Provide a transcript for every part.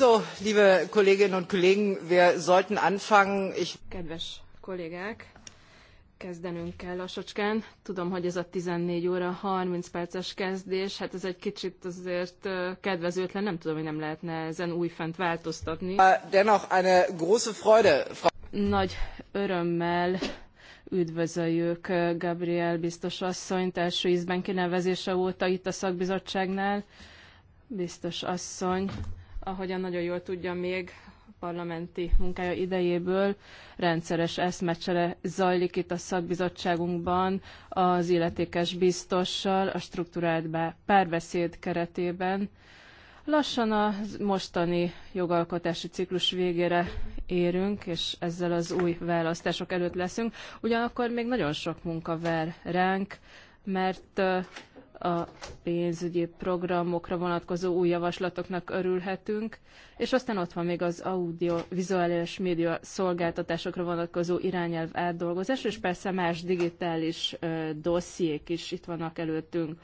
So, liebe Kolleginnen und Kollegen, wir sollten anfangen. Ich Kedves kollégák, kezdenünk kell lassacskán. Tudom, hogy ez a 14 óra 30 perces kezdés, hát ez egy kicsit azért kedvezőtlen, nem tudom, hogy nem lehetne ezen újfent változtatni. Äh, dennoch eine große Freude. Nagy örömmel üdvözöljük Gabriel biztos asszonyt első ízben kinevezése óta itt a szakbizottságnál. Biztos asszony, ahogyan nagyon jól tudja még parlamenti munkája idejéből rendszeres eszmecsere zajlik itt a szakbizottságunkban az illetékes biztossal a struktúrált párbeszéd keretében. Lassan a mostani jogalkotási ciklus végére érünk, és ezzel az új választások előtt leszünk. Ugyanakkor még nagyon sok munka vár ránk, mert a pénzügyi programokra vonatkozó új javaslatoknak örülhetünk, és aztán ott van még az audio-vizuális média szolgáltatásokra vonatkozó irányelv átdolgozás, és persze más digitális ö, dossziék is itt vannak előttünk.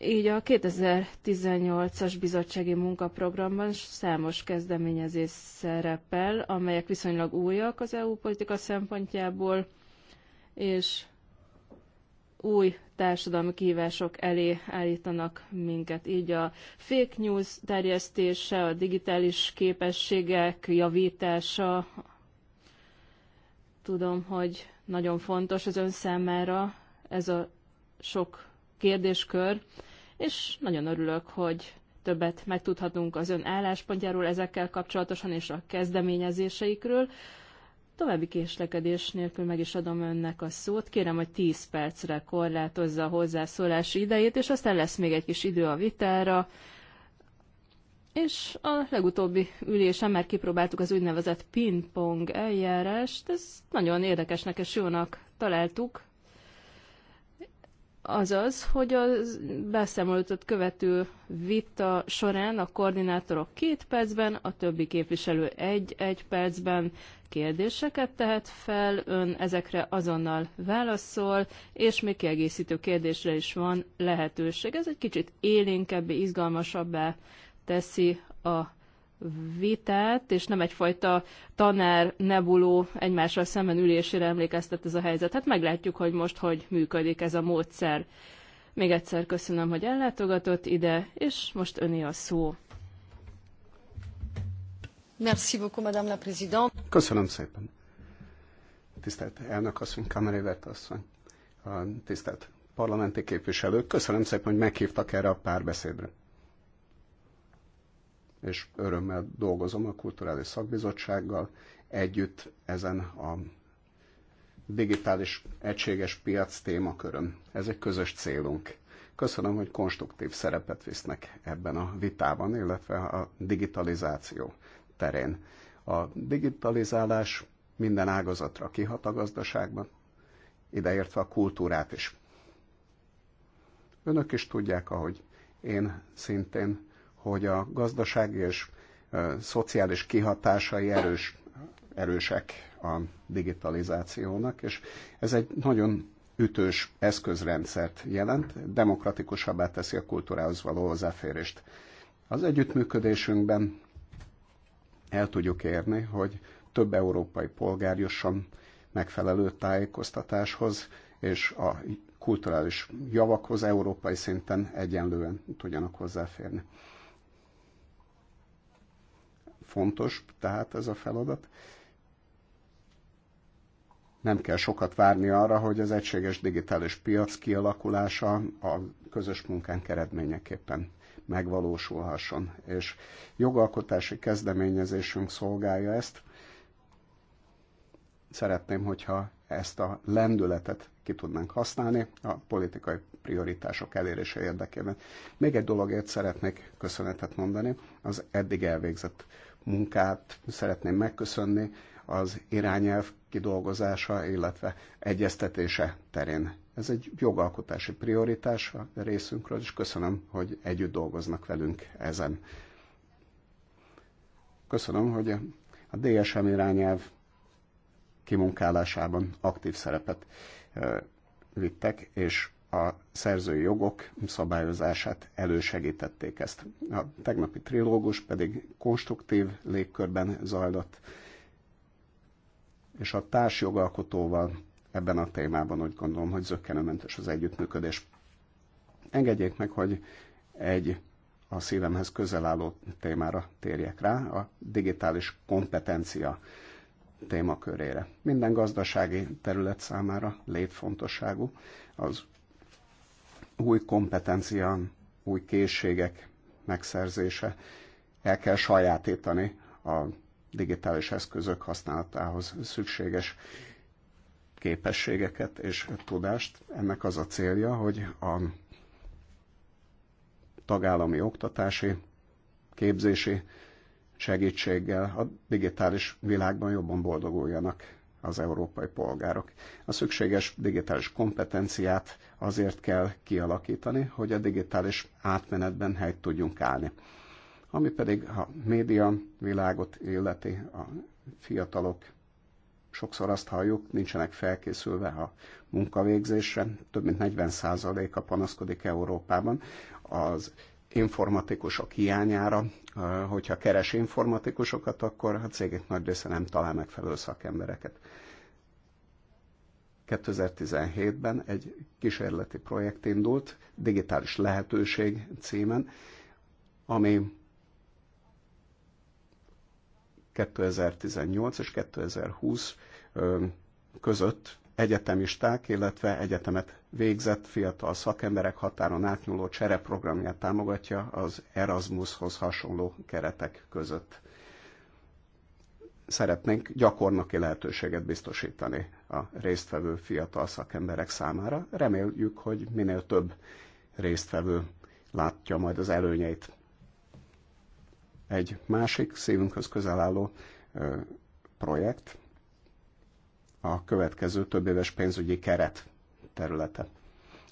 Így a 2018-as bizottsági munkaprogramban számos kezdeményezés szerepel, amelyek viszonylag újak az EU politika szempontjából, és új társadalmi kihívások elé állítanak minket. Így a fake news terjesztése, a digitális képességek javítása, tudom, hogy nagyon fontos az ön számára ez a sok kérdéskör, és nagyon örülök, hogy többet megtudhatunk az ön álláspontjáról ezekkel kapcsolatosan és a kezdeményezéseikről. További késlekedés nélkül meg is adom önnek a szót. Kérem, hogy 10 percre korlátozza a hozzászólási idejét, és aztán lesz még egy kis idő a vitára. És a legutóbbi ülésen már kipróbáltuk az úgynevezett pingpong eljárást. Ez nagyon érdekesnek és jónak találtuk az az, hogy a beszámolót követő vita során a koordinátorok két percben, a többi képviselő egy-egy percben kérdéseket tehet fel, ön ezekre azonnal válaszol, és még kiegészítő kérdésre is van lehetőség. Ez egy kicsit élénkebbé, izgalmasabbá teszi a vitát, és nem egyfajta tanár nebuló egymással szemben ülésére emlékeztet ez a helyzet. Hát meglátjuk, hogy most hogy működik ez a módszer. Még egyszer köszönöm, hogy ellátogatott ide, és most öné a szó. Merci beaucoup, Madame la Présidente. Köszönöm szépen. Tisztelt elnök asszony, Kamerévert asszony, tisztelt parlamenti képviselők, köszönöm szépen, hogy meghívtak erre a párbeszédre és örömmel dolgozom a Kulturális Szakbizottsággal együtt ezen a digitális egységes piac témakörön. Ez egy közös célunk. Köszönöm, hogy konstruktív szerepet visznek ebben a vitában, illetve a digitalizáció terén. A digitalizálás minden ágazatra kihat a gazdaságban, ideértve a kultúrát is. Önök is tudják, ahogy én szintén hogy a gazdasági és szociális kihatásai erős, erősek a digitalizációnak, és ez egy nagyon ütős eszközrendszert jelent, demokratikusabbá teszi a kultúrához való hozzáférést. Az együttműködésünkben el tudjuk érni, hogy több európai polgár jusson megfelelő tájékoztatáshoz, és a kulturális javakhoz európai szinten egyenlően tudjanak hozzáférni. Fontos tehát ez a feladat. Nem kell sokat várni arra, hogy az egységes digitális piac kialakulása a közös munkánk eredményeképpen megvalósulhasson. És jogalkotási kezdeményezésünk szolgálja ezt. Szeretném, hogyha ezt a lendületet ki tudnánk használni a politikai prioritások elérése érdekében. Még egy dologért szeretnék köszönetet mondani, az eddig elvégzett munkát szeretném megköszönni az irányelv kidolgozása, illetve egyeztetése terén. Ez egy jogalkotási prioritás a részünkről, és köszönöm, hogy együtt dolgoznak velünk ezen. Köszönöm, hogy a DSM irányelv kimunkálásában aktív szerepet vittek, és a szerzői jogok szabályozását elősegítették ezt. A tegnapi trilógus pedig konstruktív légkörben zajlott, és a társjogalkotóval ebben a témában úgy gondolom, hogy zöggenőmentes az együttműködés. Engedjék meg, hogy egy a szívemhez közel álló témára térjek rá, a digitális kompetencia témakörére. Minden gazdasági terület számára létfontosságú az új kompetencia, új készségek megszerzése. El kell sajátítani a digitális eszközök használatához szükséges képességeket és tudást. Ennek az a célja, hogy a tagállami oktatási, képzési segítséggel a digitális világban jobban boldoguljanak az európai polgárok. A szükséges digitális kompetenciát azért kell kialakítani, hogy a digitális átmenetben helyt tudjunk állni. Ami pedig a média világot illeti, a fiatalok sokszor azt halljuk, nincsenek felkészülve a munkavégzésre. Több mint 40%-a panaszkodik Európában az informatikusok hiányára, hogyha keres informatikusokat, akkor a cégek nagy része nem talál megfelelő szakembereket. 2017-ben egy kísérleti projekt indult, Digitális Lehetőség címen, ami 2018 és 2020 között egyetemisták, illetve egyetemet végzett fiatal szakemberek határon átnyúló csereprogramját támogatja az Erasmushoz hasonló keretek között. Szeretnénk gyakornoki lehetőséget biztosítani a résztvevő fiatal szakemberek számára. Reméljük, hogy minél több résztvevő látja majd az előnyeit. Egy másik szívünkhöz közel álló projekt, a következő több éves pénzügyi keret területe.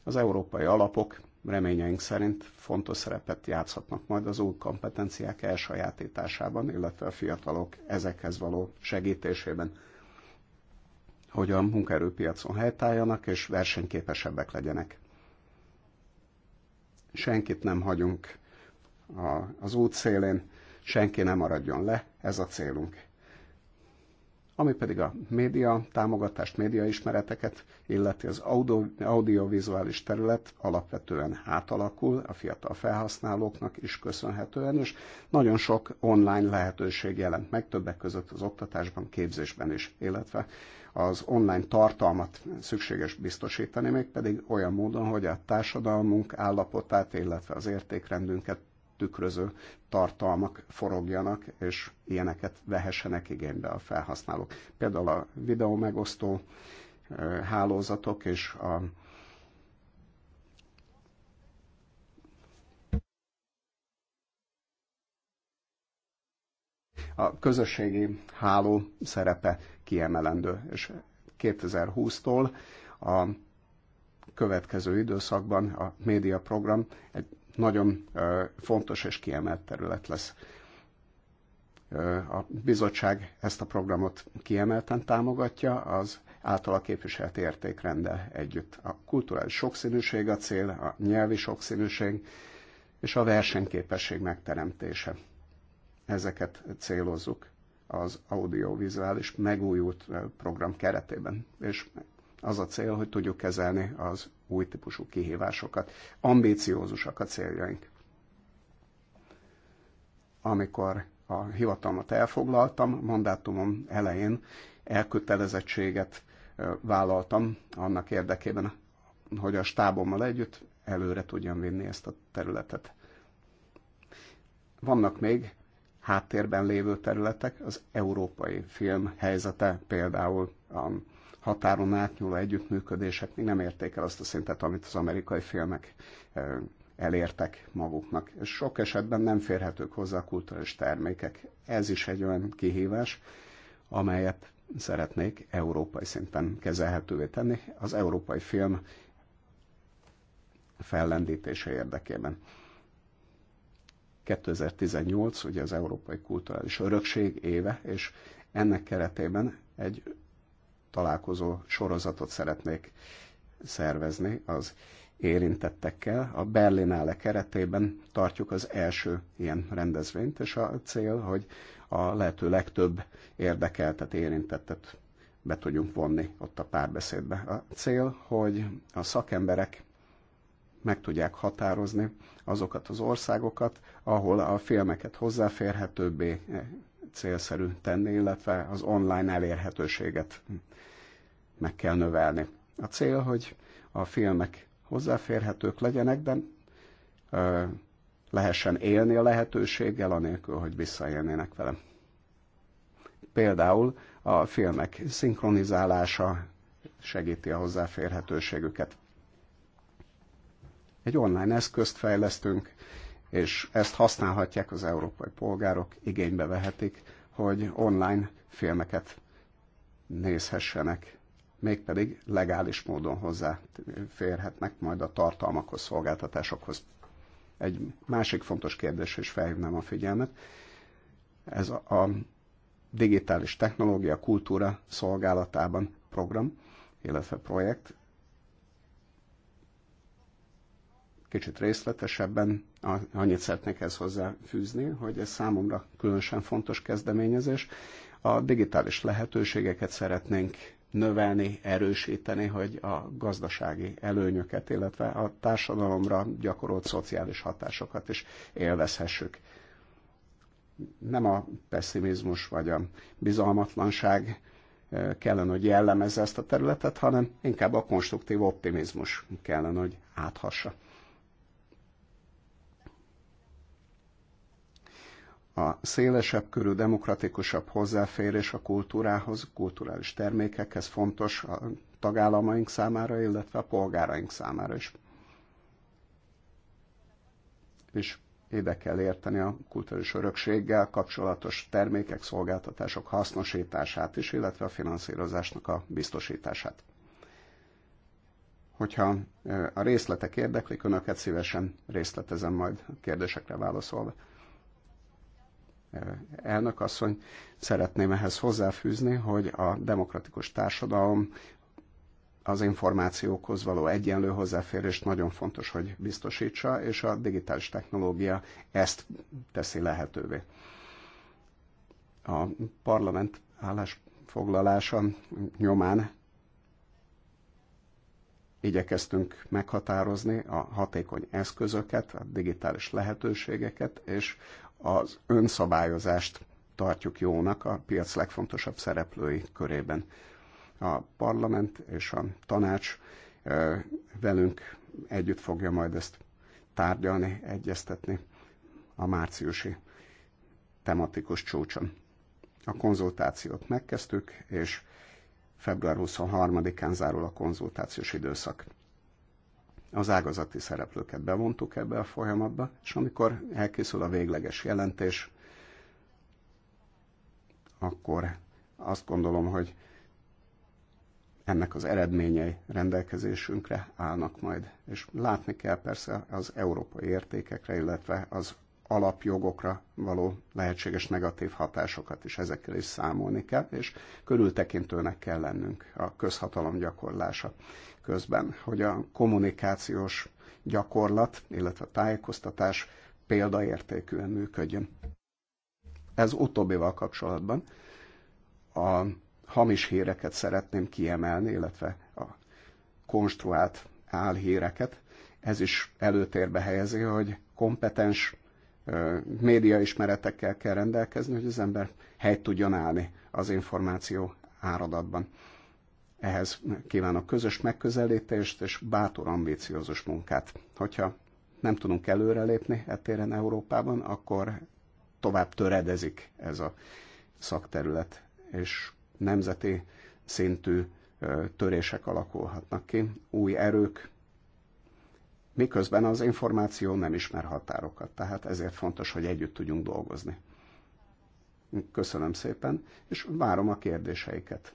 Az európai alapok reményeink szerint fontos szerepet játszhatnak majd az új kompetenciák elsajátításában, illetve a fiatalok ezekhez való segítésében, hogy a munkaerőpiacon helytálljanak és versenyképesebbek legyenek. Senkit nem hagyunk az út szélén, senki nem maradjon le, ez a célunk. Ami pedig a média támogatást, média ismereteket illeti az audio, audiovizuális terület alapvetően átalakul a fiatal felhasználóknak is köszönhetően, és nagyon sok online lehetőség jelent meg, többek között az oktatásban, képzésben is, illetve az online tartalmat szükséges biztosítani, még pedig olyan módon, hogy a társadalmunk állapotát, illetve az értékrendünket tükröző tartalmak forogjanak, és ilyeneket vehessenek igénybe a felhasználók. Például a videó megosztó hálózatok és a a közösségi háló szerepe kiemelendő, és 2020-tól a következő időszakban a médiaprogram egy nagyon fontos és kiemelt terület lesz. A bizottság ezt a programot kiemelten támogatja, az általa képviselt értékrende együtt. A kulturális sokszínűség a cél, a nyelvi sokszínűség és a versenyképesség megteremtése. Ezeket célozzuk az audiovizuális megújult program keretében, és az a cél, hogy tudjuk kezelni az új típusú kihívásokat. Ambíciózusak a céljaink. Amikor a hivatalmat elfoglaltam, mandátumom elején elkötelezettséget vállaltam annak érdekében, hogy a stábommal együtt előre tudjam vinni ezt a területet. Vannak még háttérben lévő területek, az európai film helyzete például a határon átnyúló együttműködések még nem érték el azt a szintet, amit az amerikai filmek elértek maguknak. És sok esetben nem férhetők hozzá a kulturális termékek. Ez is egy olyan kihívás, amelyet szeretnék európai szinten kezelhetővé tenni az európai film fellendítése érdekében. 2018 ugye az Európai Kulturális Örökség éve, és ennek keretében egy találkozó sorozatot szeretnék szervezni az érintettekkel. A Berlinale keretében tartjuk az első ilyen rendezvényt, és a cél, hogy a lehető legtöbb érdekeltet, érintettet be tudjunk vonni ott a párbeszédbe. A cél, hogy a szakemberek meg tudják határozni azokat az országokat, ahol a filmeket hozzáférhetőbbé, célszerű tenni, illetve az online elérhetőséget meg kell növelni. A cél, hogy a filmek hozzáférhetők legyenek, de lehessen élni a lehetőséggel, anélkül, hogy visszaélnének vele. Például a filmek szinkronizálása segíti a hozzáférhetőségüket. Egy online eszközt fejlesztünk, és ezt használhatják az európai polgárok, igénybe vehetik, hogy online filmeket nézhessenek, mégpedig legális módon hozzá férhetnek, majd a tartalmakhoz, szolgáltatásokhoz. Egy másik fontos kérdés, és felhívnám a figyelmet, ez a digitális technológia, kultúra szolgálatában program, illetve projekt, kicsit részletesebben. Annyit szeretnék ezt hozzáfűzni, hogy ez számomra különösen fontos kezdeményezés. A digitális lehetőségeket szeretnénk növelni, erősíteni, hogy a gazdasági előnyöket, illetve a társadalomra gyakorolt szociális hatásokat is élvezhessük. Nem a pessimizmus vagy a bizalmatlanság eh, kellene, hogy jellemezze ezt a területet, hanem inkább a konstruktív optimizmus kellene, hogy áthassa. a szélesebb körű, demokratikusabb hozzáférés a kultúrához, kulturális termékekhez fontos a tagállamaink számára, illetve a polgáraink számára is. És ide kell érteni a kulturális örökséggel kapcsolatos termékek, szolgáltatások hasznosítását is, illetve a finanszírozásnak a biztosítását. Hogyha a részletek érdeklik, önöket szívesen részletezem majd a kérdésekre válaszolva elnök asszony, szeretném ehhez hozzáfűzni, hogy a demokratikus társadalom az információkhoz való egyenlő hozzáférést nagyon fontos, hogy biztosítsa, és a digitális technológia ezt teszi lehetővé. A parlament állásfoglalása nyomán igyekeztünk meghatározni a hatékony eszközöket, a digitális lehetőségeket és az önszabályozást tartjuk jónak a piac legfontosabb szereplői körében. A parlament és a tanács velünk együtt fogja majd ezt tárgyalni, egyeztetni a márciusi tematikus csúcson. A konzultációt megkezdtük, és február 23-án zárul a konzultációs időszak az ágazati szereplőket bevontuk ebbe a folyamatba, és amikor elkészül a végleges jelentés, akkor azt gondolom, hogy ennek az eredményei rendelkezésünkre állnak majd. És látni kell persze az európai értékekre, illetve az alapjogokra való lehetséges negatív hatásokat is ezekkel is számolni kell, és körültekintőnek kell lennünk a közhatalom gyakorlása közben, hogy a kommunikációs gyakorlat, illetve a tájékoztatás példaértékűen működjön. Ez utóbbival kapcsolatban a hamis híreket szeretném kiemelni, illetve a konstruált álhíreket. Ez is előtérbe helyezi, hogy kompetens médiaismeretekkel kell rendelkezni, hogy az ember helyt tudjon állni az információ áradatban. Ehhez kívánok közös megközelítést és bátor, ambíciózus munkát. Hogyha nem tudunk előrelépni e téren Európában, akkor tovább töredezik ez a szakterület, és nemzeti szintű törések alakulhatnak ki, új erők, miközben az információ nem ismer határokat, tehát ezért fontos, hogy együtt tudjunk dolgozni. Köszönöm szépen, és várom a kérdéseiket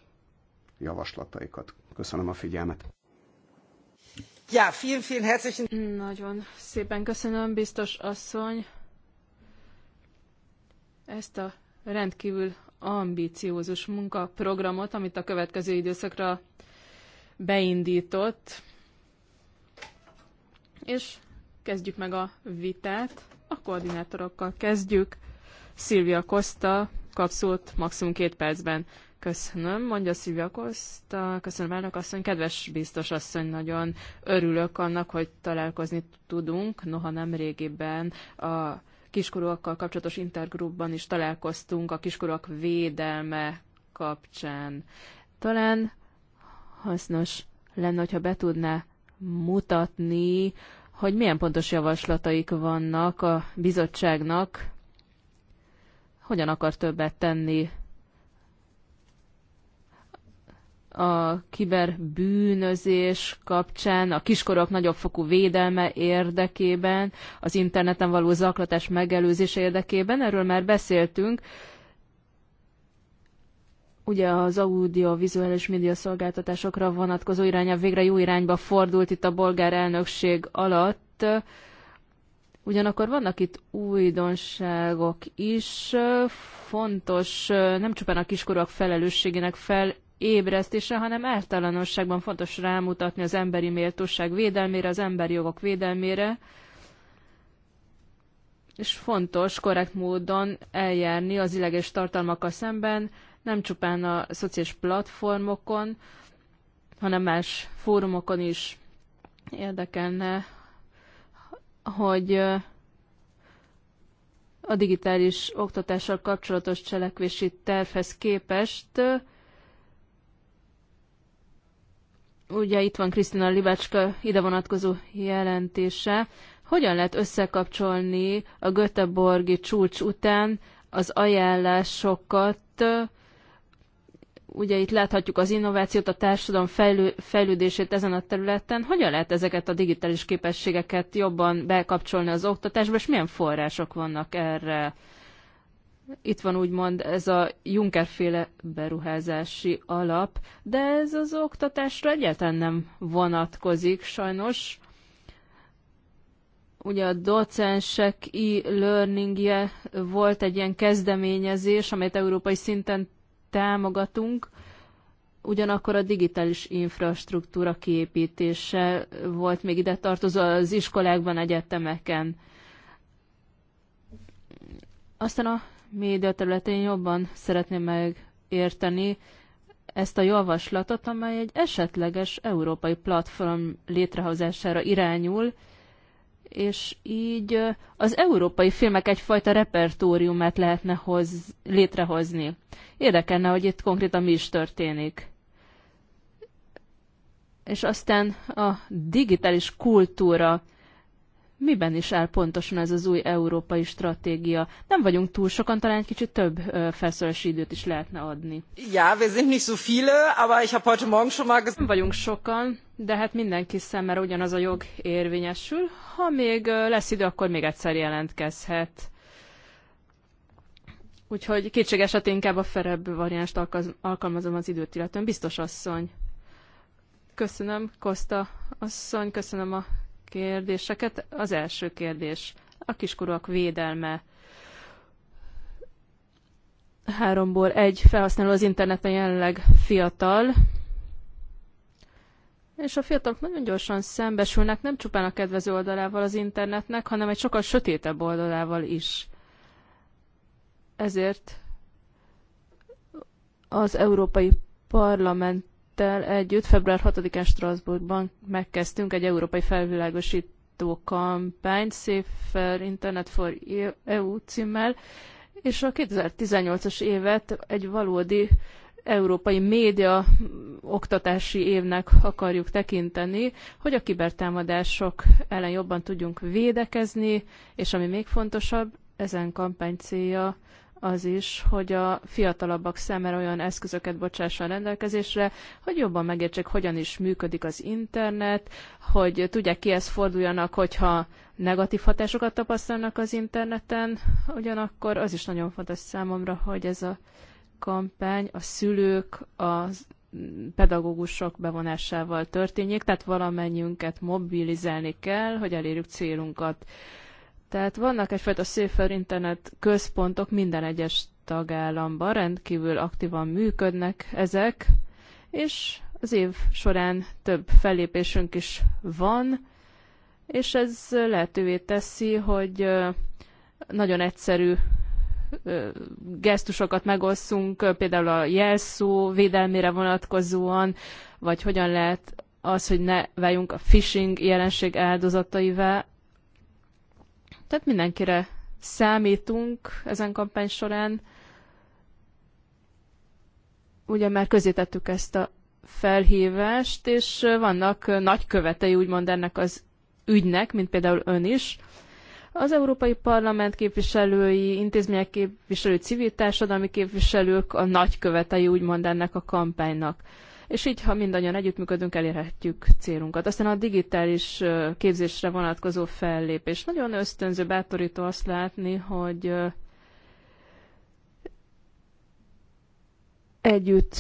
javaslataikat. Köszönöm a figyelmet. Ja, vielen, vielen herzlichen... Nagyon szépen köszönöm, biztos asszony, ezt a rendkívül ambíciózus munkaprogramot, amit a következő időszakra beindított. És kezdjük meg a vitát. A koordinátorokkal kezdjük. Szilvia Costa kapszult maximum két percben. Köszönöm, mondja Szilvia Koszta, köszönöm elnök asszony, kedves biztos asszony, nagyon örülök annak, hogy találkozni tudunk, noha nem régiben a kiskorúakkal kapcsolatos intergrupban is találkoztunk a kiskorúak védelme kapcsán. Talán hasznos lenne, hogyha be tudná mutatni, hogy milyen pontos javaslataik vannak a bizottságnak, hogyan akar többet tenni a kiberbűnözés kapcsán, a kiskorok nagyobb fokú védelme érdekében, az interneten való zaklatás megelőzése érdekében, erről már beszéltünk. Ugye az audiovizuális média szolgáltatásokra vonatkozó irányelv végre jó irányba fordult itt a bolgár elnökség alatt. Ugyanakkor vannak itt újdonságok is, fontos nem csupán a kiskorúak felelősségének fel ébresztése, hanem általánosságban fontos rámutatni az emberi méltóság védelmére, az emberi jogok védelmére, és fontos korrekt módon eljárni az illeges tartalmakkal szemben, nem csupán a szociális platformokon, hanem más fórumokon is érdekelne, hogy a digitális oktatással kapcsolatos cselekvési tervhez képest ugye itt van Krisztina Libácska ide vonatkozó jelentése, hogyan lehet összekapcsolni a Göteborgi csúcs után az ajánlásokat, ugye itt láthatjuk az innovációt, a társadalom fejlő, fejlődését ezen a területen, hogyan lehet ezeket a digitális képességeket jobban bekapcsolni az oktatásba, és milyen források vannak erre? Itt van úgymond ez a Juncker-féle beruházási alap, de ez az oktatásra egyáltalán nem vonatkozik sajnos. Ugye a docensek e-learningje volt egy ilyen kezdeményezés, amelyet európai szinten támogatunk, ugyanakkor a digitális infrastruktúra kiépítése volt még ide tartozó az iskolákban, egyetemeken. Aztán a média területén jobban szeretném megérteni ezt a javaslatot, amely egy esetleges európai platform létrehozására irányul, és így az európai filmek egyfajta repertóriumát lehetne hoz, létrehozni. Érdekelne, hogy itt konkrétan mi is történik. És aztán a digitális kultúra miben is áll pontosan ez az új európai stratégia? Nem vagyunk túl sokan, talán egy kicsit több felszólalási időt is lehetne adni. Ja, wir sind nicht so viele, aber ich habe heute Morgen schon mal gesagt... Nem vagyunk sokan, de hát mindenki szemmel, ugyanaz a jog érvényesül. Ha még lesz idő, akkor még egyszer jelentkezhet. Úgyhogy kétség esetén hát inkább a ferebb variánst alkalmazom az időt illetően. Biztos asszony. Köszönöm, Kosta asszony, köszönöm a kérdéseket. Az első kérdés, a kiskorúak védelme. Háromból egy felhasználó az interneten jelenleg fiatal, és a fiatalok nagyon gyorsan szembesülnek nem csupán a kedvező oldalával az internetnek, hanem egy sokkal sötétebb oldalával is. Ezért az Európai Parlament Parlamenttel együtt február 6-án Strasbourgban megkezdtünk egy európai felvilágosító kampányt, Safer Internet for EU e címmel, és a 2018-as évet egy valódi európai média oktatási évnek akarjuk tekinteni, hogy a kibertámadások ellen jobban tudjunk védekezni, és ami még fontosabb, ezen kampány célja az is, hogy a fiatalabbak számára olyan eszközöket bocsásson rendelkezésre, hogy jobban megértsék, hogyan is működik az internet, hogy tudják kihez forduljanak, hogyha negatív hatásokat tapasztalnak az interneten. Ugyanakkor az is nagyon fontos számomra, hogy ez a kampány a szülők, a pedagógusok bevonásával történjék, tehát valamennyiünket mobilizálni kell, hogy elérjük célunkat. Tehát vannak egyfajta Safer Internet központok minden egyes tagállamban, rendkívül aktívan működnek ezek, és az év során több fellépésünk is van, és ez lehetővé teszi, hogy nagyon egyszerű gesztusokat megosszunk, például a jelszó védelmére vonatkozóan, vagy hogyan lehet az, hogy ne váljunk a phishing jelenség áldozataivá, tehát mindenkire számítunk ezen kampány során. Ugye már tettük ezt a felhívást, és vannak nagykövetei úgymond ennek az ügynek, mint például ön is. Az Európai Parlament képviselői, intézmények képviselői, civil társadalmi képviselők a nagykövetei úgymond ennek a kampánynak és így, ha mindannyian együttműködünk, elérhetjük célunkat. Aztán a digitális képzésre vonatkozó fellépés. Nagyon ösztönző, bátorító azt látni, hogy együtt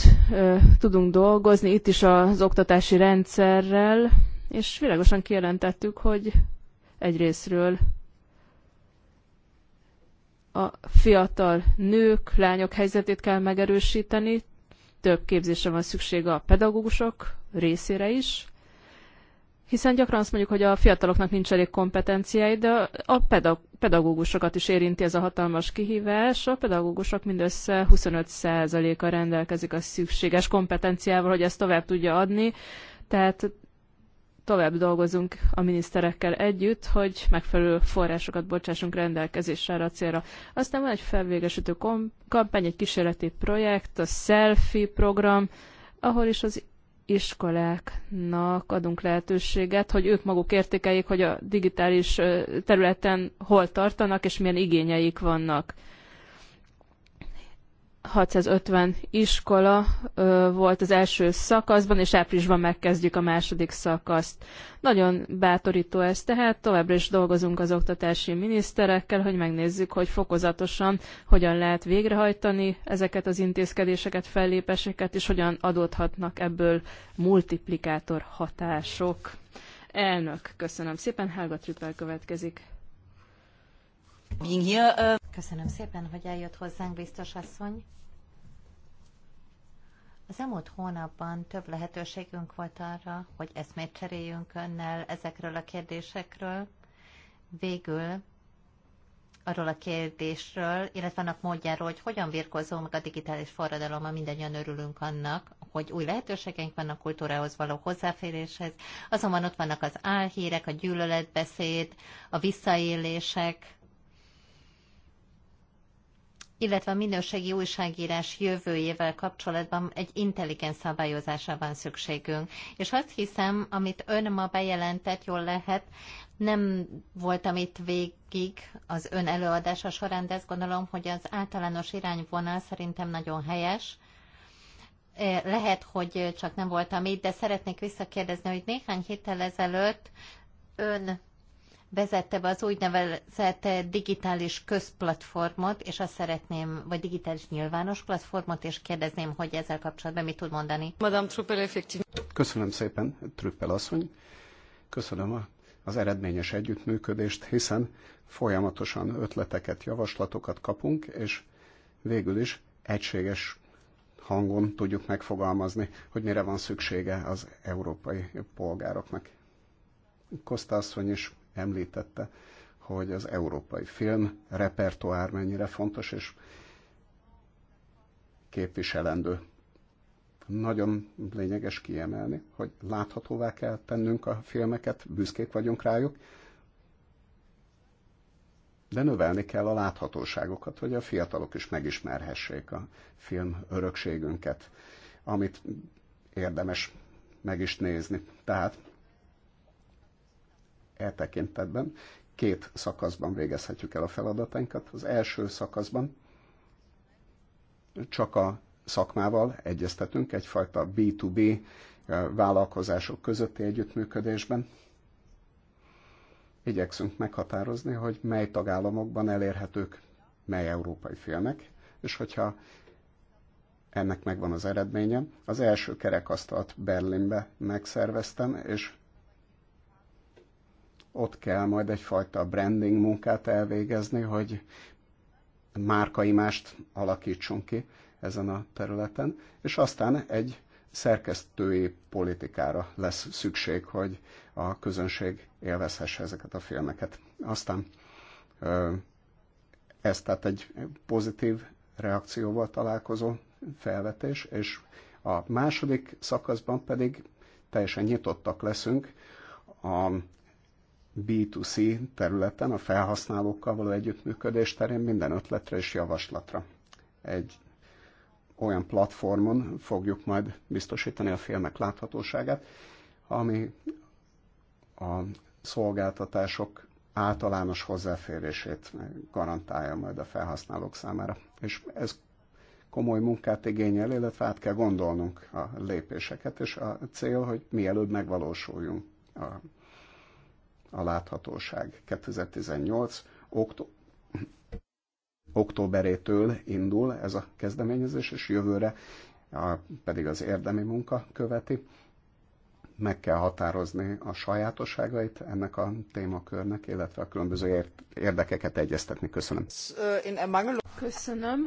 tudunk dolgozni, itt is az oktatási rendszerrel, és világosan kijelentettük, hogy egyrésztről a fiatal nők, lányok helyzetét kell megerősíteni, több képzésre van szükség a pedagógusok részére is, hiszen gyakran azt mondjuk, hogy a fiataloknak nincs elég kompetenciái, de a pedagógusokat is érinti ez a hatalmas kihívás. A pedagógusok mindössze 25%-a rendelkezik a szükséges kompetenciával, hogy ezt tovább tudja adni, tehát tovább dolgozunk a miniszterekkel együtt, hogy megfelelő forrásokat bocsássunk rendelkezésre a célra. Aztán van egy felvégesítő kampány, egy kísérleti projekt, a selfie program, ahol is az iskoláknak adunk lehetőséget, hogy ők maguk értékeljék, hogy a digitális területen hol tartanak, és milyen igényeik vannak. 650 iskola ö, volt az első szakaszban, és áprilisban megkezdjük a második szakaszt. Nagyon bátorító ez, tehát továbbra is dolgozunk az oktatási miniszterekkel, hogy megnézzük, hogy fokozatosan hogyan lehet végrehajtani ezeket az intézkedéseket, fellépéseket, és hogyan adódhatnak ebből multiplikátor hatások. Elnök, köszönöm szépen, Helga Trüppel következik. Uh, Köszönöm szépen, hogy eljött hozzánk, biztos asszony. Az elmúlt hónapban több lehetőségünk volt arra, hogy eszmét cseréljünk önnel ezekről a kérdésekről. Végül arról a kérdésről, illetve annak módjáról, hogy hogyan virkozunk a digitális a mindannyian örülünk annak, hogy új lehetőségeink vannak kultúrához való hozzáféréshez, azonban ott vannak az álhírek, a gyűlöletbeszéd, a visszaélések, illetve a minőségi újságírás jövőjével kapcsolatban egy intelligens szabályozásra van szükségünk. És azt hiszem, amit ön ma bejelentett, jól lehet, nem voltam itt végig az ön előadása során, de ezt gondolom, hogy az általános irányvonal szerintem nagyon helyes. Eh, lehet, hogy csak nem voltam itt, de szeretnék visszakérdezni, hogy néhány héttel ezelőtt ön vezette be az úgynevezett digitális közplatformot, és azt szeretném, vagy digitális nyilvános platformot, és kérdezném, hogy ezzel kapcsolatban mit tud mondani. Madame Truppel, effektív. Köszönöm szépen, Truppel asszony. Köszönöm a az eredményes együttműködést, hiszen folyamatosan ötleteket, javaslatokat kapunk, és végül is egységes hangon tudjuk megfogalmazni, hogy mire van szüksége az európai polgároknak. Koszta asszony is említette, hogy az európai film repertoár mennyire fontos és képviselendő. Nagyon lényeges kiemelni, hogy láthatóvá kell tennünk a filmeket, büszkék vagyunk rájuk, de növelni kell a láthatóságokat, hogy a fiatalok is megismerhessék a film örökségünket, amit érdemes meg is nézni. Tehát E tekintetben két szakaszban végezhetjük el a feladatainkat. Az első szakaszban csak a szakmával egyeztetünk egyfajta B2B eh, vállalkozások közötti együttműködésben. Igyekszünk meghatározni, hogy mely tagállamokban elérhetők mely európai filmek, és hogyha ennek megvan az eredménye. Az első kerekasztalt Berlinbe megszerveztem, és ott kell majd egyfajta branding munkát elvégezni, hogy márkaimást alakítsunk ki ezen a területen, és aztán egy szerkesztői politikára lesz szükség, hogy a közönség élvezhesse ezeket a filmeket. Aztán ez tehát egy pozitív reakcióval találkozó felvetés, és a második szakaszban pedig teljesen nyitottak leszünk a B2C területen, a felhasználókkal való együttműködés terén minden ötletre és javaslatra. Egy olyan platformon fogjuk majd biztosítani a filmek láthatóságát, ami a szolgáltatások általános hozzáférését garantálja majd a felhasználók számára. És ez komoly munkát igényel, illetve át kell gondolnunk a lépéseket, és a cél, hogy mielőbb megvalósuljunk a a láthatóság 2018 októ... októberétől indul ez a kezdeményezés, és jövőre a, pedig az érdemi munka követi. Meg kell határozni a sajátosságait ennek a témakörnek, illetve a különböző érdekeket egyeztetni. Köszönöm. Köszönöm.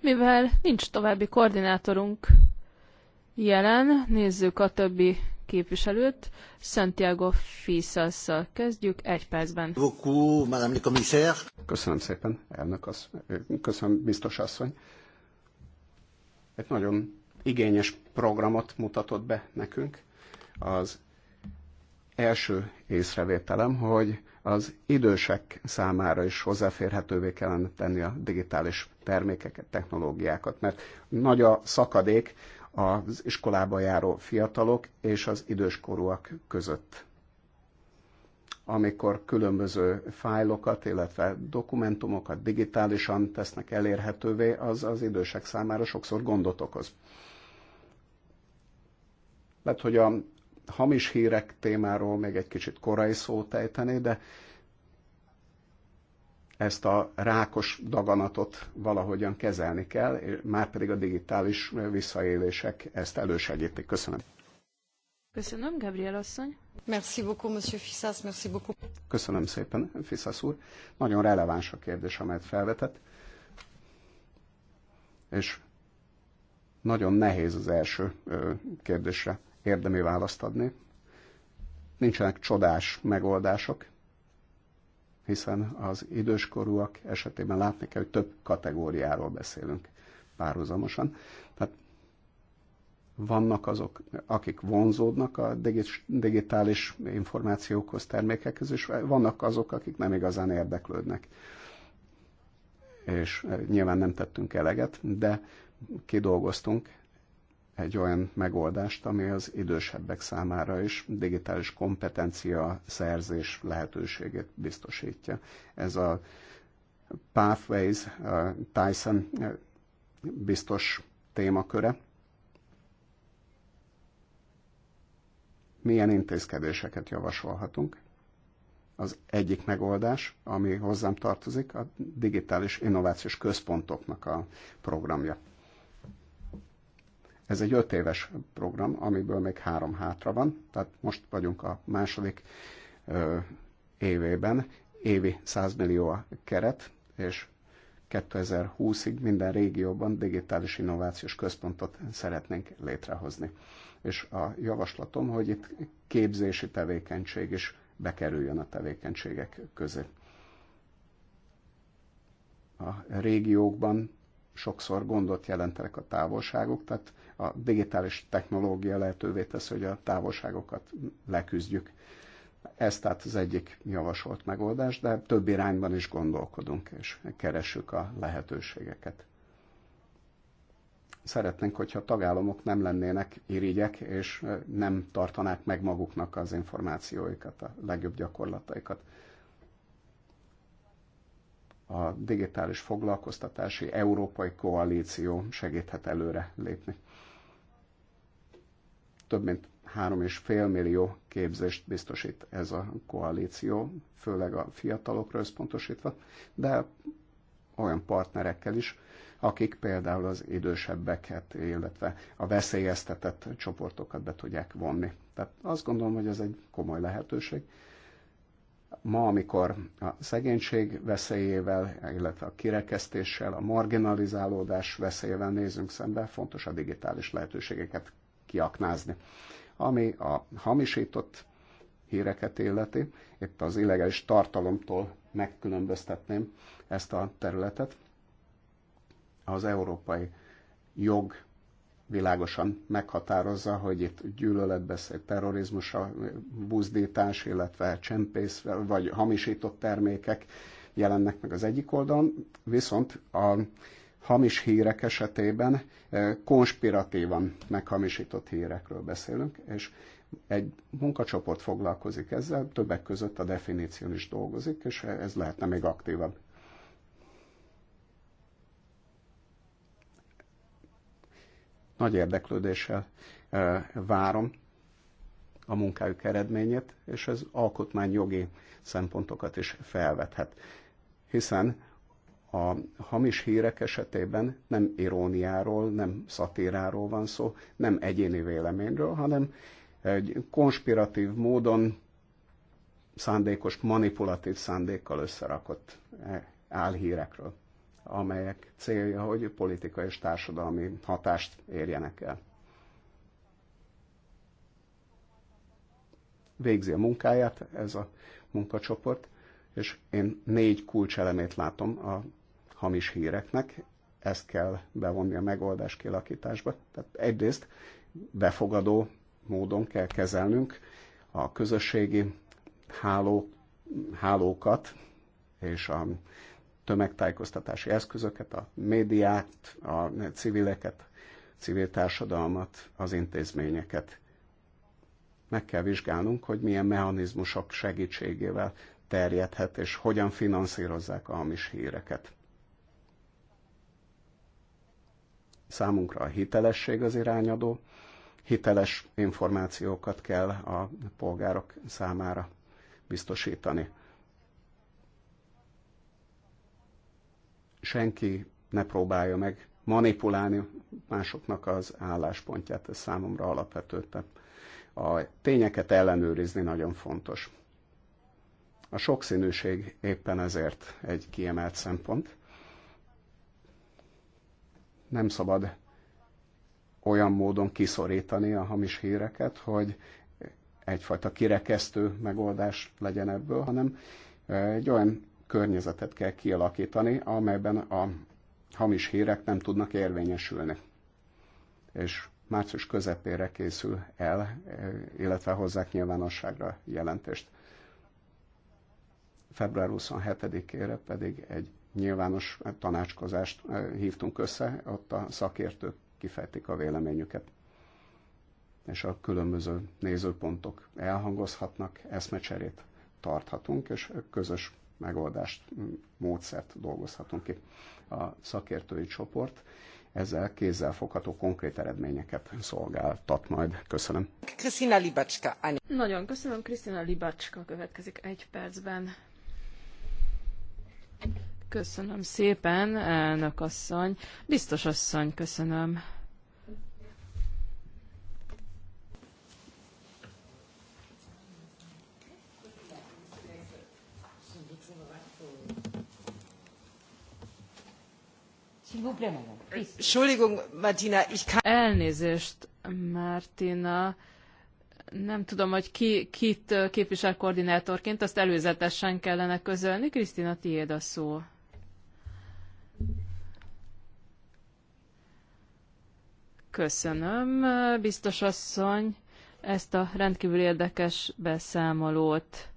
Mivel nincs további koordinátorunk jelen, nézzük a többi képviselőt. Santiago Fisasszal kezdjük egy percben. Köszönöm szépen, elnök asszony. Köszönöm, biztos asszony. Egy nagyon igényes programot mutatott be nekünk. Az első észrevételem, hogy az idősek számára is hozzáférhetővé kellene tenni a digitális termékeket, technológiákat, mert nagy a szakadék az iskolába járó fiatalok és az időskorúak között. Amikor különböző fájlokat, illetve dokumentumokat digitálisan tesznek elérhetővé, az az idősek számára sokszor gondot okoz. Lehet, hogy a hamis hírek témáról még egy kicsit korai szót ejteni, de ezt a rákos daganatot valahogyan kezelni kell, már pedig a digitális visszaélések ezt elősegítik. Köszönöm. Köszönöm, Gabriel asszony. Merci beaucoup, monsieur Fissas, merci beaucoup. Köszönöm szépen, Fissas úr. Nagyon releváns a kérdés, amelyet felvetett. És nagyon nehéz az első kérdésre érdemi választ adni. Nincsenek csodás megoldások, hiszen az időskorúak esetében látni kell, hogy több kategóriáról beszélünk párhuzamosan. Tehát vannak azok, akik vonzódnak a digitális információkhoz, termékekhez, és vannak azok, akik nem igazán érdeklődnek. És eh, nyilván nem tettünk eleget, de kidolgoztunk egy olyan megoldást, ami az idősebbek számára is digitális kompetencia szerzés lehetőségét biztosítja. Ez a Pathways, a Tyson eh, biztos témaköre. Milyen intézkedéseket javasolhatunk? Az egyik megoldás, ami hozzám tartozik, a digitális innovációs központoknak a programja. Ez egy öt éves program, amiből még három hátra van, tehát most vagyunk a második ö, évében. Évi 100 millió a keret, és 2020-ig minden régióban digitális innovációs központot szeretnénk létrehozni. És a javaslatom, hogy itt képzési tevékenység is bekerüljön a tevékenységek közé. A régiókban sokszor gondot jelentenek a távolságok, tehát a digitális technológia lehetővé teszi, hogy a távolságokat leküzdjük. Ez tehát az egyik javasolt megoldás, de több irányban is gondolkodunk, és keresünk a lehetőségeket. Szeretnénk, hogyha a tagállamok nem lennének irigyek, és nem tartanák meg maguknak az információikat, a legjobb gyakorlataikat a digitális foglalkoztatási európai koalíció segíthet előre lépni. Több mint 3,5 millió képzést biztosít ez a koalíció, főleg a fiatalokra összpontosítva, de olyan partnerekkel is, akik például az idősebbeket, illetve a veszélyeztetett csoportokat be tudják vonni. Tehát azt gondolom, hogy ez egy komoly lehetőség. Ma, amikor a szegénység veszélyével, illetve a kirekesztéssel, a marginalizálódás veszélyével nézünk szembe, fontos a digitális lehetőségeket kiaknázni. Ami a hamisított híreket illeti, itt az illegális tartalomtól megkülönböztetném ezt a területet. Az európai jog világosan meghatározza, hogy itt gyűlöletbeszéd, terrorizmus, buzdítás, illetve csempész vagy hamisított termékek jelennek meg az egyik oldalon, viszont a hamis hírek esetében eh, konspiratívan meghamisított hírekről beszélünk, és egy munkacsoport foglalkozik ezzel, többek között a definíción is dolgozik, és ez lehetne még aktívabb. Nagy érdeklődéssel eh, várom a munkájuk eredményét, és ez alkotmányjogi szempontokat is felvethet. Hiszen a hamis hírek esetében nem iróniáról, nem szatíráról van szó, nem egyéni véleményről, hanem egy konspiratív módon szándékos, manipulatív szándékkal összerakott eh, álhírekről, amelyek célja, hogy politikai és társadalmi hatást érjenek el. Végzi a munkáját ez a munkacsoport, és én négy kulcselemét látom a hamis híreknek, ezt kell bevonni a megoldás kialakításba. Tehát egyrészt befogadó módon kell kezelnünk a közösségi háló, hálókat és a tömegtájékoztatási eszközöket, a médiát, a civileket, civil társadalmat, az intézményeket. Meg kell vizsgálnunk, hogy milyen mechanizmusok segítségével terjedhet, és hogyan finanszírozzák a hamis híreket. Számunkra a hitelesség az irányadó, hiteles információkat kell a polgárok számára biztosítani. Senki ne próbálja meg manipulálni másoknak az álláspontját, ez számomra alapvető. Tehát a tényeket ellenőrizni nagyon fontos. A sokszínűség éppen ezért egy kiemelt szempont, nem szabad olyan módon kiszorítani a hamis híreket, hogy egyfajta kirekesztő megoldás legyen ebből, hanem egy olyan környezetet kell kialakítani, amelyben a hamis hírek nem tudnak érvényesülni. És március közepére készül el, illetve hozzák nyilvánosságra jelentést. Február 27-ére pedig egy nyilvános tanácskozást eh, hívtunk össze, ott a szakértők kifejtik a véleményüket. És a különböző nézőpontok elhangozhatnak, eszmecserét tarthatunk, és közös megoldást, módszert dolgozhatunk ki. A szakértői csoport ezzel kézzelfogható konkrét eredményeket szolgáltat majd. Köszönöm. Krisztina Libacska. Anni. Nagyon köszönöm. Krisztina Libacska következik egy percben. Köszönöm szépen, elnök asszony. Biztos asszony, köszönöm. Entschuldigung, Martina, ich kann... Elnézést, Martina. Nem tudom, hogy ki, kit képvisel koordinátorként, azt előzetesen kellene közölni. Krisztina, tiéd a szó. Köszönöm, biztos asszony, ezt a rendkívül érdekes beszámolót.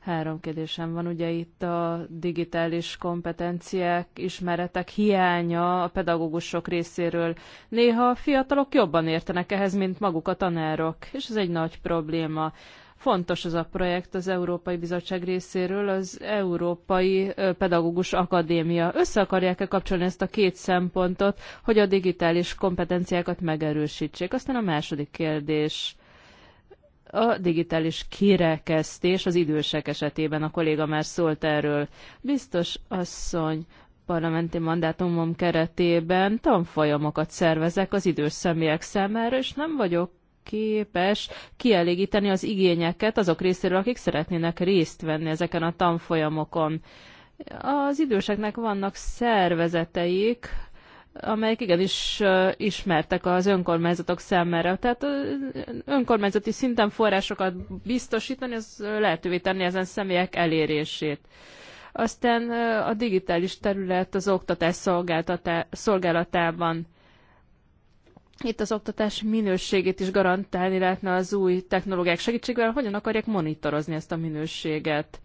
Három kérdésem van, ugye itt a digitális kompetenciák, ismeretek hiánya a pedagógusok részéről. Néha a fiatalok jobban értenek ehhez, mint maguk a tanárok, és ez egy nagy probléma. Fontos ez a projekt az Európai Bizottság részéről, az Európai Pedagógus Akadémia. Össze akarják-e kapcsolni ezt a két szempontot, hogy a digitális kompetenciákat megerősítsék? Aztán a második kérdés a digitális kirekesztés az idősek esetében, a kolléga már szólt erről. Biztos asszony, parlamenti mandátumom keretében tanfolyamokat szervezek az idős személyek számára, és nem vagyok képes kielégíteni az igényeket azok részéről, akik szeretnének részt venni ezeken a tanfolyamokon. Az időseknek vannak szervezeteik, amelyek igenis ismertek az önkormányzatok számára. Tehát önkormányzati szinten forrásokat biztosítani, az lehetővé tenni ezen személyek elérését. Aztán a digitális terület az oktatás szolgálatában itt az oktatás minőségét is garantálni lehetne az új technológiák segítségével, hogyan akarják monitorozni ezt a minőséget.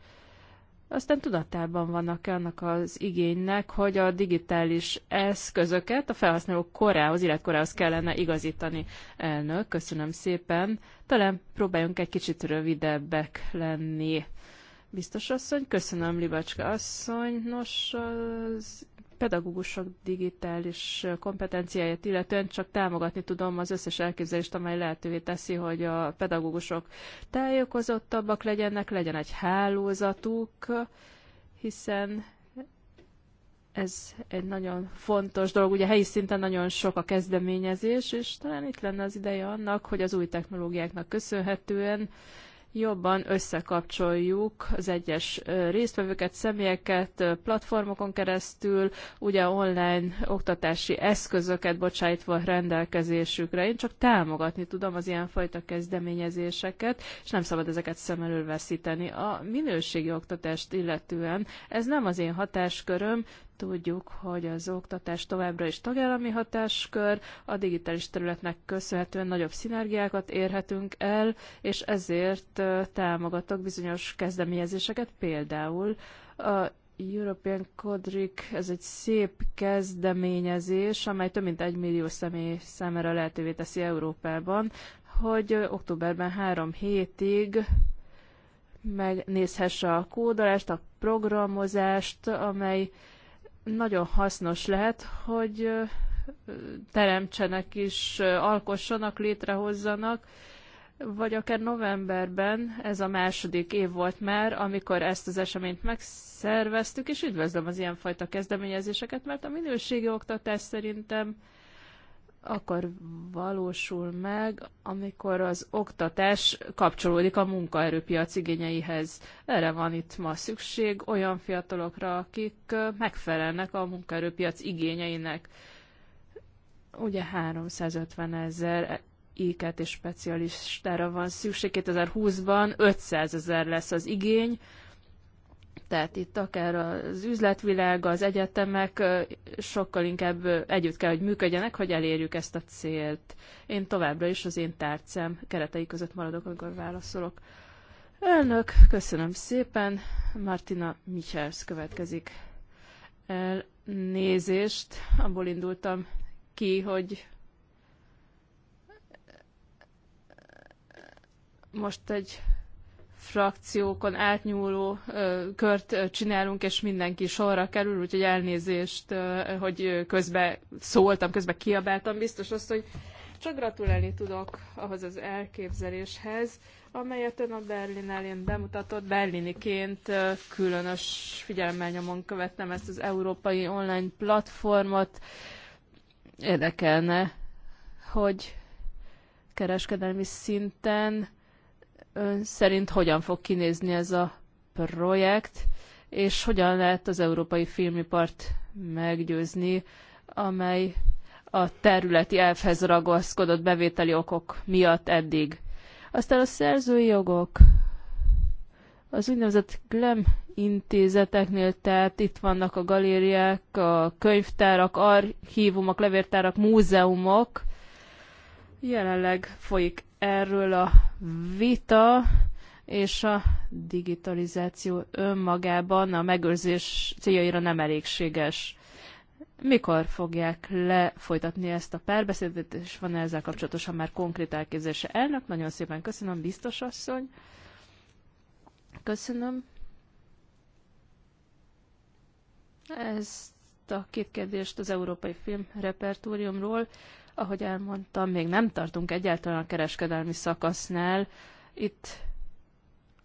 Aztán tudatában vannak annak az igénynek, hogy a digitális eszközöket a felhasználók korához, életkorához kellene igazítani. Elnök, köszönöm szépen. Talán próbáljunk egy kicsit rövidebbek lenni. Biztos asszony, köszönöm Libacska asszony. Nos, az pedagógusok digitális kompetenciáját illetően csak támogatni tudom az összes elképzelést, amely lehetővé teszi, hogy a pedagógusok tájékozottabbak legyenek, legyen egy hálózatuk, hiszen ez egy nagyon fontos dolog. Ugye helyi szinten nagyon sok a kezdeményezés, és talán itt lenne az ideje annak, hogy az új technológiáknak köszönhetően jobban összekapcsoljuk az egyes résztvevőket, személyeket platformokon keresztül, ugye online oktatási eszközöket bocsájtva rendelkezésükre. Én csak támogatni tudom az ilyenfajta kezdeményezéseket, és nem szabad ezeket szem elől veszíteni. A minőségi oktatást illetően ez nem az én hatásköröm, Tudjuk, hogy az oktatás továbbra is tagállami hatáskör, a digitális területnek köszönhetően nagyobb szinergiákat érhetünk el, és ezért támogatok bizonyos kezdeményezéseket, például a European Codric, ez egy szép kezdeményezés, amely több mint egy millió személy számára lehetővé teszi Európában, hogy októberben három hétig megnézhesse a kódolást, a programozást, amely nagyon hasznos lehet, hogy teremtsenek is, alkossanak, létrehozzanak, vagy akár novemberben, ez a második év volt már, amikor ezt az eseményt megszerveztük, és üdvözlöm az ilyenfajta kezdeményezéseket, mert a minőségi oktatás szerintem akkor valósul meg, amikor az oktatás kapcsolódik a munkaerőpiac igényeihez. Erre van itt ma szükség olyan fiatalokra, akik megfelelnek a munkaerőpiac igényeinek. Ugye 350 ezer IKT specialistára van szükség, 2020-ban 500 ezer lesz az igény, tehát itt akár az üzletvilág, az egyetemek sokkal inkább együtt kell, hogy működjenek, hogy elérjük ezt a célt. Én továbbra is az én tárcám keretei között maradok, amikor válaszolok. Elnök, köszönöm szépen. Martina Michels következik. Elnézést, abból indultam ki, hogy most egy frakciókon átnyúló kört csinálunk, és mindenki sorra kerül, úgyhogy elnézést, hogy közbe szóltam, közbe kiabáltam. Biztos azt, hogy csak gratulálni tudok ahhoz az elképzeléshez, amelyet ön a Berlin elén bemutatott. Berliniként különös figyelemmel nyomon követtem ezt az európai online platformot. Érdekelne, hogy kereskedelmi szinten Ön szerint hogyan fog kinézni ez a projekt, és hogyan lehet az európai filmipart meggyőzni, amely a területi elfhez ragaszkodott bevételi okok miatt eddig. Aztán a szerzői jogok, az úgynevezett glam intézeteknél, tehát itt vannak a galériák, a könyvtárak, archívumok, levértárak, múzeumok. Jelenleg folyik erről a vita, és a digitalizáció önmagában a megőrzés céljaira nem elégséges. Mikor fogják lefolytatni ezt a párbeszédet, és van -e ezzel kapcsolatosan már konkrét elképzelése? Elnök, nagyon szépen köszönöm, biztos asszony. Köszönöm. Ezt a két kérdést az Európai Film Repertóriumról. Ahogy elmondtam, még nem tartunk egyáltalán a kereskedelmi szakasznál. Itt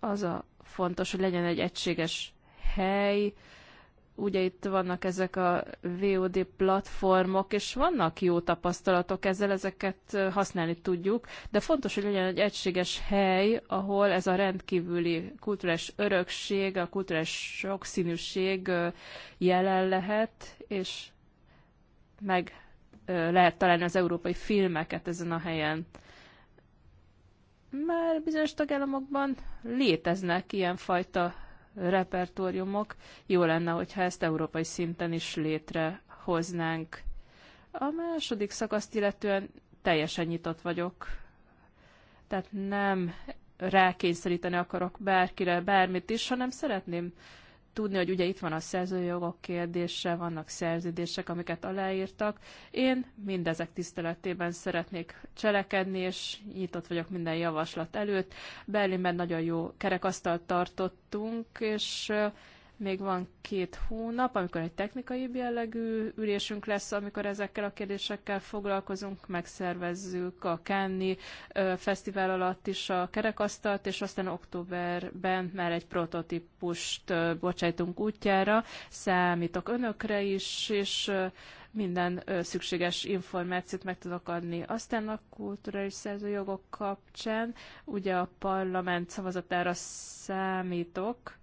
az a fontos, hogy legyen egy egységes hely, ugye itt vannak ezek a VOD platformok, és vannak jó tapasztalatok ezzel, ezeket használni tudjuk, de fontos, hogy legyen egy egységes hely, ahol ez a rendkívüli kulturális örökség, a kulturális sokszínűség jelen lehet, és meg lehet találni az európai filmeket ezen a helyen. Már bizonyos tagállamokban léteznek ilyenfajta repertóriumok. Jó lenne, hogyha ezt európai szinten is létrehoznánk. A második szakaszt illetően teljesen nyitott vagyok. Tehát nem rákényszeríteni akarok bárkire bármit is, hanem szeretném tudni, hogy ugye itt van a szerzőjogok kérdése, vannak szerződések, amiket aláírtak. Én mindezek tiszteletében szeretnék cselekedni, és nyitott vagyok minden javaslat előtt. Berlinben nagyon jó kerekasztalt tartottunk, és még van két hónap, amikor egy technikai jellegű ülésünk lesz, amikor ezekkel a kérdésekkel foglalkozunk, megszervezzük a Kenni fesztivál alatt is a kerekasztalt, és aztán októberben már egy prototípust bocsájtunk útjára. Számítok önökre is, és minden szükséges információt meg tudok adni. Aztán a kulturális szerzőjogok kapcsán ugye a parlament szavazatára számítok,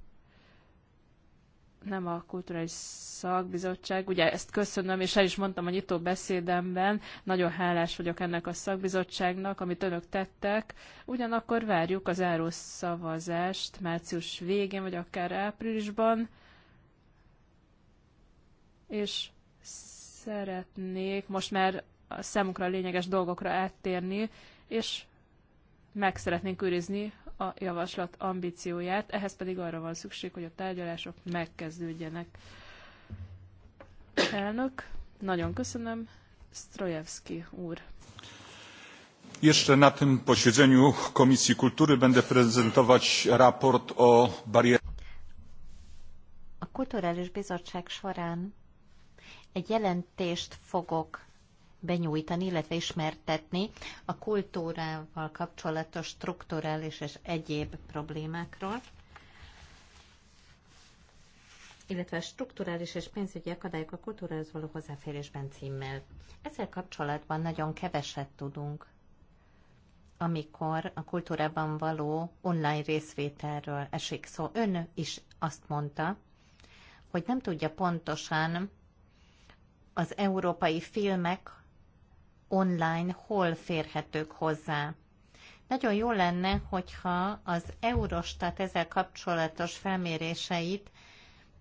nem a Kulturális Szakbizottság. Ugye ezt köszönöm, és el is mondtam a nyitó beszédemben, nagyon hálás vagyok ennek a szakbizottságnak, amit önök tettek. Ugyanakkor várjuk az áró szavazást március végén, vagy akár áprilisban, és szeretnék most már a számunkra lényeges dolgokra áttérni, és meg szeretnénk őrizni a javaslat ambícióját, ehhez pedig arra van szükség, hogy a tárgyalások megkezdődjenek. Elnök, nagyon köszönöm, Strojewski úr. Jeszcze na tym posiedzeniu Komisji Kultury będę prezentować raport o barierach. A Kulturális Bizottság során egy jelentést fogok benyújtani, illetve ismertetni a kultúrával kapcsolatos strukturális és egyéb problémákról illetve a strukturális és pénzügyi akadályok a kultúrához való hozzáférésben címmel. Ezzel kapcsolatban nagyon keveset tudunk, amikor a kultúrában való online részvételről esik szó. Szóval ön is azt mondta, hogy nem tudja pontosan az európai filmek online hol férhetők hozzá. Nagyon jó lenne, hogyha az Eurostat ezzel kapcsolatos felméréseit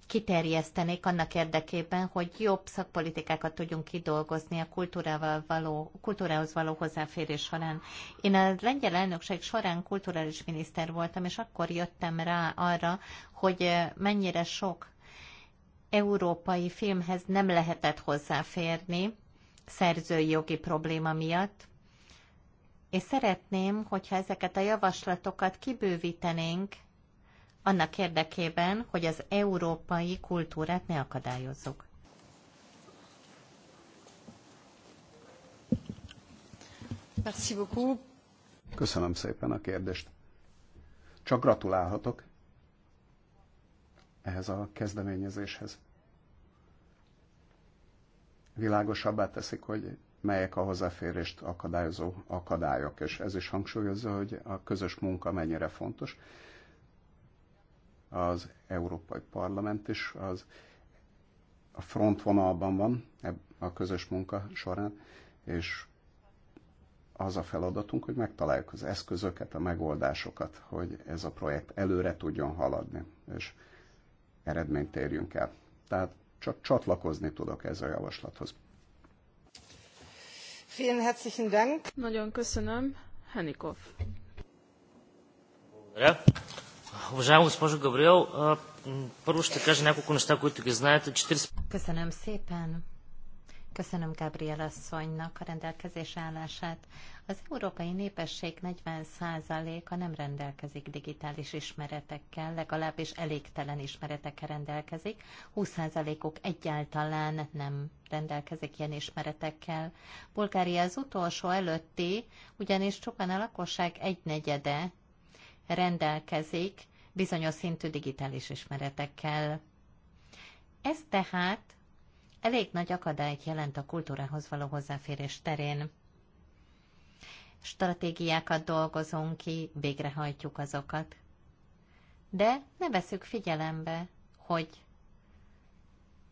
kiterjesztenék annak érdekében, hogy jobb szakpolitikákat tudjunk kidolgozni a kultúrával való, kultúrához való hozzáférés során. Én a lengyel elnökség során kulturális miniszter voltam, és akkor jöttem rá arra, hogy mennyire sok európai filmhez nem lehetett hozzáférni, szerzői jogi probléma miatt, és szeretném, hogyha ezeket a javaslatokat kibővítenénk annak érdekében, hogy az európai kultúrát ne akadályozzuk. Merci beaucoup. Köszönöm szépen a kérdést. Csak gratulálhatok ehhez a kezdeményezéshez világosabbá teszik, hogy melyek a hozzáférést akadályozó akadályok, és ez is hangsúlyozza, hogy a közös munka mennyire fontos. Az Európai Parlament is az a frontvonalban van a közös munka során, és az a feladatunk, hogy megtaláljuk az eszközöket, a megoldásokat, hogy ez a projekt előre tudjon haladni, és eredményt érjünk el. Tehát csak csatlakozni tudok ez a javaslathoz. Vielen herzlichen Dank. Nagyon köszönöm. Henikov. Уважаема госпожо Габриел, първо ще кажа няколко неща, които ги знаете. 40... Köszönöm szépen. Köszönöm Gabriel asszonynak a rendelkezés állását. Az európai népesség 40%-a nem rendelkezik digitális ismeretekkel, legalábbis elégtelen ismeretekkel rendelkezik, 20%-uk egyáltalán nem rendelkezik ilyen ismeretekkel. Bulgária az utolsó előtti, ugyanis csupán a lakosság egynegyede rendelkezik bizonyos szintű digitális ismeretekkel. Ez tehát elég nagy akadályt jelent a kultúrához való hozzáférés terén. Stratégiákat dolgozunk ki, végrehajtjuk azokat. De ne veszük figyelembe, hogy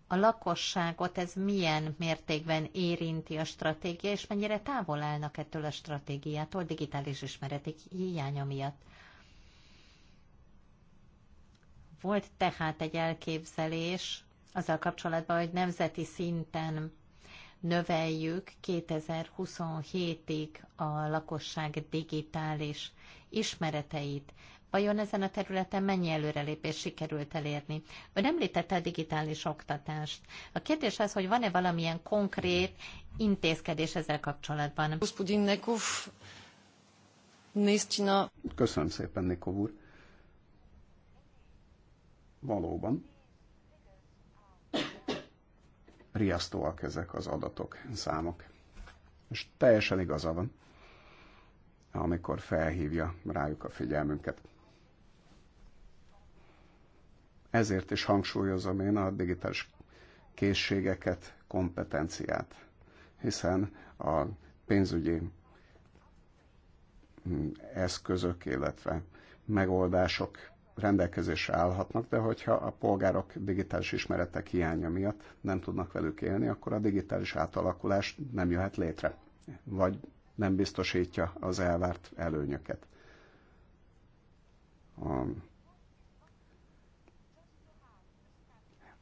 a lakosságot ez milyen mértékben érinti a stratégia, és mennyire távol állnak ettől a stratégiától digitális ismeretek hiánya miatt. Volt tehát egy elképzelés, azzal kapcsolatban, hogy nemzeti szinten növeljük 2027-ig a lakosság digitális ismereteit. Vajon ezen a területen mennyi előrelépés sikerült elérni? Ön említette a digitális oktatást. A kérdés az, hogy van-e valamilyen konkrét intézkedés ezzel kapcsolatban? Köszönöm szépen, Nikov úr. Valóban riasztóak ezek az adatok, számok. És teljesen igaza van, amikor felhívja rájuk a figyelmünket. Ezért is hangsúlyozom én a digitális készségeket, kompetenciát, hiszen a pénzügyi mm, eszközök, illetve megoldások rendelkezésre állhatnak, de hogyha a polgárok digitális ismeretek hiánya miatt nem tudnak velük élni, akkor a digitális átalakulás nem jöhet létre, vagy nem biztosítja az elvárt előnyöket. A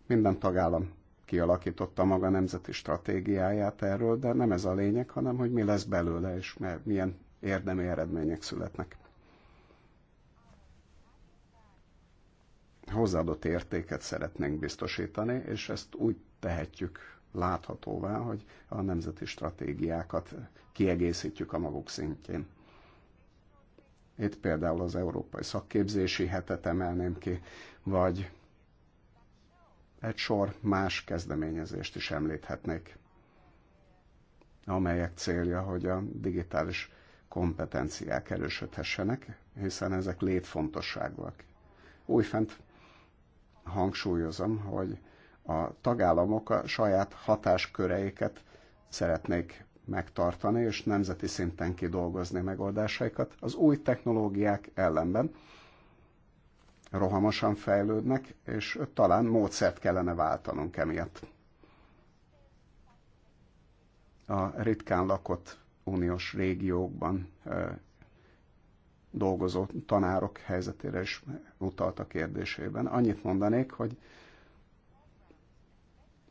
minden tagállam kialakította maga nemzeti stratégiáját erről, de nem ez a lényeg, hanem hogy mi lesz belőle, és milyen érdemi eredmények születnek. hozzáadott értéket szeretnénk biztosítani, és ezt úgy tehetjük láthatóvá, hogy a nemzeti stratégiákat kiegészítjük a maguk szintjén. Itt például az Európai Szakképzési Hetet emelném ki, vagy egy sor más kezdeményezést is említhetnék, amelyek célja, hogy a digitális kompetenciák erősödhessenek, hiszen ezek létfontosságúak. Újfent hangsúlyozom, hogy a tagállamok a saját hatásköreiket szeretnék megtartani, és nemzeti szinten kidolgozni megoldásaikat az új technológiák ellenben. Rohamosan fejlődnek, és talán módszert kellene váltanunk emiatt. A ritkán lakott uniós régiókban dolgozó tanárok helyzetére is utalt a kérdésében. Annyit mondanék, hogy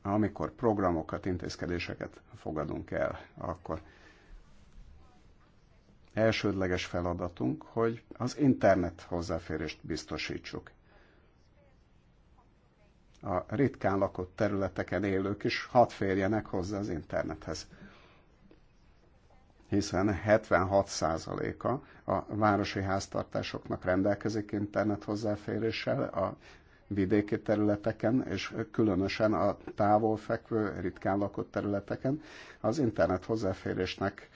amikor programokat, intézkedéseket fogadunk el, akkor elsődleges feladatunk, hogy az internet hozzáférést biztosítsuk. A ritkán lakott területeken élők is hadd férjenek hozzá az internethez hiszen 76%-a a városi háztartásoknak rendelkezik internet hozzáféréssel a vidéki területeken, és különösen a távol fekvő, ritkán lakott területeken az internet hozzáférésnek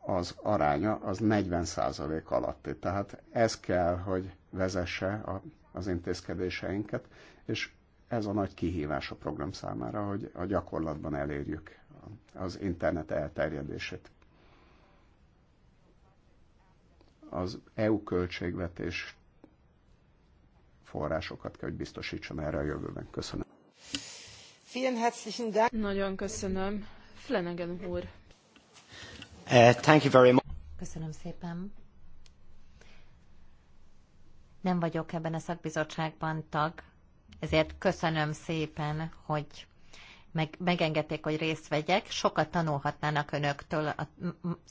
az aránya az 40% alatti. Tehát ez kell, hogy vezesse a, az intézkedéseinket, és ez a nagy kihívás a program számára, hogy a gyakorlatban elérjük az internet elterjedését. az EU költségvetés forrásokat kell, hogy biztosítson erre a jövőben. Köszönöm. Nagyon köszönöm. Flanagan úr. Uh, thank you very much. Köszönöm szépen. Nem vagyok ebben a szakbizottságban tag, ezért köszönöm szépen, hogy meg, megengedték, hogy részt vegyek, sokat tanulhatnának önöktől az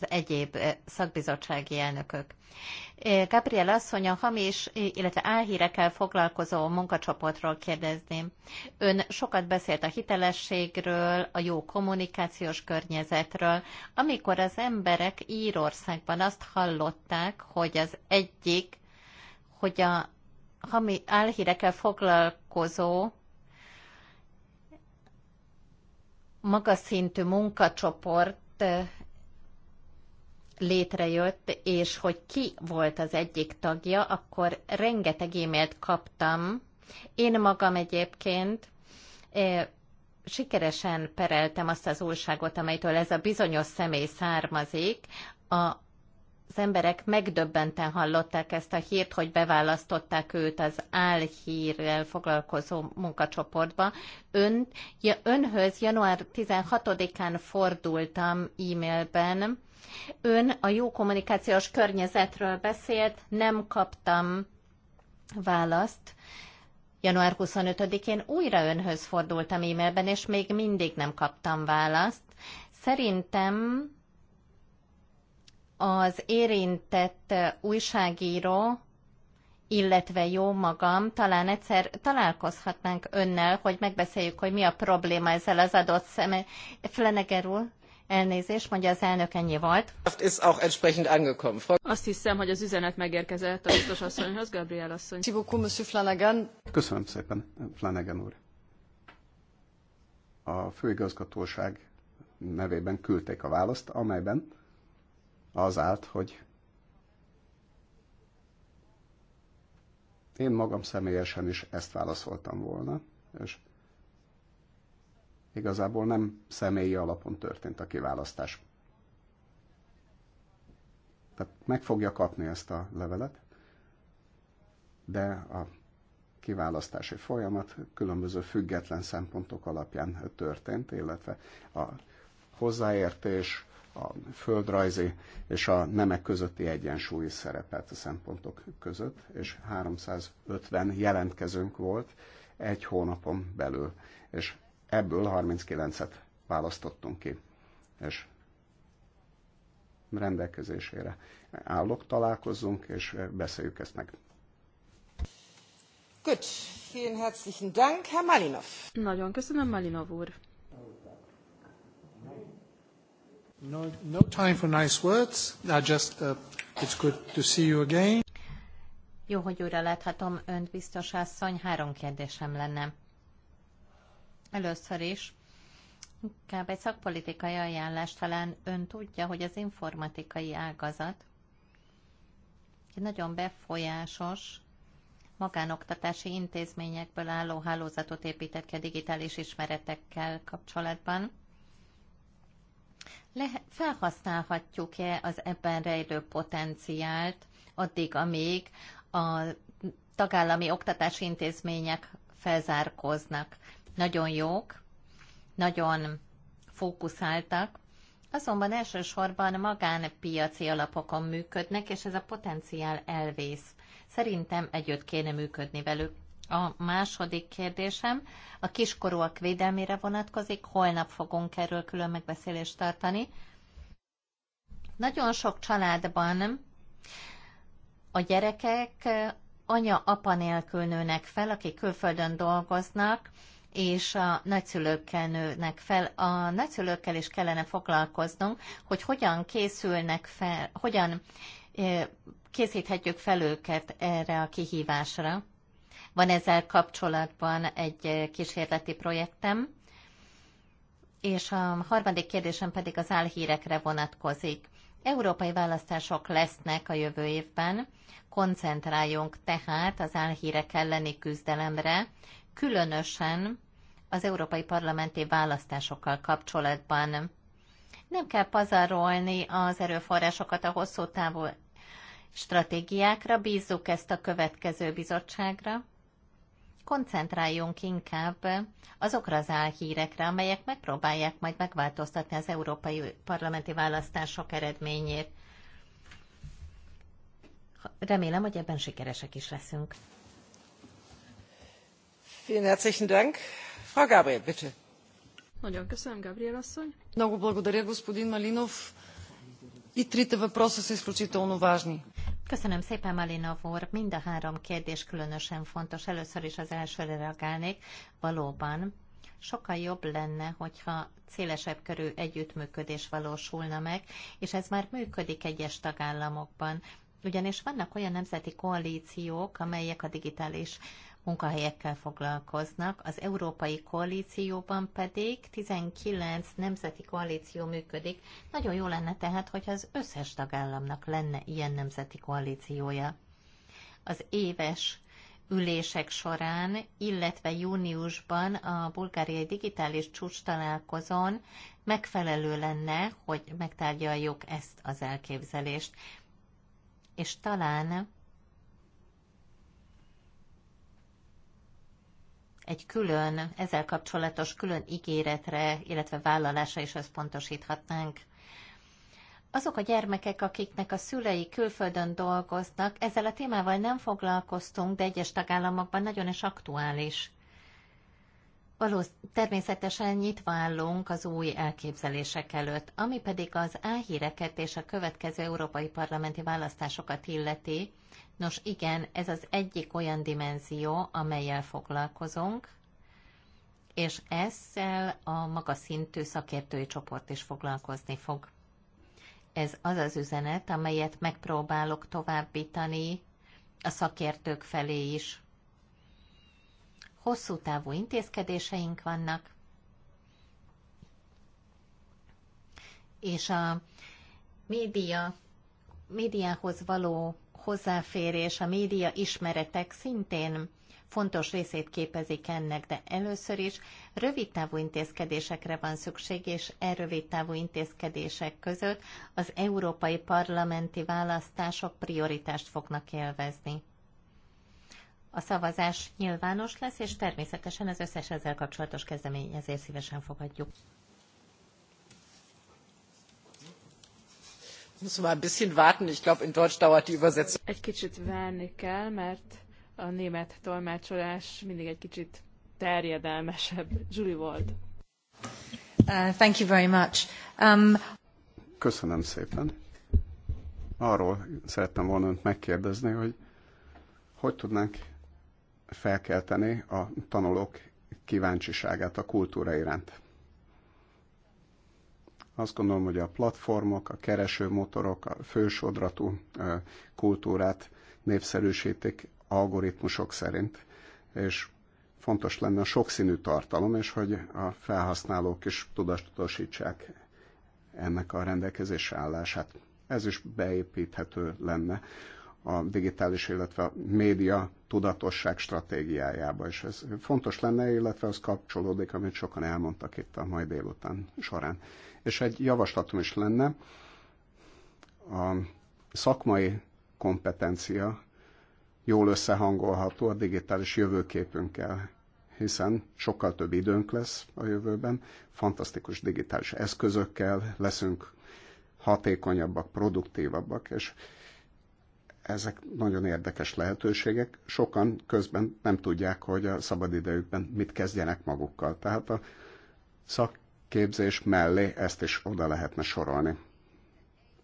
egyéb szakbizottsági elnökök. Gabriel asszony, a hamis, illetve álhírekkel foglalkozó munkacsoportról kérdezném. Ön sokat beszélt a hitelességről, a jó kommunikációs környezetről. Amikor az emberek Írországban azt hallották, hogy az egyik, hogy a hamis álhírekkel foglalkozó magas szintű munkacsoport létrejött, és hogy ki volt az egyik tagja, akkor rengeteg e-mailt kaptam. Én magam egyébként sikeresen pereltem azt az újságot, amelytől ez a bizonyos személy származik, a az emberek megdöbbenten hallották ezt a hírt, hogy beválasztották őt az álhírrel foglalkozó munkacsoportba. Ön, ja, önhöz január 16-án fordultam e-mailben. Ön a jó kommunikációs környezetről beszélt, nem kaptam választ. Január 25-én újra önhöz fordultam e-mailben, és még mindig nem kaptam választ. Szerintem az érintett újságíró, illetve jó magam, talán egyszer találkozhatnánk önnel, hogy megbeszéljük, hogy mi a probléma ezzel az adott személy. Flanager úr, elnézést, mondja az elnök, ennyi volt. Azt hiszem, hogy az üzenet megérkezett a biztos asszonyhoz, Gabriel asszony. Köszönöm szépen, Flanagan úr. A főigazgatóság nevében küldték a választ, amelyben az állt, hogy én magam személyesen is ezt válaszoltam volna, és igazából nem személyi alapon történt a kiválasztás. Tehát meg fogja kapni ezt a levelet, de a kiválasztási folyamat különböző független szempontok alapján történt, illetve a hozzáértés, a földrajzi és a nemek közötti egyensúlyi szerepet a szempontok között, és 350 jelentkezőnk volt egy hónapon belül, és ebből 39-et választottunk ki, és rendelkezésére állok, találkozzunk, és beszéljük ezt meg. Gut, vielen herzlichen Dank, Herr Malinov. Nagyon köszönöm, Malinov úr. No, no time for nice words. I just, uh, it's good to see you again. Jó, hogy újra láthatom önt, biztos asszony. Három kérdésem lenne. Először is, inkább egy szakpolitikai ajánlás, talán ön tudja, hogy az informatikai ágazat egy nagyon befolyásos magánoktatási intézményekből álló hálózatot épített ki a digitális ismeretekkel kapcsolatban le- felhasználhatjuk-e az ebben rejlő potenciált addig, amíg a tagállami oktatási intézmények felzárkoznak. Nagyon jók, nagyon fókuszáltak, azonban elsősorban magánpiaci alapokon működnek, és ez a potenciál elvész. Szerintem együtt kéne működni velük. A második kérdésem a kiskorúak védelmére vonatkozik. Holnap fogunk erről külön megbeszélést tartani. Nagyon sok családban a gyerekek anya-apa nélkül nőnek fel, akik külföldön dolgoznak, és a nagyszülőkkel nőnek fel. A nagyszülőkkel is kellene foglalkoznunk, hogy hogyan készülnek fel, hogyan eh, készíthetjük fel őket erre a kihívásra. Van ezzel kapcsolatban egy kísérleti projektem. És a harmadik kérdésem pedig az álhírekre vonatkozik. Európai választások lesznek a jövő évben, koncentráljunk tehát az álhírek elleni küzdelemre, különösen az európai parlamenti választásokkal kapcsolatban. Nem kell pazarolni az erőforrásokat a hosszú távú stratégiákra, bízzuk ezt a következő bizottságra, koncentráljunk inkább azokra az álhírekre, amelyek megpróbálják majd megváltoztatni az európai parlamenti választások eredményét. Remélem, hogy ebben sikeresek is leszünk. Vielen herzlichen Dank. Frau Gabriel, bitte. Nagyon köszönöm, Gabriel asszony. Nagyon благодаря, господин Малинов. И трите въпроса са изключително важни. Köszönöm szépen, Malina Vór. Mind a három kérdés különösen fontos. Először is az elsőre reagálnék. Valóban sokkal jobb lenne, hogyha szélesebb körű együttműködés valósulna meg, és ez már működik egyes tagállamokban. Ugyanis vannak olyan nemzeti koalíciók, amelyek a digitális munkahelyekkel foglalkoznak, az Európai Koalícióban pedig 19 nemzeti koalíció működik. Nagyon jó lenne tehát, hogy az összes tagállamnak lenne ilyen nemzeti koalíciója. Az éves ülések során, illetve júniusban a bulgáriai digitális csúcs találkozón megfelelő lenne, hogy megtárgyaljuk ezt az elképzelést. És talán egy külön, ezzel kapcsolatos külön ígéretre, illetve vállalásra is összpontosíthatnánk. Azok a gyermekek, akiknek a szülei külföldön dolgoznak, ezzel a témával nem foglalkoztunk, de egyes tagállamokban nagyon is aktuális. Valósz, természetesen nyitva állunk az új elképzelések előtt, ami pedig az áhíreket és a következő európai parlamenti választásokat illeti, Nos igen, ez az egyik olyan dimenzió, amelyel foglalkozunk, és ezzel a magas szintű szakértői csoport is foglalkozni fog. Ez az az üzenet, amelyet megpróbálok továbbítani a szakértők felé is. Hosszú távú intézkedéseink vannak, és a média, médiához való hozzáférés, a média ismeretek szintén fontos részét képezik ennek, de először is rövid távú intézkedésekre van szükség, és e rövid távú intézkedések között az európai parlamenti választások prioritást fognak élvezni. A szavazás nyilvános lesz, és természetesen az összes ezzel kapcsolatos kezdeményezést szívesen fogadjuk. Egy kicsit várni kell, mert a német tolmácsolás mindig egy kicsit terjedelmesebb. Julie Ward. Uh, thank you very much. Um... Köszönöm szépen. Arról szerettem volna önt megkérdezni, hogy hogy tudnánk felkelteni a tanulók kíváncsiságát a kultúra iránt. Azt gondolom, hogy a platformok, a keresőmotorok, a fősodratú kultúrát népszerűsítik algoritmusok szerint, és fontos lenne a sokszínű tartalom, és hogy a felhasználók is tudatosítsák ennek a rendelkezés állását. Ez is beépíthető lenne a digitális, illetve a média tudatosság stratégiájába, és ez fontos lenne, illetve az kapcsolódik, amit sokan elmondtak itt a mai délután során. És egy javaslatom is lenne, a szakmai kompetencia jól összehangolható a digitális jövőképünkkel, hiszen sokkal több időnk lesz a jövőben, fantasztikus digitális eszközökkel leszünk hatékonyabbak, produktívabbak, és ezek nagyon érdekes lehetőségek. Sokan közben nem tudják, hogy a szabadidejükben mit kezdjenek magukkal. Tehát a szakképzés mellé ezt is oda lehetne sorolni.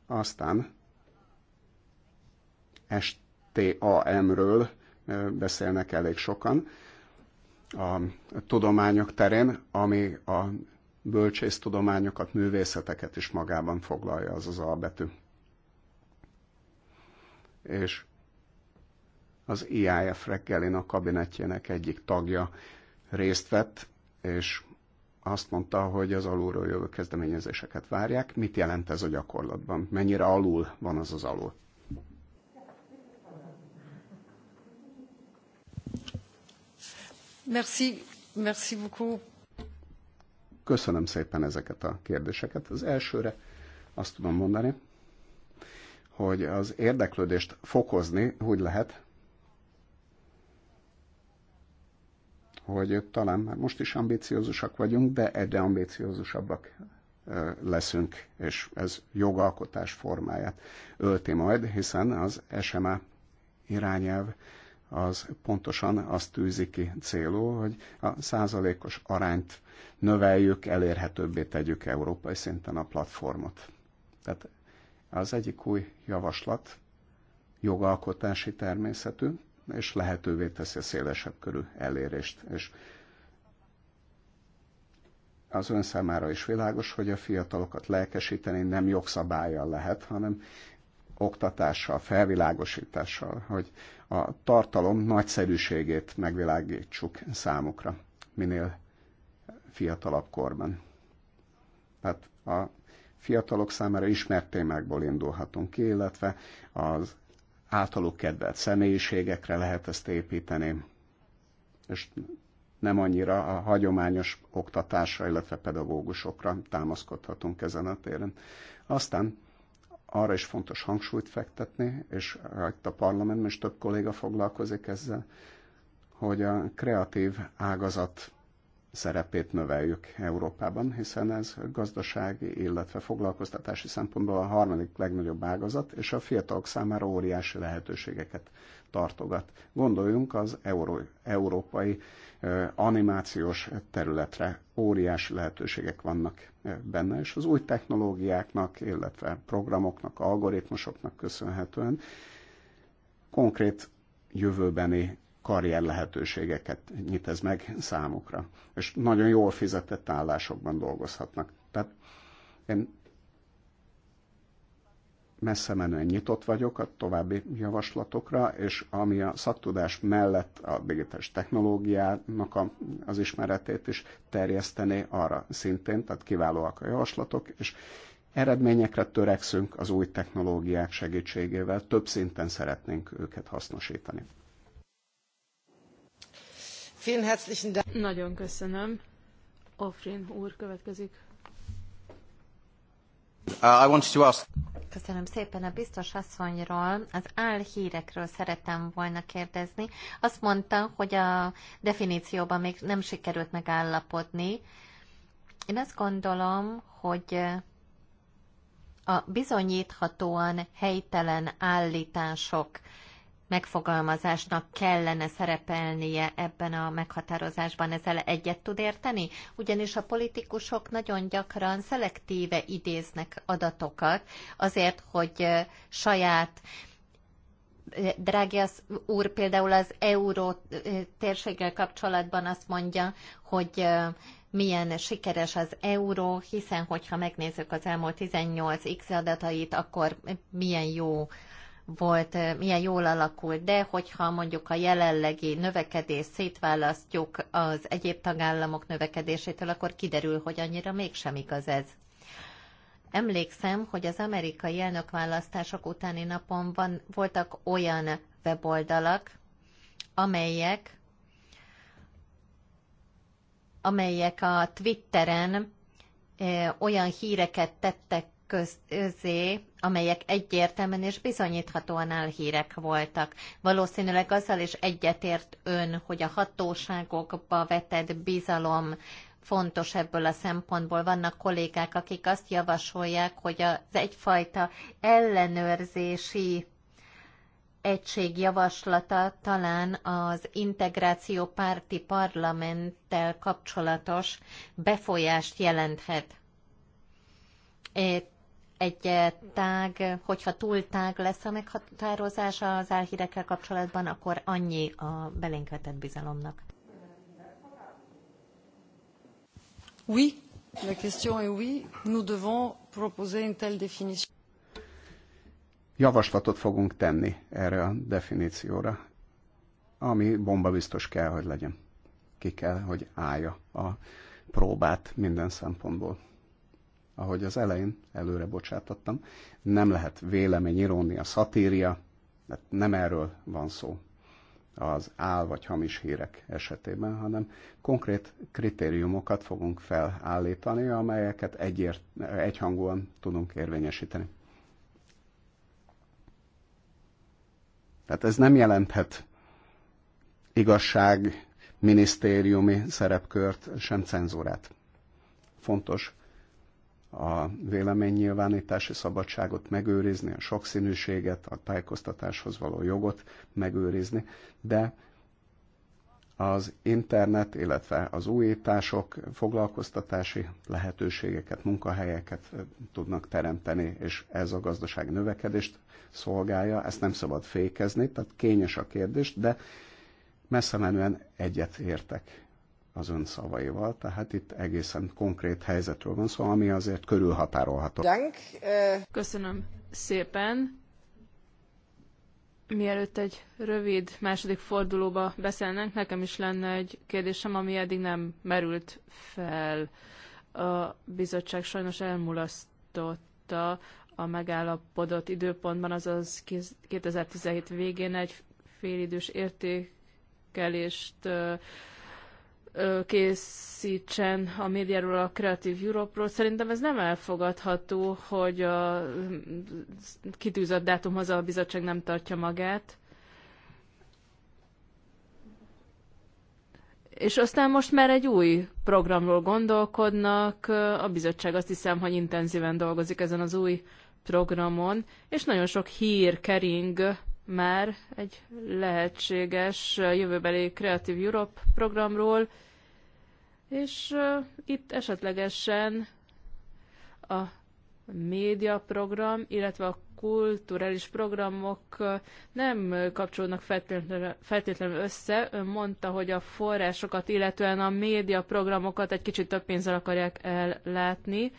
Aztán STAM-ről beszélnek elég sokan a tudományok terén, ami a bölcsész tudományokat, művészeteket is magában foglalja, az az albetű és az e IIF reggelin a kabinetjének egyik tagja részt vett, és azt mondta, hogy az alulról jövő kezdeményezéseket várják. Mit jelent ez a gyakorlatban? Mennyire alul van az az alul? Merci, merci beaucoup. Köszönöm szépen ezeket a kérdéseket. Az elsőre azt tudom mondani, hogy az érdeklődést fokozni úgy lehet, hogy talán már most is ambiciózusak vagyunk, de egyre ambiciózusabbak leszünk, és ez jogalkotás formáját ölti majd, hiszen az SMA irányelv az pontosan azt tűzi ki célul, hogy a százalékos arányt növeljük, elérhetőbbé tegyük európai szinten a platformot. Tehát az egyik új javaslat jogalkotási természetű, és lehetővé teszi a szélesebb körű elérést. És az ön számára is világos, hogy a fiatalokat lelkesíteni nem jogszabályjal lehet, hanem oktatással, felvilágosítással, hogy a tartalom nagyszerűségét megvilágítsuk számukra minél fiatalabb korban. Tehát a fiatalok számára ismert témákból indulhatunk ki, illetve az általuk kedvelt személyiségekre lehet ezt építeni, és nem annyira a hagyományos oktatásra, illetve pedagógusokra támaszkodhatunk ezen a téren. Aztán arra is fontos hangsúlyt fektetni, és itt a parlamentben is több kolléga foglalkozik ezzel, hogy a kreatív ágazat szerepét növeljük Európában, hiszen ez gazdasági, illetve foglalkoztatási szempontból a harmadik legnagyobb ágazat, és a fiatalok számára óriási lehetőségeket tartogat. Gondoljunk az euró, európai animációs területre. Óriási lehetőségek vannak benne, és az új technológiáknak, illetve programoknak, algoritmusoknak köszönhetően konkrét jövőbeni karrier lehetőségeket nyit ez meg számukra. És nagyon jól fizetett állásokban dolgozhatnak. Tehát én messze menően nyitott vagyok a további javaslatokra, és ami a szaktudás mellett a digitális technológiának a, az ismeretét is terjeszteni arra szintén, tehát kiválóak a javaslatok, és eredményekre törekszünk az új technológiák segítségével, több szinten szeretnénk őket hasznosítani. Nagyon köszönöm. Ofrin úr következik. Uh, I wanted to ask. Köszönöm szépen a biztos asszonyról. Az álhírekről szerettem volna kérdezni. Azt mondta, hogy a definícióban még nem sikerült megállapodni. Én azt gondolom, hogy a bizonyíthatóan helytelen állítások megfogalmazásnak kellene szerepelnie ebben a meghatározásban, ezzel egyet tud érteni? Ugyanis a politikusok nagyon gyakran szelektíve idéznek adatokat azért, hogy saját Drági úr például az euró térséggel kapcsolatban azt mondja, hogy milyen sikeres az euró, hiszen hogyha megnézzük az elmúlt 18x adatait, akkor milyen jó volt, eh, milyen jól alakult, de hogyha mondjuk a jelenlegi növekedés, szétválasztjuk az egyéb tagállamok növekedésétől, akkor kiderül, hogy annyira mégsem igaz ez. Emlékszem, hogy az amerikai elnökválasztások utáni napon van, voltak olyan weboldalak, amelyek amelyek a Twitteren eh, olyan híreket tettek közé, amelyek egyértelműen és bizonyíthatóan álhírek voltak. Valószínűleg azzal is egyetért ön, hogy a hatóságokba vetett bizalom fontos ebből a szempontból. Vannak kollégák, akik azt javasolják, hogy az egyfajta ellenőrzési egység javaslata talán az integráció párti parlamenttel kapcsolatos befolyást jelenthet egy eh, tág, hogyha túl tág lesz a meghatározás az álhírekkel kapcsolatban, akkor annyi a belénk vetett bizalomnak. Oui, la question est oui. Nous devons proposer une telle définition. Javaslatot fogunk tenni erre a definícióra, ami bomba biztos kell, hogy legyen. Ki kell, hogy állja a próbát minden szempontból ahogy az elején előre bocsátottam, nem lehet vélemény, irónia, szatíria, mert nem erről van szó az áll vagy hamis hírek esetében, hanem konkrét kritériumokat fogunk felállítani, amelyeket egyért, egyhangúan tudunk érvényesíteni. Tehát ez nem jelenthet igazság minisztériumi szerepkört, sem cenzúrát. Fontos, a véleménynyilvánítási szabadságot megőrizni, a sokszínűséget, a tájékoztatáshoz való jogot megőrizni, de az internet, illetve az újítások foglalkoztatási lehetőségeket, munkahelyeket tudnak teremteni, és ez a gazdaság növekedést szolgálja, ezt nem szabad fékezni, tehát kényes a kérdés, de messze menően egyet értek az ön szavaival, tehát itt egészen konkrét helyzetről van szó, szóval ami azért körülhatárolható. Eh, Köszönöm szépen. Mielőtt egy rövid második fordulóba beszélnénk, nekem is lenne egy kérdésem, ami eddig nem merült fel. A bizottság sajnos elmulasztotta a megállapodott időpontban, azaz 2017 végén egy félidős értékelést eh, készítsen a médiáról a Creative Europe-ról. Szerintem ez nem elfogadható, hogy a kitűzött dátumhoz a bizottság nem tartja magát. És aztán most már egy új programról gondolkodnak. A bizottság azt hiszem, hogy intenzíven dolgozik ezen az új programon, és nagyon sok hír kering már egy lehetséges jövőbeli Creative Europe programról, és itt esetlegesen a médiaprogram, illetve a kulturális programok nem kapcsolódnak feltétlenül, feltétlenül össze. Ön mondta, hogy a forrásokat, illetően a médiaprogramokat egy kicsit több pénzzel akarják ellátni.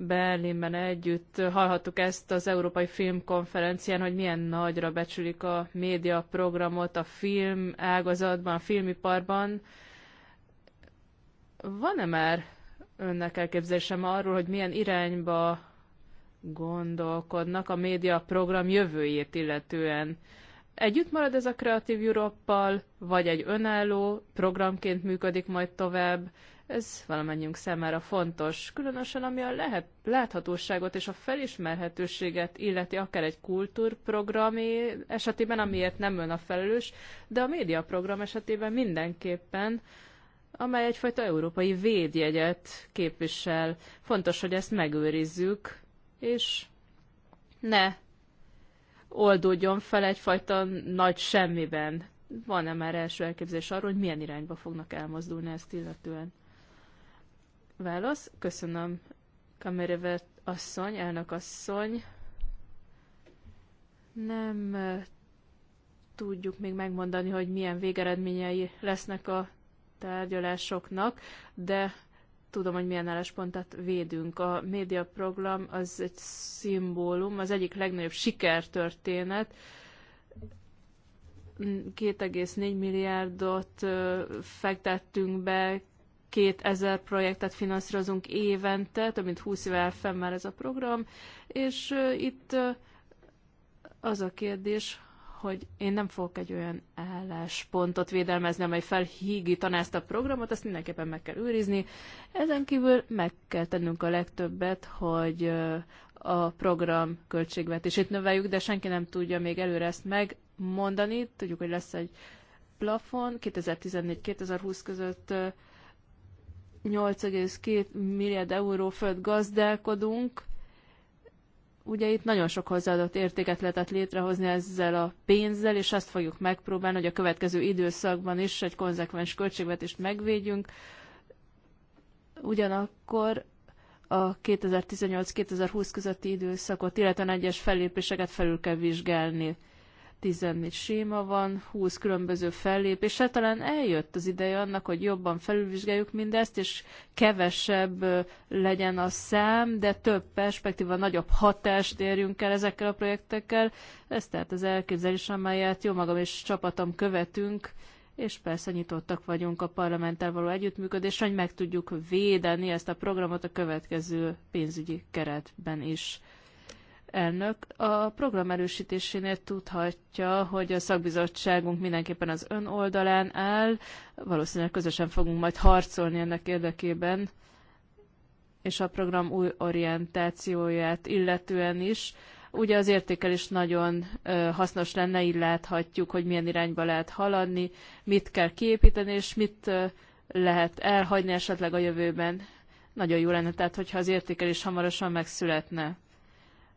Berlinben együtt hallhattuk ezt az Európai Filmkonferencián, hogy milyen nagyra becsülik a médiaprogramot a film ágazatban, a filmiparban. Van-e már önnek elképzelésem arról, hogy milyen irányba gondolkodnak a médiaprogram jövőjét illetően? Együtt marad ez a Creative europe vagy egy önálló programként működik majd tovább, ez valamennyiünk számára fontos, különösen ami a lehet, láthatóságot és a felismerhetőséget illeti akár egy kultúrprogram esetében, amiért nem ön a felelős, de a médiaprogram esetében mindenképpen, amely egyfajta európai védjegyet képvisel. Fontos, hogy ezt megőrizzük, és ne oldódjon fel egyfajta nagy semmiben. Van-e már első elképzelés arról, hogy milyen irányba fognak elmozdulni ezt illetően? Válasz. Köszönöm, Kamerevet asszony, elnök asszony. Nem tudjuk még megmondani, hogy milyen végeredményei lesznek a tárgyalásoknak, de tudom, hogy milyen álláspontot védünk. A médiaprogram az egy szimbólum, az egyik legnagyobb sikertörténet. 2,4 milliárdot fektettünk be 2000 projektet finanszírozunk évente, több mint 20 éve fenn már ez a program, és itt az a kérdés, hogy én nem fogok egy olyan álláspontot védelmezni, amely felhígítaná ezt a programot, ezt mindenképpen meg kell őrizni. Ezen kívül meg kell tennünk a legtöbbet, hogy a program költségvetését növeljük, de senki nem tudja még előre ezt megmondani. Tudjuk, hogy lesz egy plafon 2014-2020 között 8,2 milliárd euró fölött gazdálkodunk, ugye itt nagyon sok hozzáadott értéket lehetett létrehozni ezzel a pénzzel, és azt fogjuk megpróbálni, hogy a következő időszakban is egy konzekvens költségvetést megvédjünk. Ugyanakkor a 2018-2020 közötti időszakot, illetve egyes fellépéseket felül kell vizsgálni. 14 séma van, 20 különböző és talán eljött az ideje annak, hogy jobban felülvizsgáljuk mindezt, és kevesebb legyen a szám, de több perspektíva, nagyobb hatást érjünk el ezekkel a projektekkel. Ez tehát az elképzelés, amelyet jó magam és csapatom követünk, és persze nyitottak vagyunk a parlamenttel való együttműködésre, hogy meg tudjuk védeni ezt a programot a következő pénzügyi keretben is elnök. A program erősítésénél tudhatja, hogy a szakbizottságunk mindenképpen az ön oldalán áll, valószínűleg közösen fogunk majd harcolni ennek érdekében, és a program új orientációját illetően is. Ugye az értékelés nagyon hasznos lenne, így láthatjuk, hogy milyen irányba lehet haladni, mit kell kiépíteni, és mit lehet elhagyni esetleg a jövőben. Nagyon jó lenne, tehát hogyha az értékelés hamarosan megszületne.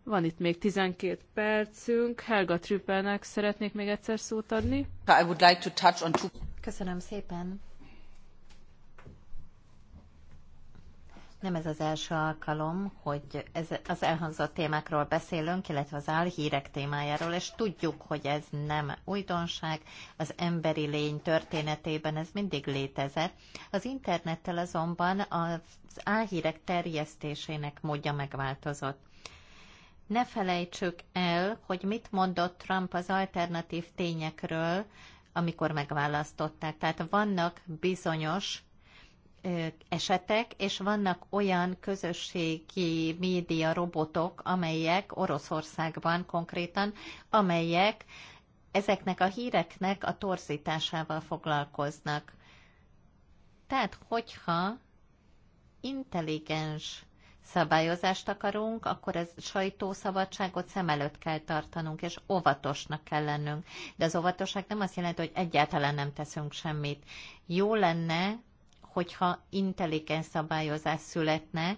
Van itt még 12 percünk. Helga Trüppelnek szeretnék még egyszer szót adni. I would like to touch on two... Köszönöm szépen. Nem ez az első alkalom, hogy ez, az elhangzott témákról beszélünk, illetve az álhírek témájáról, és tudjuk, hogy ez nem újdonság, az emberi lény történetében ez mindig létezett. Az internettel azonban az álhírek terjesztésének módja megváltozott. Ne felejtsük el, hogy mit mondott Trump az alternatív tényekről, amikor megválasztották. Tehát vannak bizonyos esetek, és vannak olyan közösségi média robotok, amelyek Oroszországban konkrétan, amelyek ezeknek a híreknek a torzításával foglalkoznak. Tehát, hogyha intelligens szabályozást akarunk, akkor ez sajtószabadságot szem előtt kell tartanunk, és óvatosnak kell lennünk. De az óvatosság nem azt jelenti, hogy egyáltalán nem teszünk semmit. Jó lenne, hogyha intelligens szabályozás születne,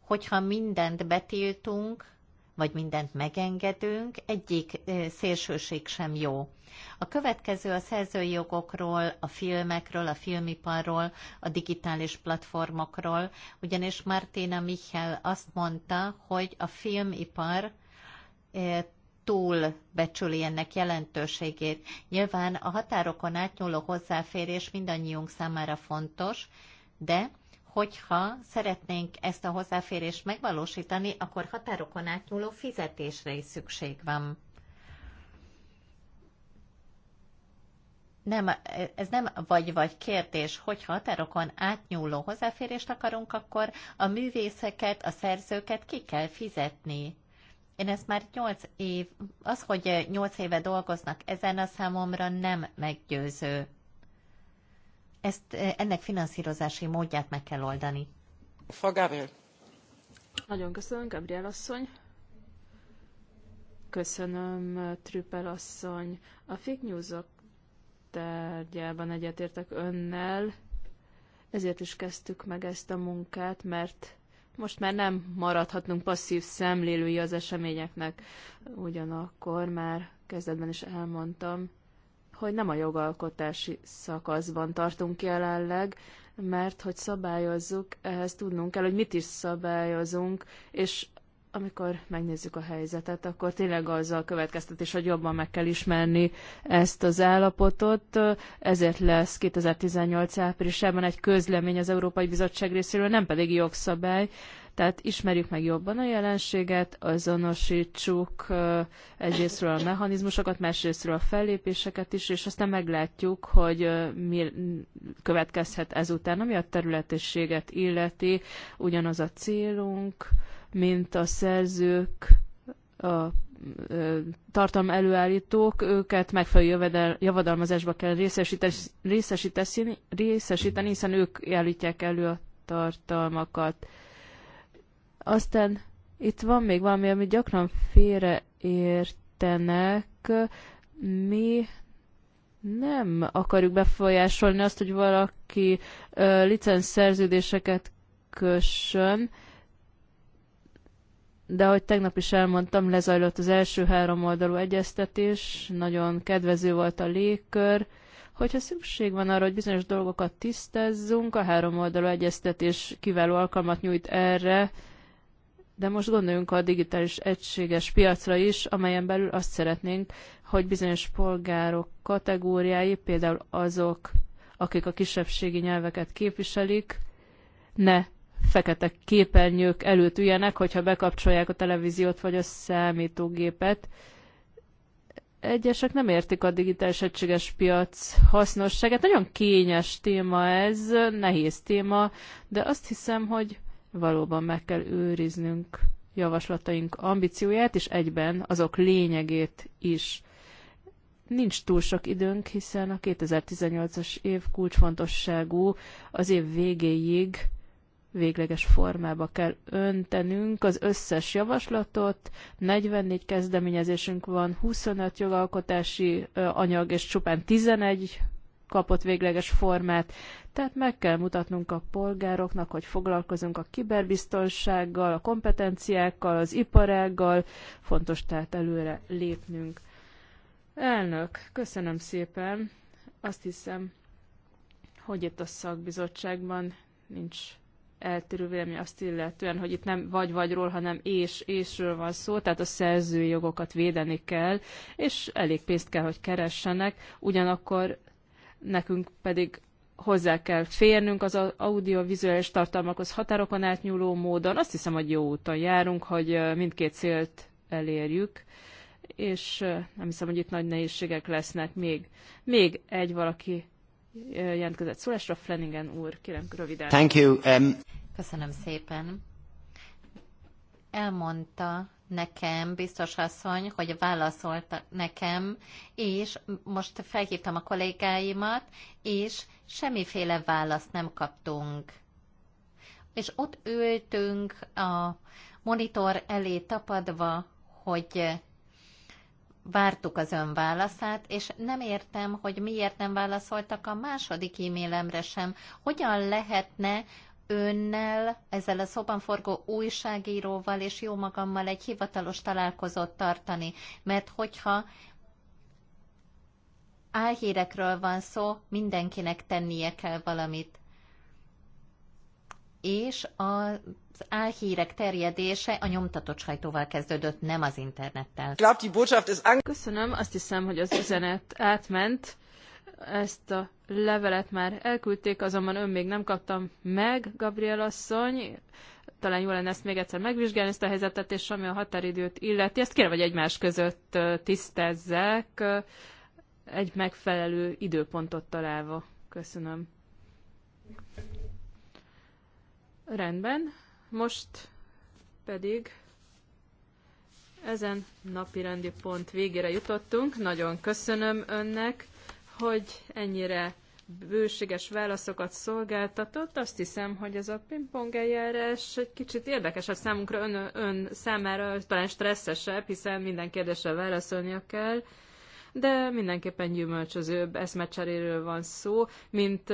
hogyha mindent betiltunk, vagy mindent megengedünk, egyik szélsőség sem jó. A következő a szerzői jogokról, a filmekről, a filmiparról, a digitális platformokról, ugyanis Martina Michel azt mondta, hogy a filmipar túl becsüli ennek jelentőségét. Nyilván a határokon átnyúló hozzáférés mindannyiunk számára fontos, de hogyha szeretnénk ezt a hozzáférést megvalósítani, akkor határokon átnyúló fizetésre is szükség van. nem, ez nem vagy-vagy kérdés, hogy határokon átnyúló hozzáférést akarunk, akkor a művészeket, a szerzőket ki kell fizetni. Én ezt már 8 év, az, hogy 8 éve dolgoznak ezen a számomra nem meggyőző ezt, e, ennek finanszírozási módját meg kell oldani. Fagávél. Nagyon köszönöm, Gabriel asszony. Köszönöm, Trüppel asszony. A fake -ok tárgyában egyetértek önnel, ezért is kezdtük meg ezt a munkát, mert most már nem maradhatnunk passzív szemlélői az eseményeknek. Ugyanakkor már kezdetben is elmondtam, hogy nem a jogalkotási szakaszban tartunk jelenleg, mert hogy szabályozzuk, ehhez tudnunk kell, hogy mit is szabályozunk, és amikor megnézzük a helyzetet, akkor tényleg az a következtetés, hogy jobban meg kell ismerni ezt az állapotot. Ezért lesz 2018 áprilisában egy közlemény az Európai Bizottság részéről, nem pedig jogszabály, tehát ismerjük meg jobban a jelenséget, azonosítsuk egyrésztről a mechanizmusokat, másrésztről a fellépéseket is, és aztán meglátjuk, hogy mi következhet ezután, ami a területességet illeti, ugyanaz a célunk, mint a szerzők, a tartalom előállítók, őket megfelelő jövedel, javadalmazásba kell részesíteni, részesíteni, hiszen ők állítják elő a tartalmakat. Aztán itt van még valami, amit gyakran félreértenek. Mi nem akarjuk befolyásolni azt, hogy valaki szerződéseket kössön, de ahogy tegnap is elmondtam, lezajlott az első három oldalú egyeztetés, nagyon kedvező volt a légkör. Hogyha szükség van arra, hogy bizonyos dolgokat tisztázzunk, a három oldalú egyeztetés kiváló alkalmat nyújt erre, de most gondoljunk a digitális egységes piacra is, amelyen belül azt szeretnénk, hogy bizonyos polgárok kategóriái, például azok, akik a kisebbségi nyelveket képviselik, ne fekete képernyők előtt üljenek, hogyha bekapcsolják a televíziót vagy a számítógépet. Egyesek nem értik a digitális egységes piac hasznosságát. Nagyon kényes téma ez, nehéz téma, de azt hiszem, hogy valóban meg kell őriznünk javaslataink ambícióját, és egyben azok lényegét is. Nincs túl sok időnk, hiszen a 2018-as év kulcsfontosságú, az év végéig végleges formába kell öntenünk az összes javaslatot, 44 kezdeményezésünk van, 25 jogalkotási anyag, és csupán 11 kapott végleges formát. Tehát meg kell mutatnunk a polgároknak, hogy foglalkozunk a kiberbiztonsággal, a kompetenciákkal, az iparággal, fontos tehát előre lépnünk. Elnök, köszönöm szépen. Azt hiszem, hogy itt a szakbizottságban nincs eltérő vélemény azt illetően, hogy itt nem vagy-vagyról, hanem és, ésről van szó, tehát a szerzői jogokat védeni kell, és elég pénzt kell, hogy keressenek, ugyanakkor nekünk pedig hozzá kell férnünk az audiovizuális tartalmakhoz határokon átnyúló módon. Azt hiszem, hogy jó úton járunk, hogy mindkét célt elérjük, és nem hiszem, hogy itt nagy nehézségek lesznek még. Még egy valaki jelentkezett szólásra, Flanagan úr, kérem röviden. Thank you. Um... Köszönöm szépen. Elmondta, nekem, biztos asszony, hogy válaszolt nekem, és most felhívtam a kollégáimat, és semmiféle választ nem kaptunk. És ott ültünk a monitor elé tapadva, hogy vártuk az ön válaszát, és nem értem, hogy miért nem válaszoltak a második e-mailemre sem. Hogyan lehetne önnel, ezzel a szoban forgó újságíróval és jó magammal egy hivatalos találkozót tartani, mert hogyha álhírekről van szó, mindenkinek tennie kell valamit. És az álhírek terjedése a nyomtatott sajtóval kezdődött, nem az internettel. Köszönöm, azt hiszem, hogy az üzenet átment. Ezt a levelet már elküldték, azonban ön még nem kaptam meg, Gabriel asszony. Talán jól lenne ezt még egyszer megvizsgálni, ezt a helyzetet, és ami a határidőt illeti. Ezt kérem, hogy egymás között tisztezzek, egy megfelelő időpontot találva. Köszönöm. Rendben. Most pedig ezen napi rendi pont végére jutottunk. Nagyon köszönöm önnek hogy ennyire bőséges válaszokat szolgáltatott. Azt hiszem, hogy ez a pingpong eljárás egy kicsit érdekes, a számunkra, ön, ön számára talán stresszesebb, hiszen minden kérdésre válaszolnia kell de mindenképpen gyümölcsözőbb eszmecseréről van szó, mint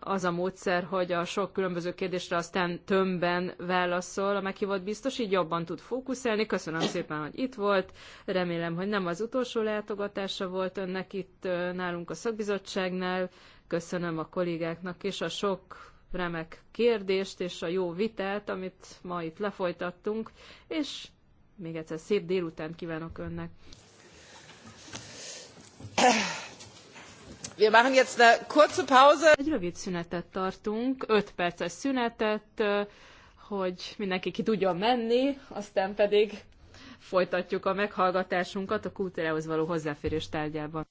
az a módszer, hogy a sok különböző kérdésre aztán tömbben válaszol a meghívott biztos, így jobban tud fókuszálni. Köszönöm szépen, hogy itt volt. Remélem, hogy nem az utolsó látogatása volt önnek itt nálunk a szakbizottságnál. Köszönöm a kollégáknak és a sok remek kérdést és a jó vitát, amit ma itt lefolytattunk, és még egyszer szép délután kívánok önnek. Wir machen jetzt eine kurze Pause. Egy rövid szünetet tartunk, öt perces szünetet, hogy mindenki ki tudjon menni, aztán pedig folytatjuk a meghallgatásunkat a kultúrához való hozzáférés tárgyában.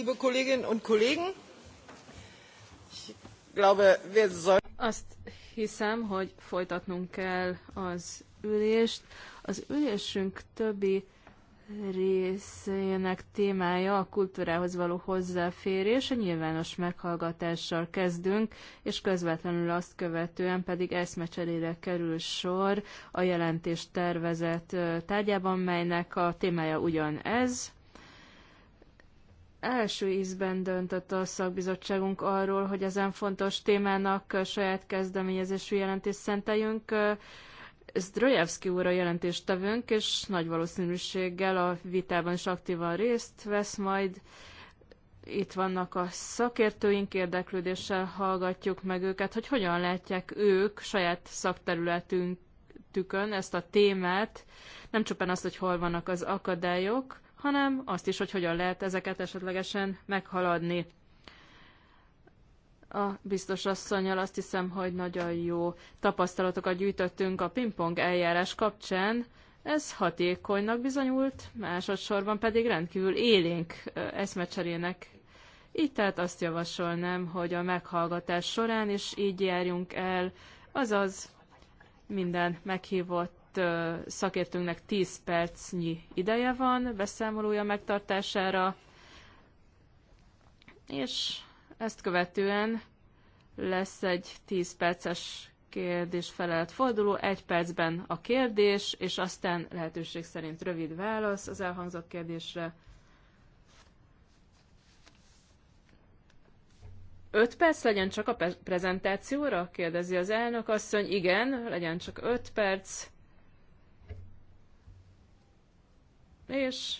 liebe Kolleginnen und Kollegen! Azt hiszem, hogy folytatnunk kell az ülést. Az ülésünk többi részének témája a kultúrához való hozzáférés. A nyilvános meghallgatással kezdünk, és közvetlenül azt követően pedig eszmecserére kerül sor a jelentés tervezet tárgyában, melynek a témája ugyanez, első ízben döntött a szakbizottságunk arról, hogy ezen fontos témának saját kezdeményezésű jelentést szenteljünk. Zdrojevski úr a jelentéstevőnk, és nagy valószínűséggel a vitában is aktívan részt vesz majd. Itt vannak a szakértőink, érdeklődéssel hallgatjuk meg őket, hogy hogyan látják ők saját szakterületünk tükön ezt a témát, nem csupán azt, hogy hol vannak az akadályok, hanem azt is, hogy hogyan lehet ezeket esetlegesen meghaladni. A biztos asszonyjal azt hiszem, hogy nagyon jó tapasztalatokat gyűjtöttünk a pingpong eljárás kapcsán. Ez hatékonynak bizonyult, másodszorban pedig rendkívül élénk eszmecserének így tehát azt javasolnám, hogy a meghallgatás során is így járjunk el, azaz minden meghívott Két szakértőnknek 10 percnyi ideje van beszámolója megtartására, és ezt követően lesz egy 10 perces kérdés-felelt forduló, egy percben a kérdés, és aztán lehetőség szerint rövid válasz az elhangzott kérdésre. 5 perc legyen csak a prezentációra? kérdezi az elnök asszony. Igen, legyen csak 5 perc. és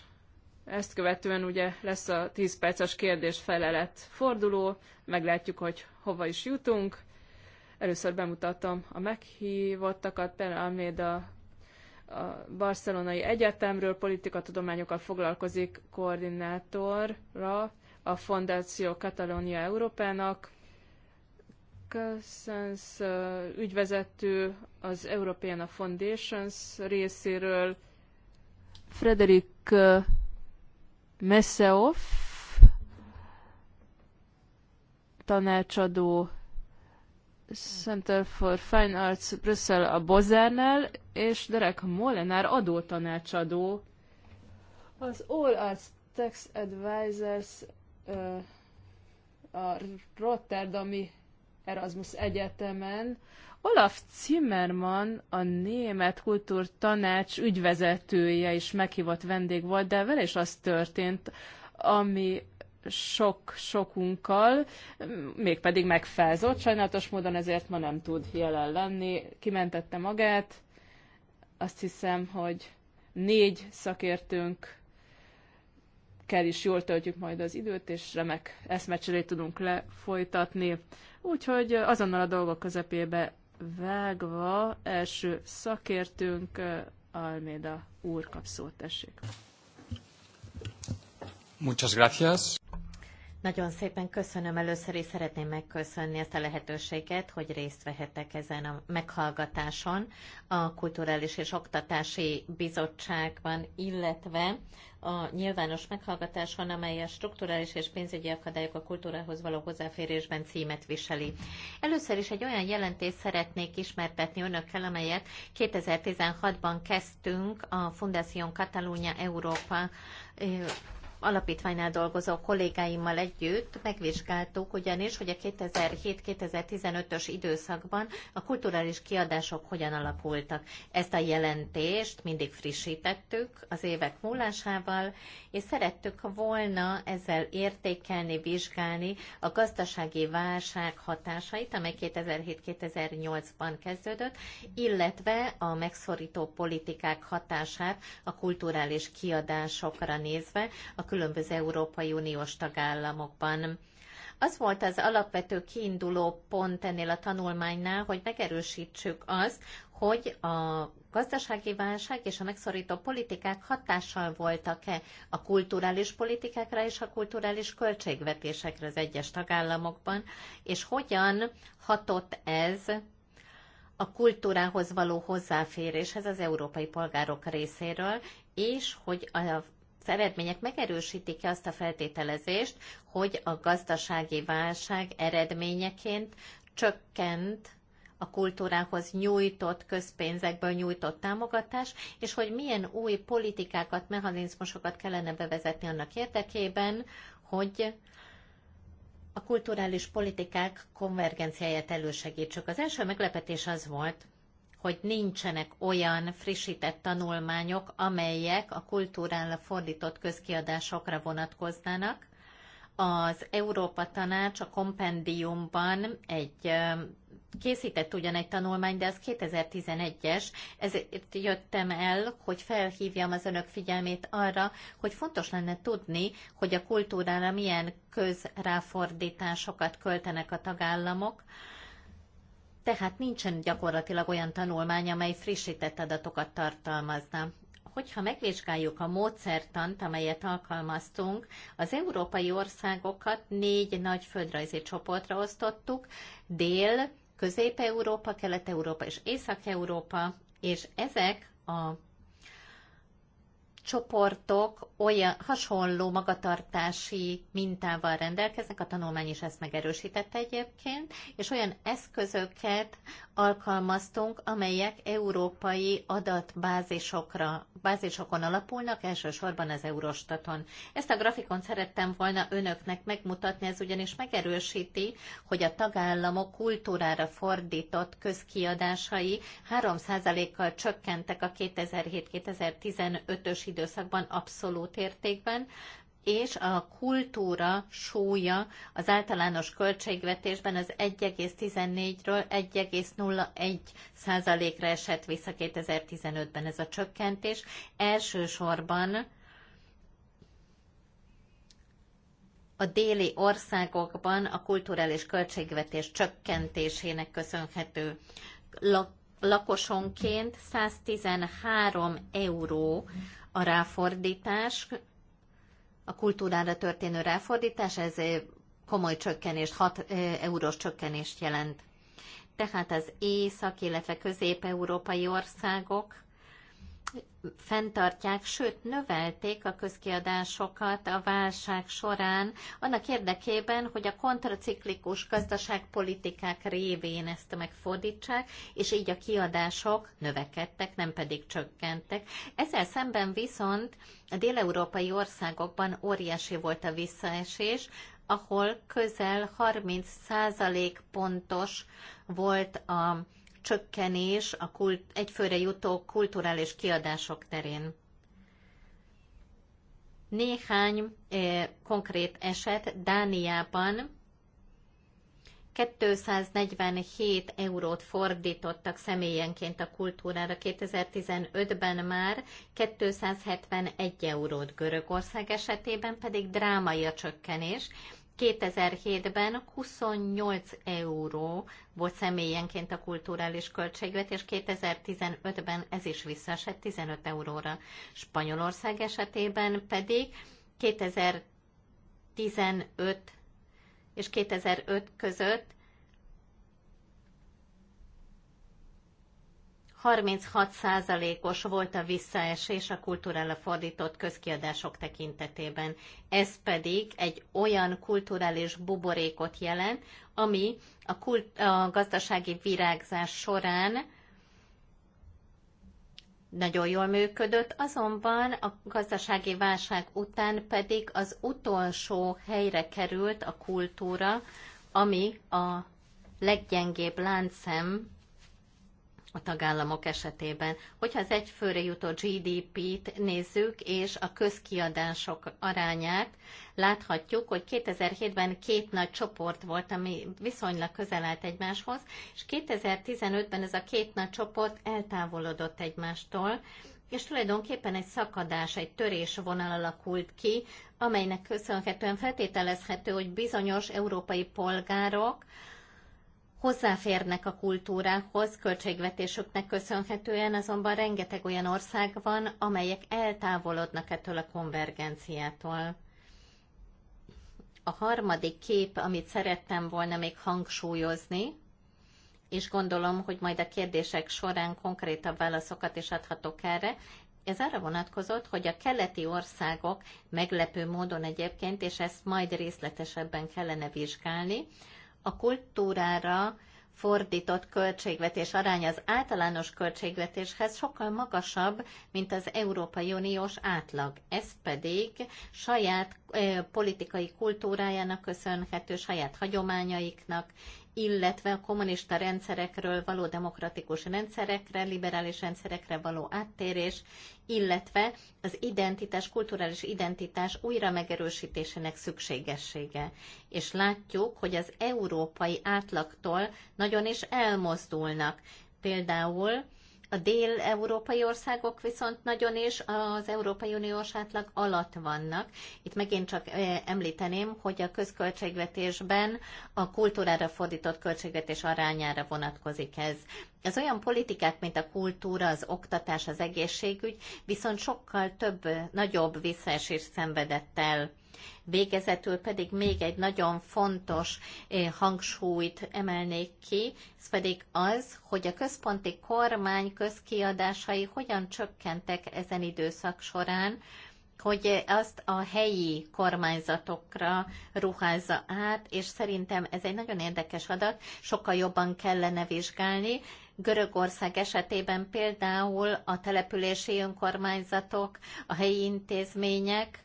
ezt követően ugye lesz a 10 perces kérdés-felelet forduló, meglátjuk, hogy hova is jutunk. Először bemutatom a meghívottakat, például még a Barcelonai Egyetemről politikatudományokkal foglalkozik koordinátorra a Fondáció Catalonia Európának, Cousins ügyvezető az European Foundations részéről, Frederik uh, Messeoff, tanácsadó Center for Fine Arts Brüssel a Bozernel, és Derek Molenár adótanácsadó az All Arts Tax Advisors uh, a Rotterdami Erasmus Egyetemen, Olaf Zimmermann, a német kultúrtanács ügyvezetője is meghívott vendég volt, de vele is az történt, ami sok sokunkkal, mégpedig megfázott. Sajnálatos módon ezért ma nem tud jelen lenni. Kimentette magát. Azt hiszem, hogy négy szakértőnk kell is jól töltjük majd az időt, és remek eszmecserét tudunk lefolytatni. Úgyhogy azonnal a dolgok közepébe vágva első szakértőnk eh, Alméda úr kap szót, tessék. Muchas gracias. Nagyon szépen köszönöm. Először is szeretném megköszönni ezt a lehetőséget, hogy részt vehetek ezen a meghallgatáson a Kulturális és Oktatási Bizottságban, illetve a nyilvános meghallgatáson, amely a strukturális és pénzügyi akadályok a kultúrához való hozzáférésben címet viseli. Először is egy olyan jelentést szeretnék ismertetni önökkel, amelyet 2016-ban kezdtünk a Fundación Catalunya Európa alapítványnál dolgozó kollégáimmal együtt megvizsgáltuk ugyanis, hogy a 2007-2015-ös időszakban a kulturális kiadások hogyan alakultak. Ezt a jelentést mindig frissítettük az évek múlásával, és szerettük volna ezzel értékelni, vizsgálni a gazdasági válság hatásait, amely 2007-2008-ban kezdődött, illetve a megszorító politikák hatását a kulturális kiadásokra nézve, a különböző Európai Uniós tagállamokban. Az volt az alapvető kiinduló pont ennél a tanulmánynál, hogy megerősítsük azt, hogy a gazdasági válság és a megszorító politikák hatással voltak-e a kulturális politikákra és a kulturális költségvetésekre az egyes tagállamokban, és hogyan hatott ez a kultúrához való hozzáféréshez az európai polgárok részéről, és hogy a az eredmények megerősítik azt a feltételezést, hogy a gazdasági válság eredményeként csökkent a kultúrához nyújtott közpénzekből nyújtott támogatás, és hogy milyen új politikákat, mechanizmusokat kellene bevezetni annak érdekében, hogy a kulturális politikák konvergenciáját elősegítsük. Az első meglepetés az volt, hogy nincsenek olyan frissített tanulmányok, amelyek a kultúrára fordított közkiadásokra vonatkoznának. Az Európa Tanács a kompendiumban egy készített ugyan egy tanulmány, de az 2011-es, ezért jöttem el, hogy felhívjam az önök figyelmét arra, hogy fontos lenne tudni, hogy a kultúrára milyen közráfordításokat költenek a tagállamok, tehát nincsen gyakorlatilag olyan tanulmány, amely frissített adatokat tartalmazna. Hogyha megvizsgáljuk a módszertant, amelyet alkalmaztunk, az európai országokat négy nagy földrajzi csoportra osztottuk, Dél, Közép-Európa, Kelet-Európa és Észak-Európa, és ezek a csoportok olyan hasonló magatartási mintával rendelkeznek, a tanulmány is ezt megerősítette egyébként, és olyan eszközöket alkalmaztunk, amelyek európai adatbázisokra, bázisokon alapulnak, elsősorban az Eurostaton. Ezt a grafikon szerettem volna önöknek megmutatni, ez ugyanis megerősíti, hogy a tagállamok kultúrára fordított közkiadásai 3%-kal csökkentek a 2007-2015-ös időszakban, időszakban abszolút értékben, és a kultúra súlya az általános költségvetésben az 1,14-ről 1,01 százalékra esett vissza 2015-ben ez a csökkentés. Elsősorban a déli országokban a kulturális költségvetés csökkentésének köszönhető. Lakosonként 113 euró a ráfordítás, a kultúrára történő ráfordítás, ez eh, komoly csökkenést, 6 eh, eurós csökkenést jelent. Tehát az észak, illetve közép-európai országok fenntartják, sőt növelték a közkiadásokat a válság során, annak érdekében, hogy a kontraciklikus gazdaságpolitikák révén ezt megfordítsák, és így a kiadások növekedtek, nem pedig csökkentek. Ezzel szemben viszont a déleurópai országokban óriási volt a visszaesés, ahol közel 30 százalék pontos volt a csökkenés a kult, egyfőre jutó kulturális kiadások terén. Néhány eh, konkrét eset Dániában 247 eurót fordítottak személyenként a kultúrára, 2015-ben már 271 eurót Görögország esetében pedig drámai a csökkenés, 2007-ben 28 euró volt személyenként a kulturális költségvetés, 2015-ben ez is visszaesett 15 euróra. Spanyolország esetében pedig 2015 és 2005 között 36%-os volt a visszaesés a kultúrára fordított közkiadások tekintetében. Ez pedig egy olyan kulturális buborékot jelent, ami a, kult, a gazdasági virágzás során nagyon jól működött, azonban a gazdasági válság után pedig az utolsó helyre került a kultúra, ami a leggyengébb láncem a tagállamok esetében. Hogyha az főre jutó GDP-t nézzük, és a közkiadások arányát, láthatjuk, hogy 2007-ben két nagy csoport volt, ami viszonylag közel állt egymáshoz, és 2015-ben ez a két nagy csoport eltávolodott egymástól, és tulajdonképpen egy szakadás, egy törésvonal alakult ki, amelynek köszönhetően feltételezhető, hogy bizonyos európai polgárok hozzáférnek a kultúrához, költségvetésüknek köszönhetően azonban rengeteg olyan ország van, amelyek eltávolodnak ettől a konvergenciától. A harmadik kép, amit szerettem volna még hangsúlyozni, és gondolom, hogy majd a kérdések során konkrétabb válaszokat is adhatok erre, ez arra vonatkozott, hogy a keleti országok meglepő módon egyébként, és ezt majd részletesebben kellene vizsgálni, a kultúrára fordított költségvetés aránya az általános költségvetéshez sokkal magasabb, mint az Európai Uniós átlag. Ez pedig saját eh, politikai kultúrájának köszönhető, saját hagyományaiknak illetve a kommunista rendszerekről való demokratikus rendszerekre, liberális rendszerekre való áttérés, illetve az identitás, kulturális identitás újra megerősítésének szükségessége. És látjuk, hogy az európai átlagtól nagyon is elmozdulnak. Például a dél-európai országok viszont nagyon is az Európai Uniós átlag alatt vannak. Itt megint csak említeném, hogy a közköltségvetésben a kultúrára fordított költségvetés arányára vonatkozik ez. Az olyan politikák, mint a kultúra, az oktatás, az egészségügy, viszont sokkal több, nagyobb visszaesést szenvedett el Végezetül pedig még egy nagyon fontos eh, hangsúlyt emelnék ki, ez pedig az, hogy a központi kormány közkiadásai hogyan csökkentek ezen időszak során, hogy azt a helyi kormányzatokra ruházza át, és szerintem ez egy nagyon érdekes adat, sokkal jobban kellene vizsgálni. Görögország esetében például a települési önkormányzatok, a helyi intézmények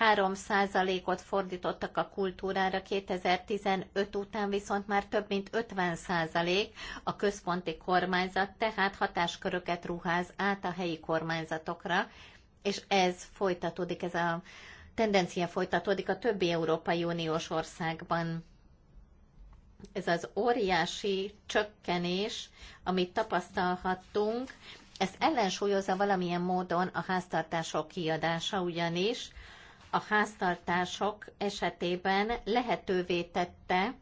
3%-ot fordítottak a kultúrára, 2015 után viszont már több mint 50% a központi kormányzat, tehát hatásköröket ruház át a helyi kormányzatokra, és ez folytatódik, ez a tendencia folytatódik a többi Európai Uniós országban. Ez az óriási csökkenés, amit tapasztalhattunk, ez ellensúlyozza valamilyen módon a háztartások kiadása, ugyanis a háztartások esetében lehetővé tette,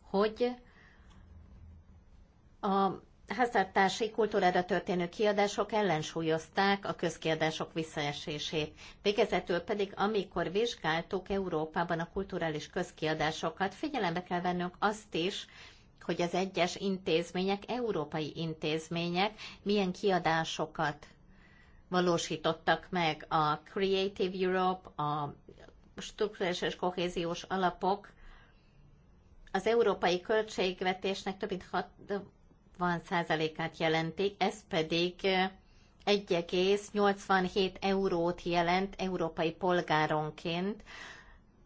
hogy a háztartási kultúrára történő kiadások ellensúlyozták a közkiadások visszaesését. Végezetül pedig, amikor vizsgáltuk Európában a kulturális közkiadásokat, figyelembe kell vennünk azt is, hogy az egyes intézmények, európai intézmények milyen kiadásokat valósítottak meg a Creative Europe, a strukturális és kohéziós alapok. Az európai költségvetésnek több mint 60%-át jelentik, ez pedig 1,87 eurót jelent európai polgáronként,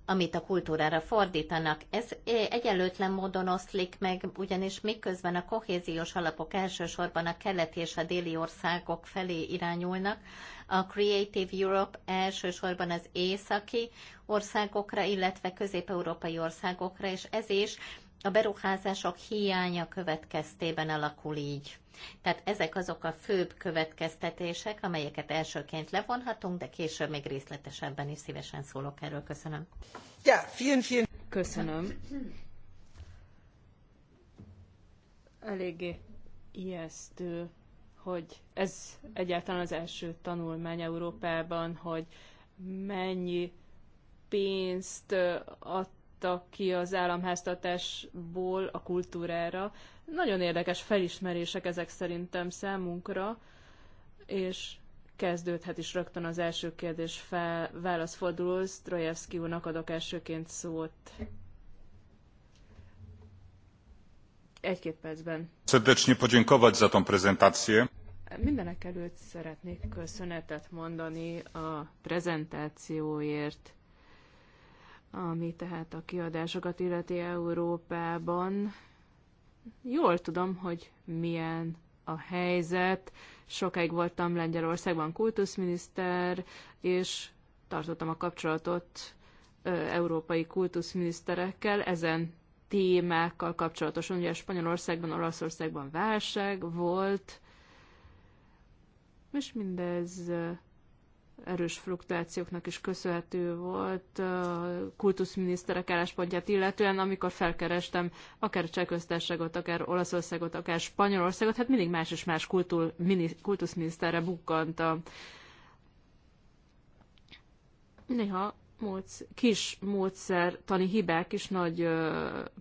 amit a kultúrára fordítanak. Ez eh, egyenlőtlen módon oszlik meg, ugyanis miközben a kohéziós alapok elsősorban a keleti és a déli országok felé irányulnak, a Creative Europe elsősorban az északi országokra, illetve közép-európai országokra, és ez is a beruházások hiánya következtében alakul így. Tehát ezek azok a főbb következtetések, amelyeket elsőként levonhatunk, de később még részletesebben is szívesen szólok erről. Köszönöm. Ja, vielen, vielen. Köszönöm. Eléggé ijesztő, hogy ez egyáltalán az első tanulmány Európában, hogy mennyi pénzt ad vonatkoztak ki az államháztatásból a kultúrára. Nagyon érdekes felismerések ezek szerintem számunkra, és kezdődhet is rögtön az első kérdés fel, válaszforduló. Sztrojevszki úrnak adok elsőként szót. Egy-két percben. Szerdecsnyi podziękować za tą prezentację. Mindenek előtt szeretnék köszönetet mondani a prezentációért ami tehát a kiadásokat illeti Európában. Jól tudom, hogy milyen a helyzet. Sokáig voltam Lengyelországban kultuszminiszter, és tartottam a kapcsolatot ö, európai kultuszminiszterekkel ezen témákkal kapcsolatosan. Ugye Spanyolországban, Olaszországban válság volt, és mindez erős fluktuációknak is köszönhető volt a kultuszminiszterek álláspontját illetően, amikor felkerestem akár Csehköztárságot, akár Olaszországot, akár Spanyolországot, hát mindig más és más kultúr, kultuszminiszterre bukkant a néha módsz, kis módszertani hibák is nagy ö,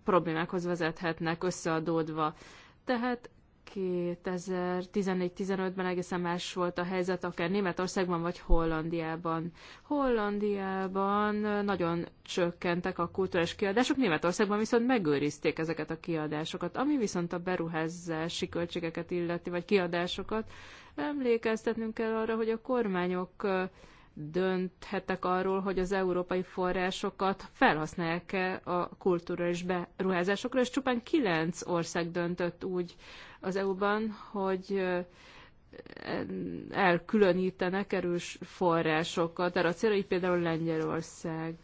problémákhoz vezethetnek összeadódva. Tehát 2014-15-ben egészen más volt a helyzet, akár Németországban vagy Hollandiában. Hollandiában nagyon csökkentek a kulturális kiadások, Németországban viszont megőrizték ezeket a kiadásokat. Ami viszont a beruházási költségeket illeti, vagy kiadásokat, emlékeztetnünk kell arra, hogy a kormányok dönthettek arról, hogy az európai forrásokat felhasználják-e a kulturális beruházásokra, és csupán kilenc ország döntött úgy az EU-ban, hogy elkülönítenek erős forrásokat. Erre a célra például Lengyelország.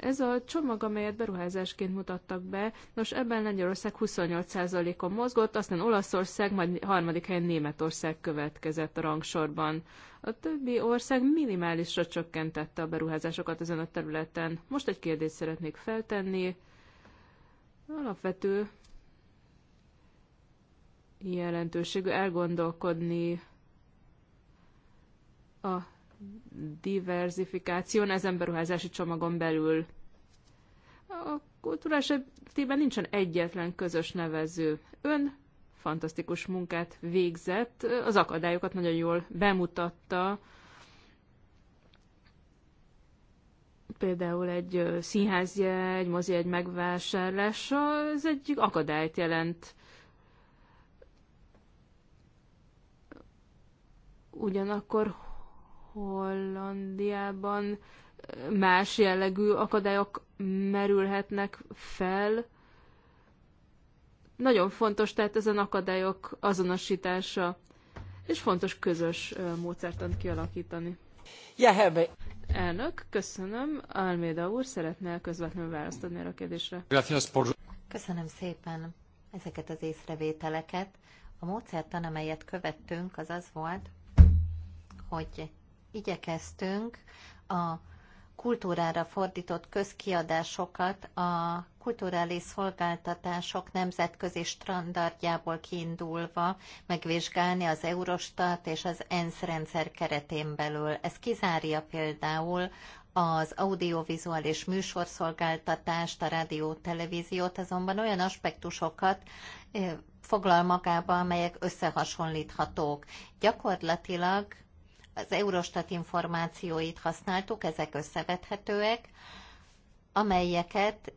Ez a csomag, amelyet beruházásként mutattak be, nos ebben Lengyelország 28%-on mozgott, aztán Olaszország, majd harmadik helyen Németország következett a rangsorban. A többi ország minimálisra csökkentette a beruházásokat ezen a területen. Most egy kérdést szeretnék feltenni. Alapvető jelentőségű elgondolkodni a diversifikáción ezen beruházási csomagon belül. A kultúra esetében nincsen egyetlen közös nevező. Ön fantasztikus munkát végzett, az akadályokat nagyon jól bemutatta, például egy mozi, egy megvásárlása, ez egy akadályt jelent. Ugyanakkor Hollandiában más jellegű akadályok merülhetnek fel. Nagyon fontos tehát ezen akadályok azonosítása, és fontos közös módszertant kialakítani. Ja Yeah, Elnök, köszönöm. Alméda úr szeretne közvetlenül választ adni a kérdésre. Köszönöm szépen ezeket az észrevételeket. A módszertan, amelyet követtünk, az az volt, hogy igyekeztünk a kultúrára fordított közkiadásokat a kulturális szolgáltatások nemzetközi standardjából kiindulva megvizsgálni az Eurostat és az ENSZ rendszer keretén belül. Ez kizárja például az audiovizuális műsorszolgáltatást, a rádió-televíziót, azonban olyan aspektusokat eh, foglal magába, amelyek összehasonlíthatók. Gyakorlatilag az Eurostat információit használtuk, ezek összevethetőek, amelyeket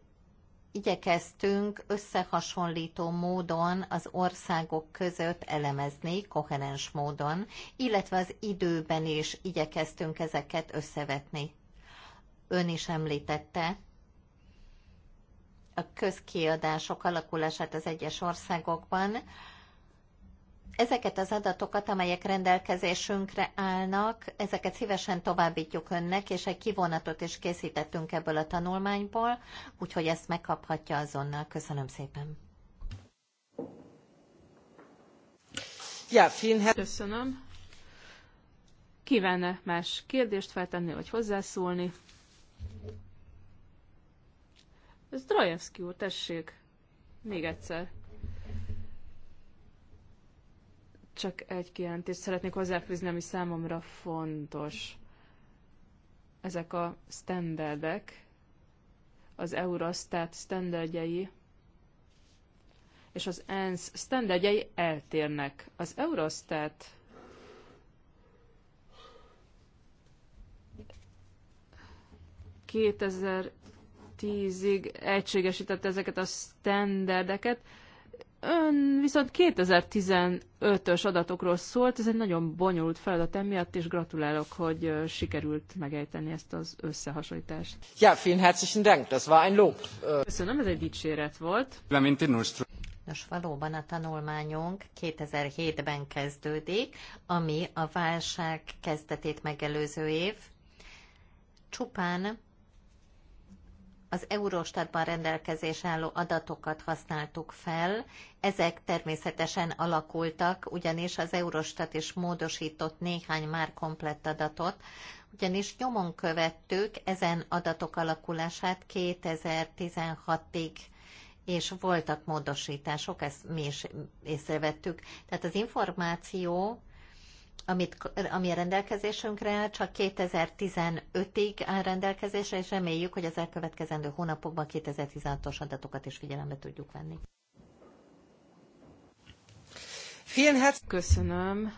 igyekeztünk összehasonlító módon az országok között elemezni, koherens módon, illetve az időben is igyekeztünk ezeket összevetni. Ön is említette a közkiadások alakulását az egyes országokban, Ezeket az adatokat, amelyek rendelkezésünkre állnak, ezeket szívesen továbbítjuk önnek, és egy kivonatot is készítettünk ebből a tanulmányból, úgyhogy ezt megkaphatja azonnal. Köszönöm szépen. Ja, Köszönöm. Kívánne más kérdést feltenni, vagy hozzászólni? Ez Drajevski úr, tessék. Még egyszer. Csak egy kijelentést szeretnék hozzáfűzni, ami számomra fontos. Ezek a standardek, az Eurostat standardjei és az ENSZ standardjei eltérnek. Az Eurostat ...2010-ig egységesítette ezeket a standardeket, Ön viszont 2015-ös adatokról szólt, ez egy nagyon bonyolult feladat emiatt, és gratulálok, hogy sikerült megejteni ezt az összehasonlítást. Ja, vielen herzlichen Dank, das war ein Lob. Köszönöm, ez egy dicséret volt. Nos, valóban a tanulmányunk 2007-ben kezdődik, ami a válság kezdetét megelőző év. Csupán az Eurostatban rendelkezés álló adatokat használtuk fel. Ezek természetesen alakultak, ugyanis az Eurostat is módosított néhány már komplett adatot, ugyanis nyomon követtük ezen adatok alakulását 2016-ig és voltak módosítások, ezt mi is észrevettük. Tehát az információ amit, ami a rendelkezésünkre áll, csak 2015-ig áll rendelkezésre, és reméljük, hogy az elkövetkezendő hónapokban 2016-os adatokat is figyelembe tudjuk venni. Köszönöm.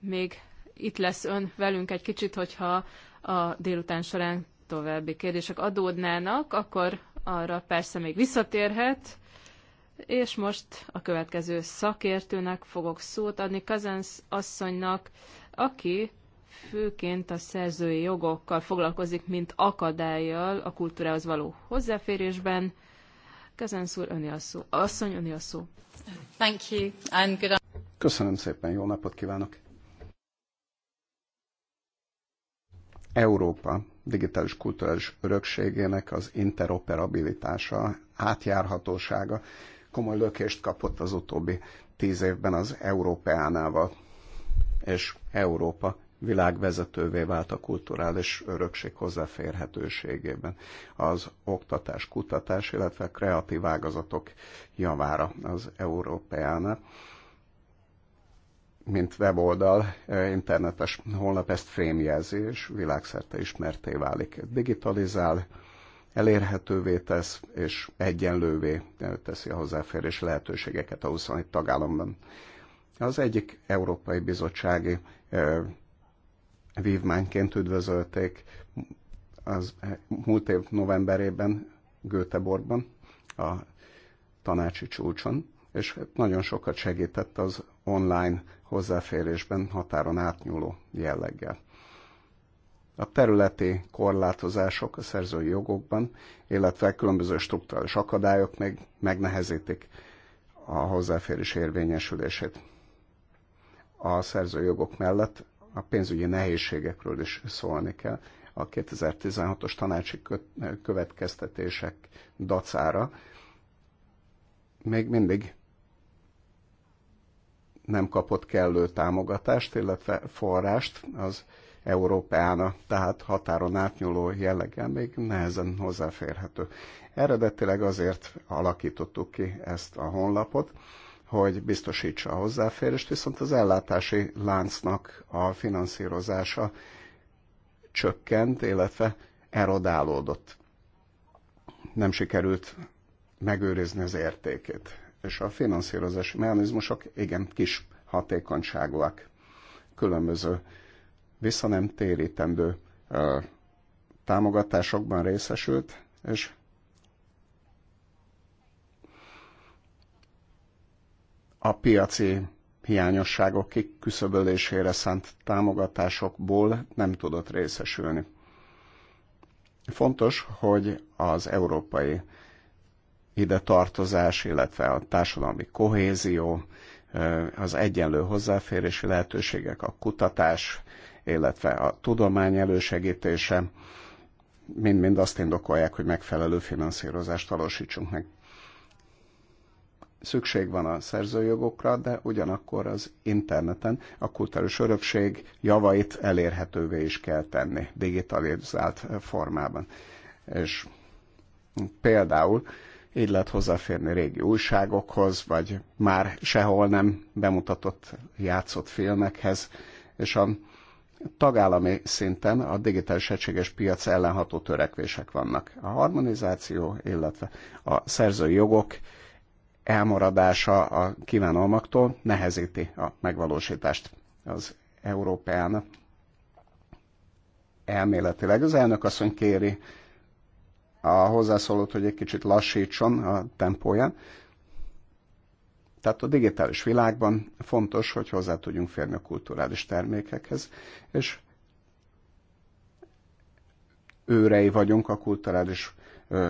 Még itt lesz ön velünk egy kicsit, hogyha a délután során további kérdések adódnának, akkor arra persze még visszatérhet és most a következő szakértőnek fogok szót adni, Kazensz asszonynak, aki főként a szerzői jogokkal foglalkozik, mint akadályjal a kultúrához való hozzáférésben. Kazensz úr, öni a szó. Asszony, öni a szó. Thank you, and good Köszönöm szépen, jó napot kívánok! Európa digitális kulturális örökségének az interoperabilitása, átjárhatósága komoly lökést kapott az utóbbi tíz évben az Európeánával, és Európa világvezetővé vált a kulturális örökség hozzáférhetőségében az oktatás, kutatás, illetve a kreatív ágazatok javára az Európeánál mint weboldal, internetes honlap ezt frémjelzi, és világszerte ismerté válik. Digitalizál, elérhetővé tesz, és egyenlővé teszi a hozzáférés lehetőségeket a 27 tagállamban. Az egyik Európai Bizottsági vívmányként üdvözölték az eh, múlt év novemberében Göteborgban, a tanácsi csúcson, és nagyon sokat segített az online hozzáférésben határon átnyúló jelleggel a területi korlátozások a szerzői jogokban, illetve különböző struktúrális akadályok még megnehezítik a hozzáférés érvényesülését. A szerzői jogok mellett a pénzügyi nehézségekről is szólni kell. A 2016-os tanácsi következtetések dacára még mindig nem kapott kellő támogatást, illetve forrást az Európeána, tehát határon átnyúló jelleggel még nehezen hozzáférhető. Eredetileg azért alakítottuk ki ezt a honlapot, hogy biztosítsa a hozzáférést, viszont az ellátási láncnak a finanszírozása csökkent, illetve erodálódott. Nem sikerült megőrizni az értékét, és a finanszírozási mechanizmusok igen kis hatékonyságúak. Különböző vissza nem térítendő támogatásokban részesült, és a piaci hiányosságok kiküszöbölésére szánt támogatásokból nem tudott részesülni. Fontos, hogy az európai ide tartozás, illetve a társadalmi kohézió, az egyenlő hozzáférési lehetőségek, a kutatás, illetve a tudomány elősegítése, mind-mind azt indokolják, hogy megfelelő finanszírozást valósítsunk meg. Szükség van a szerzőjogokra, de ugyanakkor az interneten a kultúrás örökség javait elérhetővé is kell tenni digitalizált formában. És például így lehet hozzáférni régi újságokhoz, vagy már sehol nem bemutatott játszott filmekhez, és a tagállami szinten a digitális egységes piac ellenható törekvések vannak. A harmonizáció, illetve a szerzői jogok elmaradása a kívánalmaktól nehezíti a megvalósítást az Európán. Elméletileg az elnök asszony kéri a hozzászólót, hogy egy kicsit lassítson a tempóján, tehát a digitális világban fontos, hogy hozzá tudjunk férni a kulturális termékekhez, és őrei vagyunk a kulturális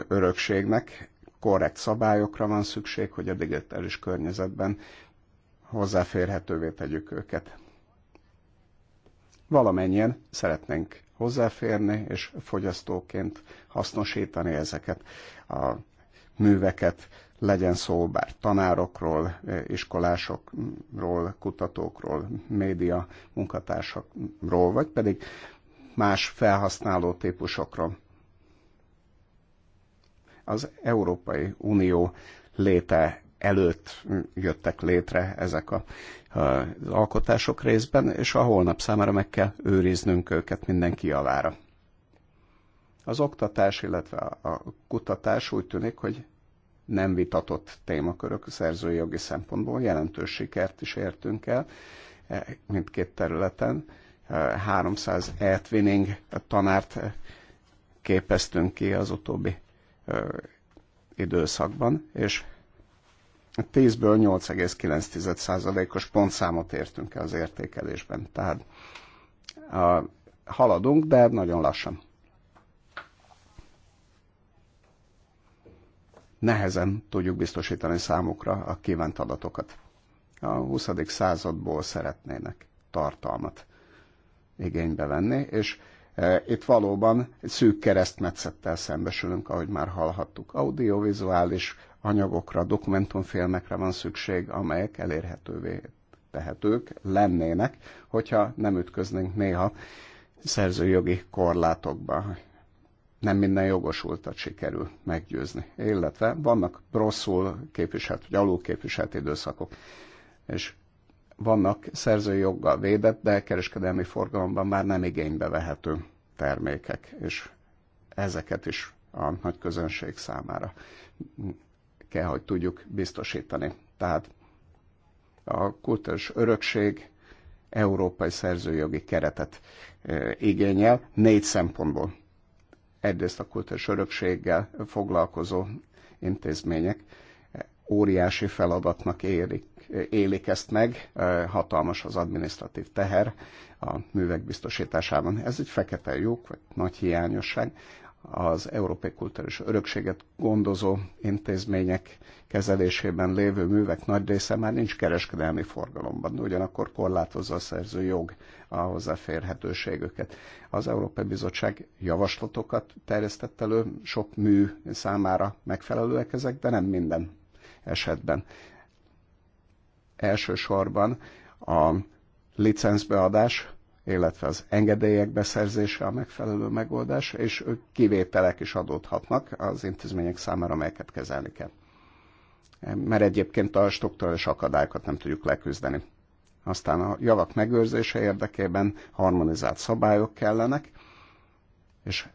örökségnek, korrekt szabályokra van szükség, hogy a digitális környezetben hozzáférhetővé tegyük őket. Valamennyien szeretnénk hozzáférni, és fogyasztóként hasznosítani ezeket a műveket, legyen szó bár tanárokról, iskolásokról, kutatókról, média munkatársakról, vagy pedig más felhasználó típusokról. Az Európai Unió léte előtt jöttek létre ezek a, az alkotások részben, és a holnap számára meg kell őriznünk őket mindenki javára. Az oktatás, illetve a kutatás úgy tűnik, hogy nem vitatott témakörök a szerzői jogi szempontból. Jelentős sikert is értünk el e, mindkét területen. 300 e, eltvinning tanárt e, képeztünk ki az utóbbi időszakban, és 10-ből 8,9%-os pontszámot értünk el az értékelésben. Tehát haladunk, de nagyon lassan. nehezen tudjuk biztosítani számukra a kívánt adatokat. A 20. századból szeretnének tartalmat igénybe venni, és e, itt valóban egy szűk keresztmetszettel szembesülünk, ahogy már hallhattuk. Audiovizuális anyagokra, dokumentumfilmekre van szükség, amelyek elérhetővé tehetők lennének, hogyha nem ütköznénk néha szerzőjogi korlátokba, nem minden jogosultat sikerül meggyőzni. Illetve vannak rosszul képviselt, vagy alul képviselt időszakok. És vannak szerzői joggal védett, de kereskedelmi forgalomban már nem igénybe vehető termékek, és ezeket is a nagy közönség számára kell, hogy tudjuk biztosítani. Tehát a kultúrás örökség európai szerzőjogi keretet eh, igényel négy szempontból egyrészt a kultúrs örökséggel foglalkozó intézmények óriási feladatnak érik, élik ezt meg, hatalmas az administratív teher a művek biztosításában. Ez egy fekete lyuk, vagy nagy hiányosság. Az Európai Kulturális Örökséget gondozó intézmények kezelésében lévő művek nagy része már nincs kereskedelmi forgalomban, ugyanakkor korlátozza a szerző jog a hozzáférhetőségüket. Az Európai Bizottság javaslatokat terjesztett elő, sok mű számára megfelelőek ezek, de nem minden esetben. Elsősorban a licencbeadás, illetve az engedélyek beszerzése a megfelelő megoldás, és kivételek is adódhatnak az intézmények számára, amelyeket kezelni kell. Mert egyébként a struktúrális akadályokat nem tudjuk leküzdeni. Aztán a javak megőrzése érdekében harmonizált szabályok kellenek, és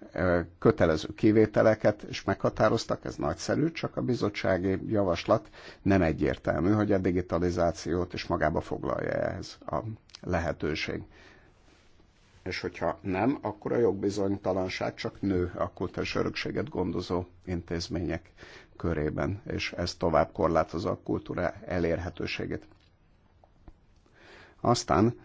kötelező kivételeket is meghatároztak, ez nagyszerű, csak a bizottsági javaslat nem egyértelmű, hogy a digitalizációt is magába foglalja ez a lehetőség. És hogyha nem, akkor a jogbizonytalanság csak nő a kultúrás örökséget gondozó intézmények körében, és ez tovább korlátozza a kultúra elérhetőségét. Aztán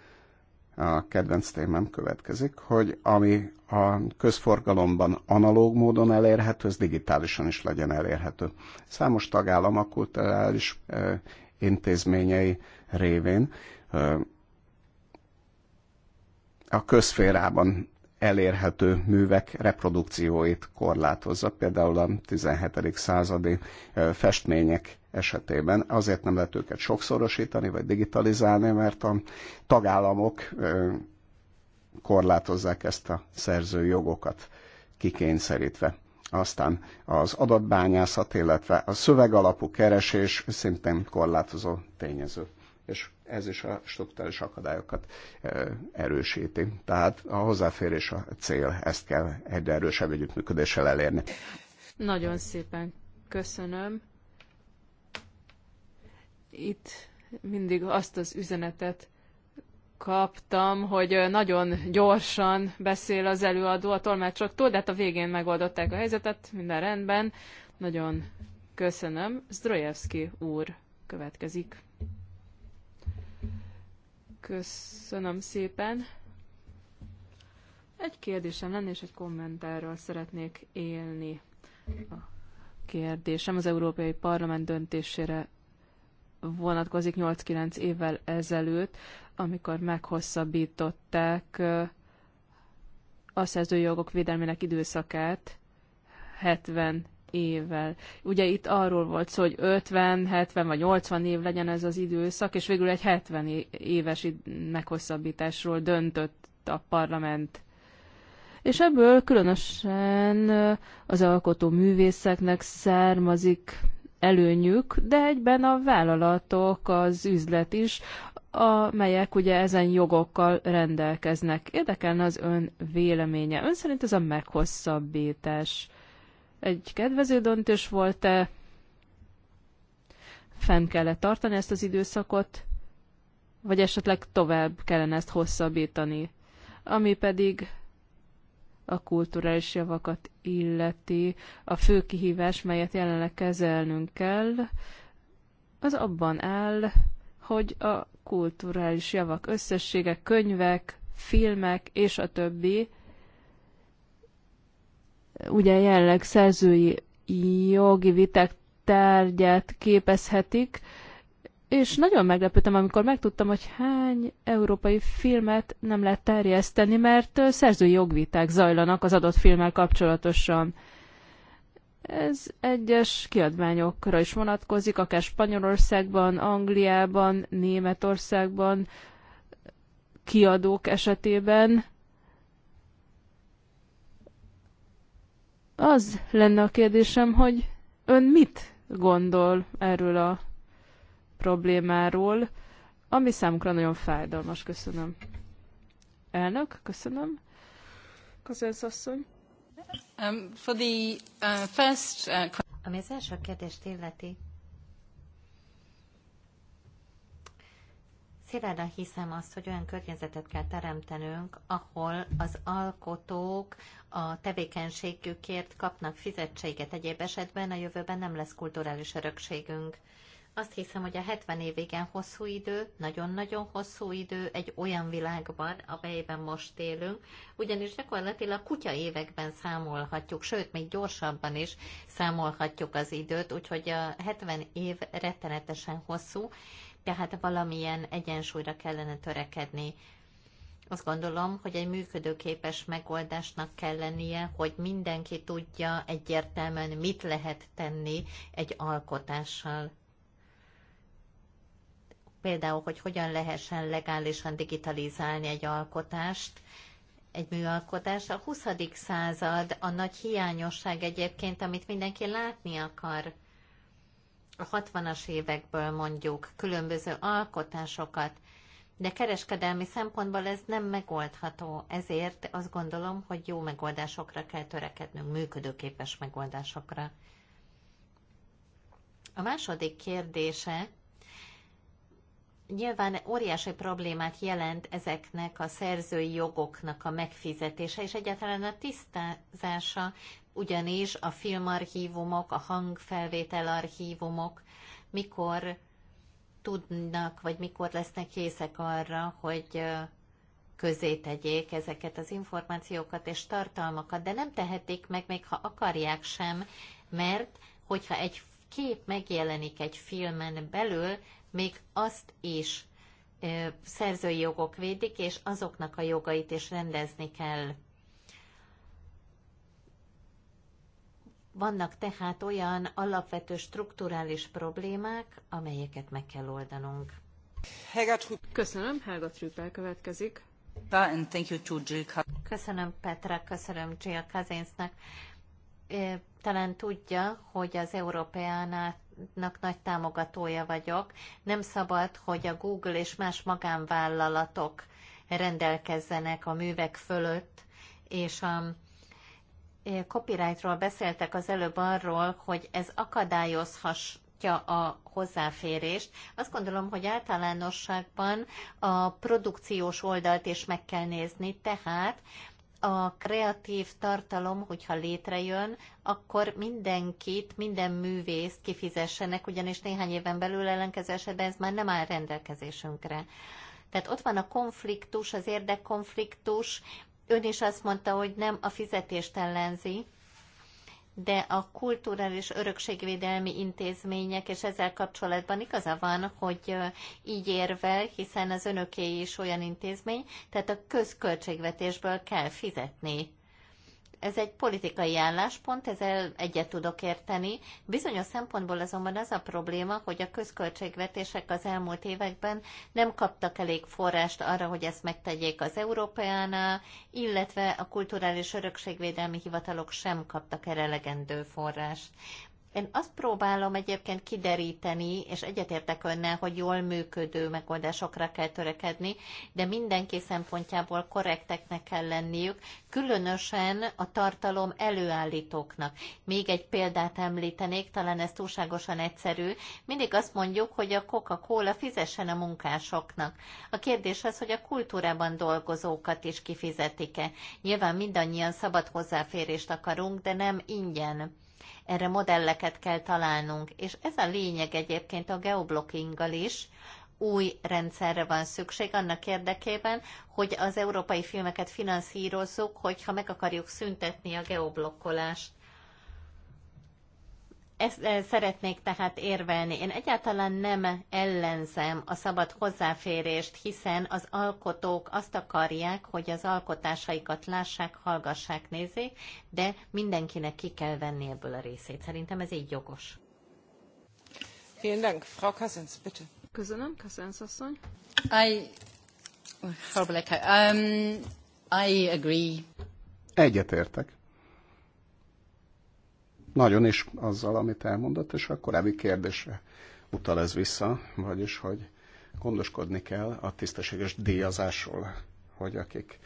a kedvenc témám következik, hogy ami a közforgalomban analóg módon elérhető, ez digitálisan is legyen elérhető. Számos tagállam a kulturális intézményei révén a közférában elérhető művek reprodukcióit korlátozza, például a 17. századi festmények esetében. Azért nem lehet őket sokszorosítani, vagy digitalizálni, mert a tagállamok korlátozzák ezt a szerző jogokat kikényszerítve. Aztán az adatbányászat, illetve a szövegalapú keresés szintén korlátozó tényező. És ez is a struktúrális akadályokat erősíti. Tehát a hozzáférés a cél, ezt kell egyre erősebb együttműködéssel elérni. Nagyon szépen köszönöm itt mindig azt az üzenetet kaptam, hogy nagyon gyorsan beszél az előadó a tolmácsoktól, de hát a végén megoldották a helyzetet, minden rendben. Nagyon köszönöm. Zdrojevski úr következik. Köszönöm szépen. Egy kérdésem lenne, és egy kommentárral szeretnék élni. A kérdésem az Európai Parlament döntésére vonatkozik 8-9 évvel ezelőtt, amikor meghosszabbították a szerzőjogok védelmének időszakát 70 évvel. Ugye itt arról volt szó, hogy 50, 70 vagy 80 év legyen ez az időszak, és végül egy 70 éves meghosszabbításról döntött a parlament. És ebből különösen az alkotó művészeknek származik előnyük, de egyben a vállalatok, az üzlet is, amelyek ugye ezen jogokkal rendelkeznek. Érdekelne az ön véleménye. Ön szerint ez a meghosszabbítás egy kedvező döntés volt-e? Fenn kellett tartani ezt az időszakot? Vagy esetleg tovább kellene ezt hosszabbítani? Ami pedig a kulturális javakat illeti. A fő kihívás, melyet jelenleg kezelnünk kell, az abban áll, hogy a kulturális javak összessége, könyvek, filmek és a többi, ugye jelenleg szerzői jogi viták tárgyát képezhetik, és nagyon meglepődtem, amikor megtudtam, hogy hány európai filmet nem lehet terjeszteni, mert szerzői jogviták zajlanak az adott filmmel kapcsolatosan. Ez egyes kiadványokra is vonatkozik, akár Spanyolországban, Angliában, Németországban, kiadók esetében. Az lenne a kérdésem, hogy ön mit gondol erről a problémáról, ami számukra nagyon fájdalmas. Köszönöm. Elnök, köszönöm. Köszönöm, asszony. Um, for the, uh, first, uh... Ami az első kérdést illeti, Szilárdan hiszem azt, hogy olyan környezetet kell teremtenünk, ahol az alkotók a tevékenységükért kapnak fizetséget. Egyéb esetben a jövőben nem lesz kulturális örökségünk. Azt hiszem, hogy a 70 év igen hosszú idő, nagyon-nagyon hosszú idő egy olyan világban, amelyben most élünk, ugyanis gyakorlatilag kutya években számolhatjuk, sőt, még gyorsabban is számolhatjuk az időt, úgyhogy a 70 év rettenetesen hosszú, tehát valamilyen egyensúlyra kellene törekedni. Azt gondolom, hogy egy működőképes megoldásnak kell lennie, hogy mindenki tudja egyértelműen, mit lehet tenni egy alkotással. Például, hogy hogyan lehessen legálisan digitalizálni egy alkotást, egy műalkotás. A 20. század a nagy hiányosság egyébként, amit mindenki látni akar. A 60-as évekből mondjuk különböző alkotásokat, de kereskedelmi szempontból ez nem megoldható, ezért azt gondolom, hogy jó megoldásokra kell törekednünk, működőképes megoldásokra. A második kérdése nyilván óriási problémát jelent ezeknek a szerzői jogoknak a megfizetése, és egyáltalán a tisztázása, ugyanis a filmarchívumok, a hangfelvételarchívumok mikor tudnak, vagy mikor lesznek készek arra, hogy közé tegyék ezeket az információkat és tartalmakat, de nem tehetik meg, még ha akarják sem, mert hogyha egy kép megjelenik egy filmen belül, még azt is szerzői jogok védik, és azoknak a jogait is rendezni kell. Vannak tehát olyan alapvető strukturális problémák, amelyeket meg kell oldanunk. Köszönöm, Helga Trüppel következik. Köszönöm Petra, köszönöm Jill Kazinsznak. Talán tudja, hogy az Európeánát nak nagy támogatója vagyok. Nem szabad, hogy a Google és más magánvállalatok rendelkezzenek a művek fölött, és a e, copyrightról beszéltek az előbb arról, hogy ez akadályozhass a hozzáférést. Azt gondolom, hogy általánosságban a produkciós oldalt is meg kell nézni, tehát a kreatív tartalom, hogyha létrejön, akkor mindenkit, minden művészt kifizessenek, ugyanis néhány éven belül ellenkező esetben ez már nem áll rendelkezésünkre. Tehát ott van a konfliktus, az érdekkonfliktus. Ön is azt mondta, hogy nem a fizetést ellenzi, de a kulturális örökségvédelmi intézmények, és ezzel kapcsolatban igaza van, hogy így érvel, hiszen az önöké is olyan intézmény, tehát a közköltségvetésből kell fizetni ez egy politikai álláspont, ezzel egyet tudok érteni. Bizonyos szempontból azonban az a probléma, hogy a közköltségvetések az elmúlt években nem kaptak elég forrást arra, hogy ezt megtegyék az Európeánál, illetve a kulturális örökségvédelmi hivatalok sem kaptak erre elegendő forrást. Én azt próbálom egyébként kideríteni, és egyetértek önnel, hogy jól működő megoldásokra kell törekedni, de mindenki szempontjából korrekteknek kell lenniük, különösen a tartalom előállítóknak. Még egy példát említenék, talán ez túlságosan egyszerű. Mindig azt mondjuk, hogy a Coca-Cola fizessen a munkásoknak. A kérdés az, hogy a kultúrában dolgozókat is kifizetik-e. Nyilván mindannyian szabad hozzáférést akarunk, de nem ingyen erre modelleket kell találnunk. És ez a lényeg egyébként a geoblockinggal is, új rendszerre van szükség annak érdekében, hogy az európai filmeket finanszírozzuk, hogyha meg akarjuk szüntetni a geoblokkolást ezt eh, szeretnék tehát érvelni. Én egyáltalán nem ellenzem a szabad hozzáférést, hiszen az alkotók azt akarják, hogy az alkotásaikat lássák, hallgassák, nézzék, de mindenkinek ki kell venni ebből a részét. Szerintem ez így jogos. Vielen Dank. Frau Kassens, bitte. Köszönöm, Kassens asszony. I... Frau Blecker, um, I agree. Egyetértek nagyon is azzal, amit elmondott, és a korábbi kérdésre utal ez vissza, vagyis, hogy gondoskodni kell a tisztességes díjazásról, hogy akik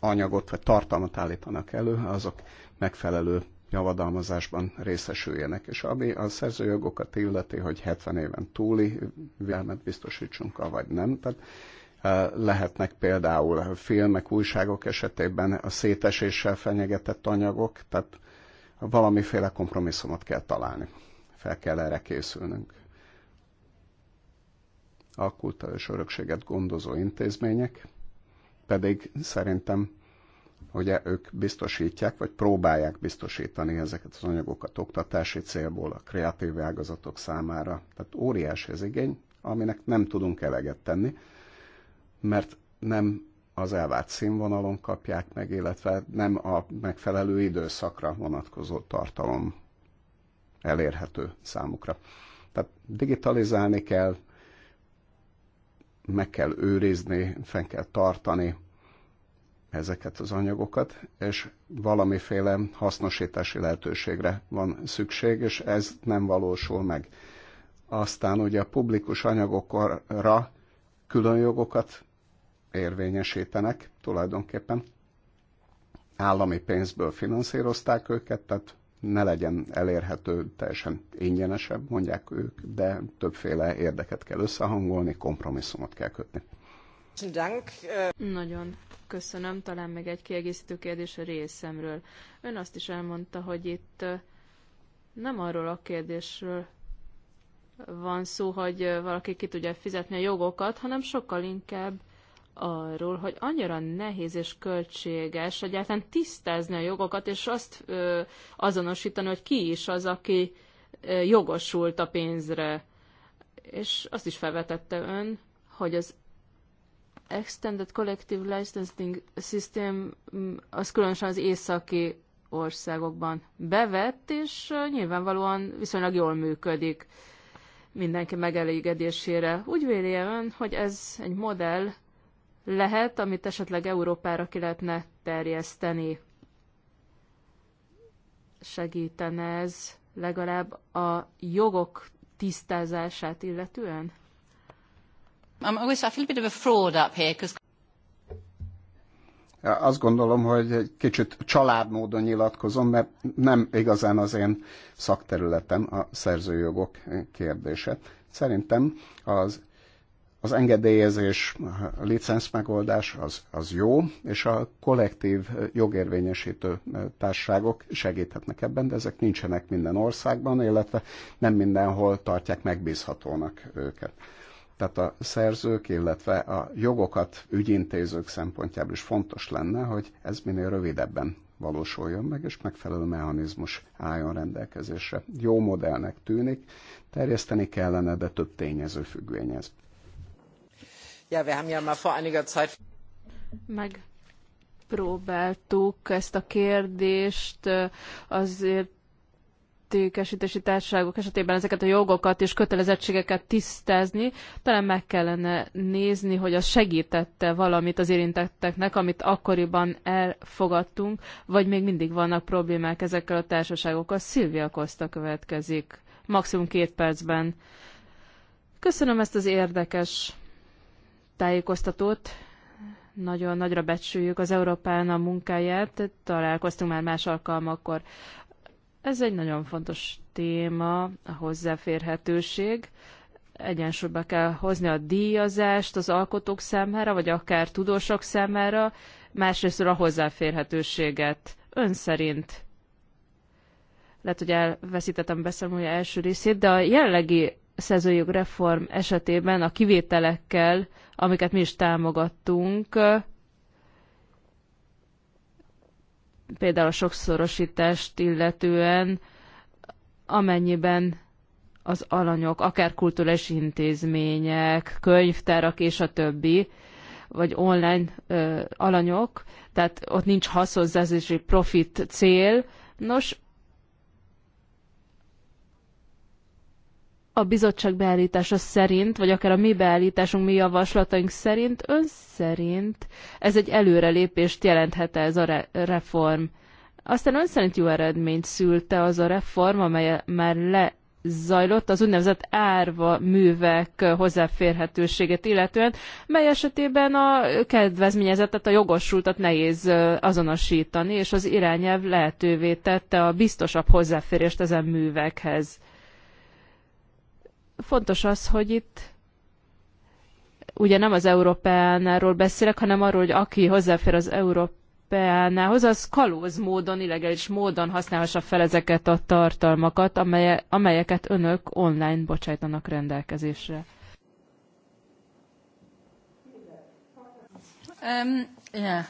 anyagot vagy tartalmat állítanak elő, azok megfelelő javadalmazásban részesüljenek, és ami a szerzőjogokat illeti, hogy 70 éven túli vélemet biztosítsunk, vagy nem. Tehát e, lehetnek például filmek, újságok esetében a széteséssel fenyegetett anyagok, tehát valamiféle kompromisszumot kell találni. Fel kell erre készülnünk. A és örökséget gondozó intézmények pedig szerintem hogy ők biztosítják, vagy próbálják biztosítani ezeket az anyagokat oktatási célból a kreatív ágazatok számára. Tehát óriási az igény, aminek nem tudunk eleget tenni, mert nem az elvárt színvonalon kapják meg, illetve nem a megfelelő időszakra vonatkozó tartalom elérhető számukra. Tehát digitalizálni kell, meg kell őrizni, fenn kell tartani ezeket az anyagokat, és valamiféle hasznosítási lehetőségre van szükség, és ez nem valósul meg. Aztán ugye a publikus anyagokra külön jogokat érvényesítenek tulajdonképpen. Állami pénzből finanszírozták őket, tehát ne legyen elérhető, teljesen ingyenesebb, mondják ők, de többféle érdeket kell összehangolni, kompromisszumot kell kötni. Nagyon köszönöm. Talán még egy kiegészítő kérdés a részemről. Ön azt is elmondta, hogy itt nem arról a kérdésről van szó, hogy valaki ki tudja fizetni a jogokat, hanem sokkal inkább arról, hogy annyira nehéz és költséges egyáltalán tisztázni a jogokat, és azt ö, azonosítani, hogy ki is az, aki ö, jogosult a pénzre. És azt is felvetette ön, hogy az Extended Collective Licensing System mm, az különösen az északi országokban bevett, és nyilvánvalóan viszonylag jól működik mindenki megelégedésére. Úgy véli ön, hogy ez egy modell, lehet, amit esetleg Európára ki lehetne terjeszteni. Segítene ez legalább a jogok tisztázását illetően? I'm um, always, a bit of a fraud up here, Azt gondolom, hogy egy kicsit családmódon nyilatkozom, mert nem igazán az én szakterületem a szerzőjogok kérdése. Szerintem az az engedélyezés, a licensz megoldás az, az jó, és a kollektív jogérvényesítő társaságok segíthetnek ebben, de ezek nincsenek minden országban, illetve nem mindenhol tartják megbízhatónak őket tehát a szerzők, illetve a jogokat ügyintézők szempontjából is fontos lenne, hogy ez minél rövidebben valósuljon meg, és megfelelő mechanizmus álljon rendelkezésre. Jó modellnek tűnik, terjeszteni kellene, de több tényező függvény Ja, wir haben ja mal vor einiger Zeit... Megpróbáltuk ezt a kérdést azért értékesítési társaságok esetében ezeket a jogokat és kötelezettségeket tisztázni, talán meg kellene nézni, hogy az segítette valamit az érintetteknek, amit akkoriban elfogadtunk, vagy még mindig vannak problémák ezekkel a társaságokkal. Szilvia Koszta következik, maximum két percben. Köszönöm ezt az érdekes tájékoztatót. Nagyon nagyra becsüljük az Európán a munkáját, találkoztunk már más alkalmakkor. Ez egy nagyon fontos téma, a hozzáférhetőség. Egyensúlyba kell hozni a díjazást az alkotók számára, vagy akár tudósok számára, másrészt a hozzáférhetőséget. Ön szerint lehet, hogy elveszítettem beszámolja első részét, de a jellegi szerzőjog reform esetében a kivételekkel, amiket mi is támogattunk, például a sokszorosítást illetően, amennyiben az alanyok, akár kulturális intézmények, könyvtárak és a többi, vagy online ö, alanyok, tehát ott nincs haszonzási profit cél. Nos, a bizottság beállítása szerint, vagy akár a mi beállításunk, mi javaslataink szerint, ön szerint ez egy előrelépést jelenthet -e ez a re reform? Aztán ön szerint jó eredményt szülte az a reform, amely már le zajlott az úgynevezett árva művek hozzáférhetőségét illetően, mely esetében a kedvezményezettet, a jogosultat nehéz azonosítani, és az irányelv lehetővé tette a biztosabb hozzáférést ezen művekhez fontos az, hogy itt ugye nem az Európeánáról beszélek, hanem arról, hogy aki hozzáfér az Európeánához, az kalóz módon, illegális módon használhassa fel ezeket a tartalmakat, amelye, amelyeket önök online bocsájtanak rendelkezésre. Um, yeah.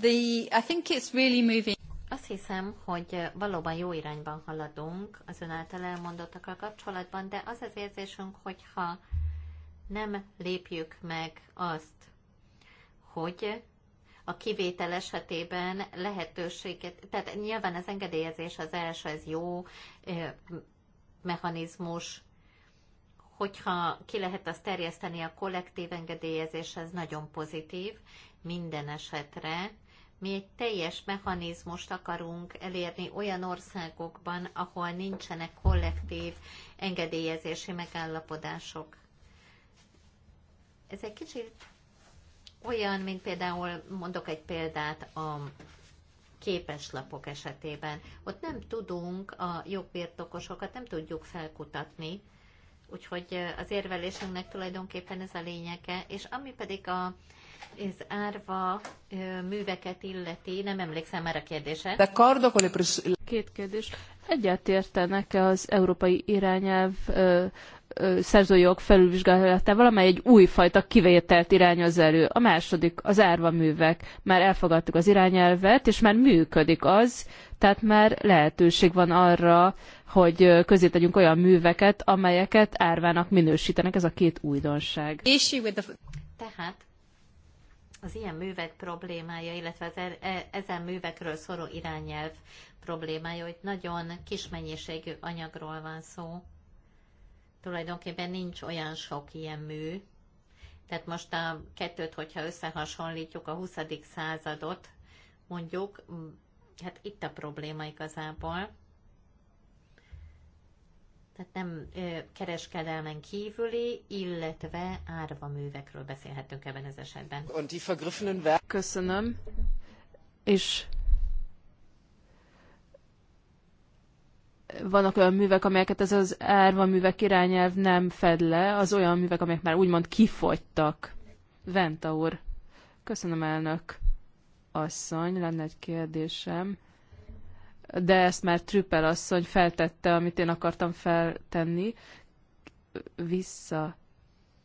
The, I think it's really moving. Azt hiszem, hogy valóban jó irányban haladunk az ön által elmondottakkal kapcsolatban, de az az érzésünk, hogyha nem lépjük meg azt, hogy a kivétel esetében lehetőséget, tehát nyilván az engedélyezés az első, ez jó mechanizmus, hogyha ki lehet azt terjeszteni a kollektív engedélyezés, ez nagyon pozitív minden esetre, mi egy teljes mechanizmust akarunk elérni olyan országokban, ahol nincsenek kollektív engedélyezési megállapodások. Ez egy kicsit olyan, mint például, mondok egy példát, a képeslapok esetében. Ott nem tudunk a jogbirtokosokat, nem tudjuk felkutatni, úgyhogy az érvelésünknek tulajdonképpen ez a lényege, és ami pedig a ez árva műveket illeti, nem emlékszem már a kérdésre. De Két kérdés. Egyetértenek-e az európai irányelv ö, szerzőjog felülvizsgálatával, amely egy újfajta kivételt irányoz elő. A második, az árva művek. Már elfogadtuk az irányelvet, és már működik az, tehát már lehetőség van arra, hogy közé tegyünk olyan műveket, amelyeket árvának minősítenek. Ez a két újdonság. Tehát az ilyen művek problémája, illetve az e-, e, ezen művekről szóló irányelv problémája, hogy nagyon kis mennyiségű anyagról van szó. Tulajdonképpen nincs olyan sok ilyen mű. Tehát most a kettőt, hogyha összehasonlítjuk, a 20. századot mondjuk, hát itt a probléma igazából tehát nem kereskedelmen kívüli, illetve árva művekről beszélhetünk ebben az esetben. Köszönöm. És vannak olyan művek, amelyeket ez az árva művek irányelv nem fed le, az olyan művek, amelyek már úgymond kifogytak. Venta úr. Köszönöm, elnök asszony. Lenne egy kérdésem de ezt már Trüppel asszony feltette, amit én akartam feltenni. Vissza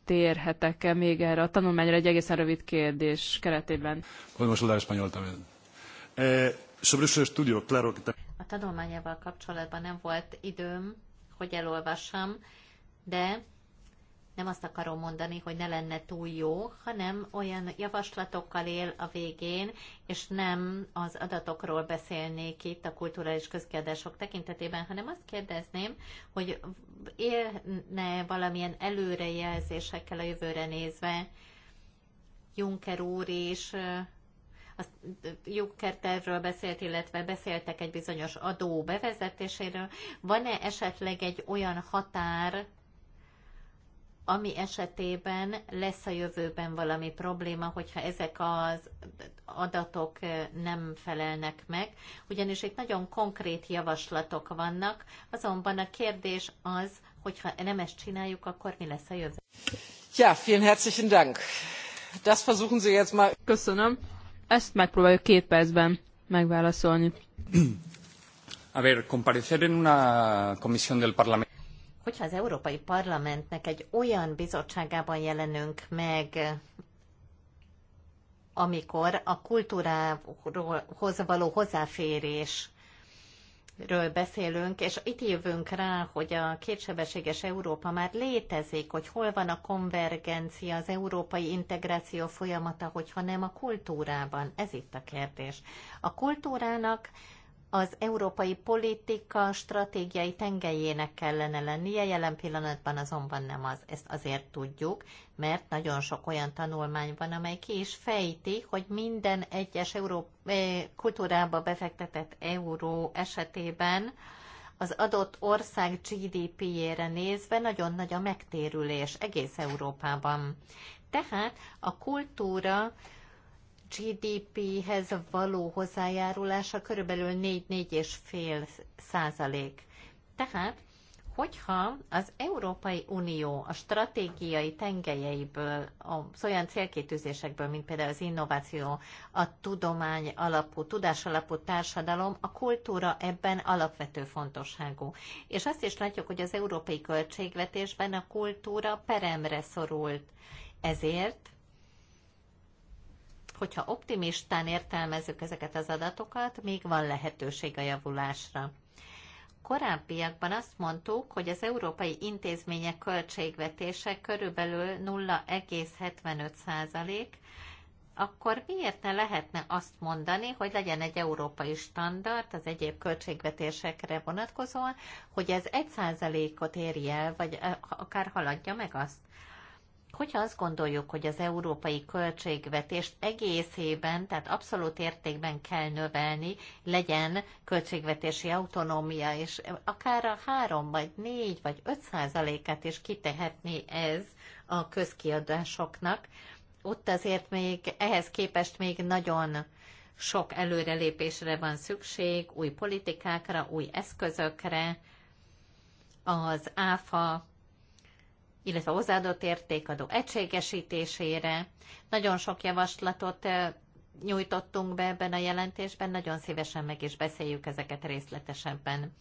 térhetek-e még erre a tanulmányra egy egészen rövid kérdés keretében? Eh, claro A tanulmányával kapcsolatban nem volt időm, hogy elolvassam, de nem azt akarom mondani, hogy ne lenne túl jó, hanem olyan javaslatokkal él a végén, és nem az adatokról beszélnék itt a kulturális közkiadások tekintetében, hanem azt kérdezném, hogy élne valamilyen előrejelzésekkel a jövőre nézve Juncker úr és azt Juncker tervről beszélt, illetve beszéltek egy bizonyos adó bevezetéséről. Van-e esetleg egy olyan határ, ami esetében lesz a jövőben valami probléma, hogyha ezek az adatok nem felelnek meg, ugyanis itt nagyon konkrét javaslatok vannak, azonban a kérdés az, hogyha nem ezt csináljuk, akkor mi lesz a jövő? Ja, vielen herzlichen Dank. Das versuchen Sie jetzt mal. Köszönöm. Ezt megpróbáljuk két percben megválaszolni. A ver, comparecer en una comisión del Parlamento hogyha az Európai Parlamentnek egy olyan bizottságában jelenünk meg, amikor a kultúrához való hozzáférés ről beszélünk, és itt jövünk rá, hogy a kétsebességes Európa már létezik, hogy hol van a konvergencia, az európai integráció folyamata, hogyha nem a kultúrában. Ez itt a kérdés. A kultúrának az európai politika stratégiai tengelyének kellene lennie, jelen pillanatban azonban nem az. Ezt azért tudjuk, mert nagyon sok olyan tanulmány van, amely ki is fejti, hogy minden egyes euró, eh, kultúrába befektetett euró esetében az adott ország GDP-jére nézve nagyon nagy a megtérülés egész Európában. Tehát a kultúra GDP-hez való hozzájárulása körülbelül 4-4,5 százalék. Tehát, hogyha az Európai Unió a stratégiai tengelyeiből, az olyan célkétűzésekből, mint például az innováció, a tudomány alapú, tudás alapú társadalom, a kultúra ebben alapvető fontosságú. És azt is látjuk, hogy az európai költségvetésben a kultúra peremre szorult. Ezért hogyha optimistán értelmezzük ezeket az adatokat, még van lehetőség a javulásra. Korábbiakban azt mondtuk, hogy az európai intézmények költségvetése körülbelül 0,75 százalék, akkor miért ne lehetne azt mondani, hogy legyen egy európai standard az egyéb költségvetésekre vonatkozóan, hogy ez 1%-ot érje el, vagy eh, akár haladja meg azt. Hogyha azt gondoljuk, hogy az európai költségvetést egész évben, tehát abszolút értékben kell növelni, legyen költségvetési autonómia, és akár a három vagy négy vagy öt százalékát is kitehetni ez a közkiadásoknak, ott azért még ehhez képest még nagyon sok előrelépésre van szükség, új politikákra, új eszközökre, az ÁFA illetve a hozzáadott értékadó egységesítésére. Nagyon sok javaslatot nyújtottunk be ebben a jelentésben, nagyon szívesen meg is beszéljük ezeket részletesebben.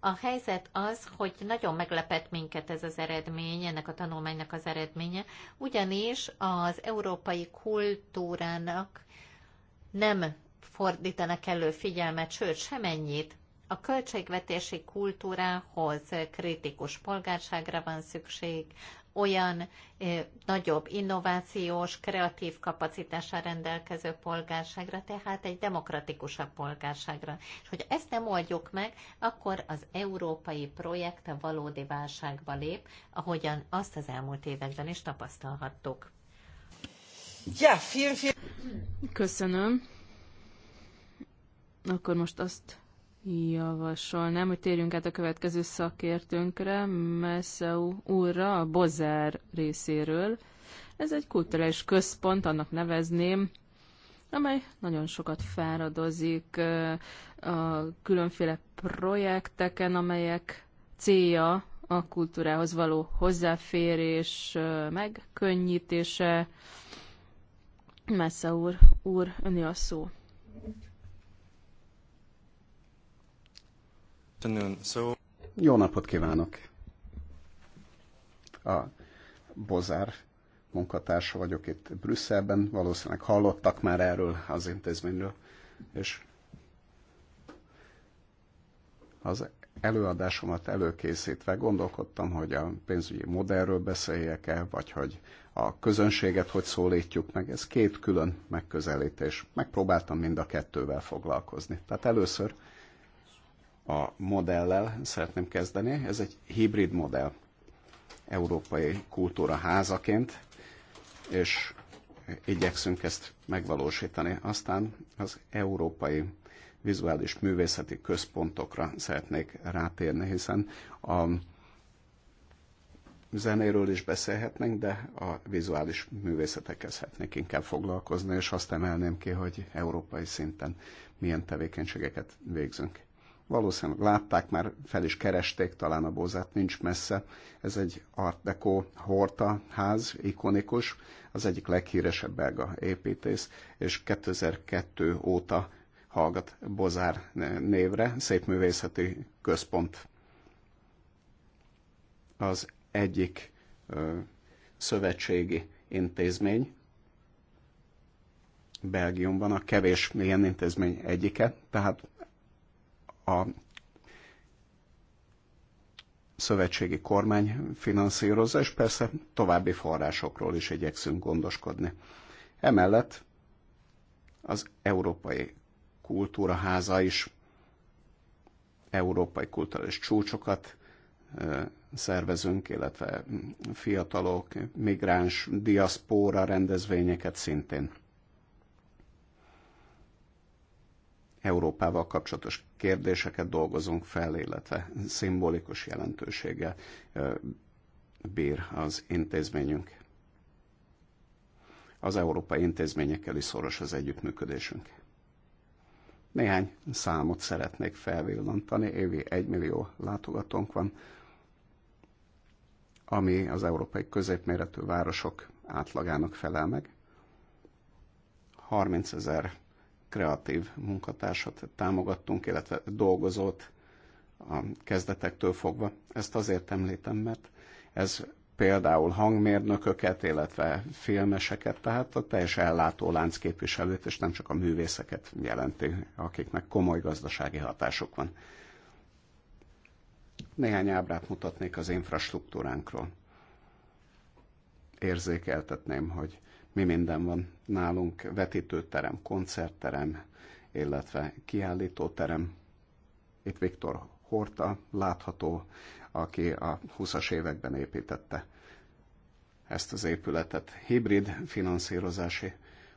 A helyzet az, hogy nagyon meglepett minket ez az eredmény, ennek a tanulmánynak az eredménye, ugyanis az európai kultúrának nem fordítanak elő figyelmet, sőt, semennyit. A költségvetési kultúrához kritikus polgárságra van szükség, olyan ö, nagyobb innovációs, kreatív kapacitással rendelkező polgárságra, tehát egy demokratikusabb polgárságra. És hogy ezt nem oldjuk meg, akkor az európai projekt a valódi válságba lép, ahogyan azt az elmúlt években is tapasztalhattuk. Ja, vielen, vielen. Köszönöm. Akkor most azt Javasolnám, hogy térjünk át a következő szakértőnkre, Messeu úrra, a Bozár részéről. Ez egy kulturális központ, annak nevezném, amely nagyon sokat fáradozik a különféle projekteken, amelyek célja a kultúrához való hozzáférés megkönnyítése. Messze úr, úr, öni a szó. Jó napot kívánok! A Bozár munkatársa vagyok itt Brüsszelben, valószínűleg hallottak már erről az intézményről, és az előadásomat előkészítve gondolkodtam, hogy a pénzügyi modellről beszéljek-e, vagy hogy a közönséget hogy szólítjuk meg. Ez két külön megközelítés. Megpróbáltam mind a kettővel foglalkozni. Tehát először a modellel szeretném kezdeni. Ez egy hibrid modell európai kultúra házaként, és igyekszünk ezt megvalósítani. Aztán az európai vizuális művészeti központokra szeretnék rátérni, hiszen a zenéről is beszélhetnénk, de a vizuális művészetekkel szeretnék inkább foglalkozni, és azt emelném ki, hogy európai szinten milyen tevékenységeket végzünk valószínűleg látták, már fel is keresték, talán a Bozát nincs messze. Ez egy Art Deco Horta ház, ikonikus, az egyik leghíresebb belga építész, és 2002 óta hallgat Bozár névre, szépművészeti központ. Az egyik ö, szövetségi intézmény, Belgiumban a kevés ilyen intézmény egyike, tehát a szövetségi kormány finanszírozza, és persze további forrásokról is igyekszünk gondoskodni. Emellett az Európai Kultúraháza is európai kulturális csúcsokat szervezünk, illetve fiatalok, migráns, diaszpóra rendezvényeket szintén. Európával kapcsolatos kérdéseket dolgozunk fel, illetve szimbolikus jelentősége bír az intézményünk. Az európai intézményekkel is szoros az együttműködésünk. Néhány számot szeretnék felvillantani. Évi 1 millió látogatónk van, ami az európai középméretű városok átlagának felel meg. 30 ezer kreatív munkatársat támogattunk, illetve dolgozót a kezdetektől fogva. Ezt azért említem, mert ez például hangmérnököket, illetve filmeseket, tehát a teljes ellátó lánc képviselőt, és nem csak a művészeket jelenti, akiknek komoly gazdasági hatásuk van. Néhány ábrát mutatnék az infrastruktúránkról. Érzékeltetném, hogy mi minden van nálunk, vetítőterem, koncertterem, illetve kiállítóterem. Itt Viktor Horta látható, aki a 20-as években építette ezt az épületet. Hibrid finanszírozási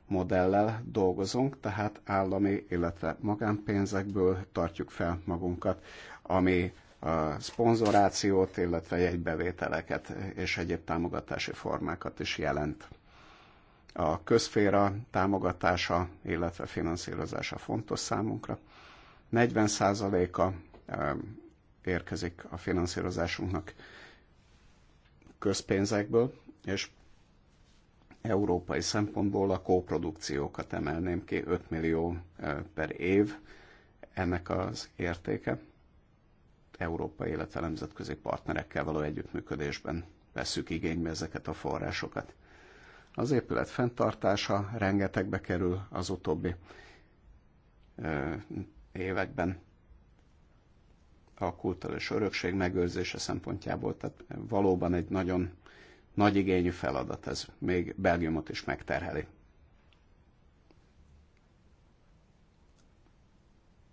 modellel dolgozunk, tehát állami, illetve magánpénzekből tartjuk fel magunkat, ami a szponzorációt, illetve jegybevételeket és egyéb támogatási formákat is jelent a közféra támogatása, illetve finanszírozása fontos számunkra. 40%-a érkezik a finanszírozásunknak közpénzekből, és európai szempontból a kóprodukciókat emelném ki, 5 millió per év ennek az értéke. Európai, illetve nemzetközi partnerekkel való együttműködésben veszük igénybe ezeket a forrásokat. Az épület fenntartása rengetegbe kerül az utóbbi években a kulturális örökség megőrzése szempontjából, tehát valóban egy nagyon nagy igényű feladat, ez még Belgiumot is megterheli.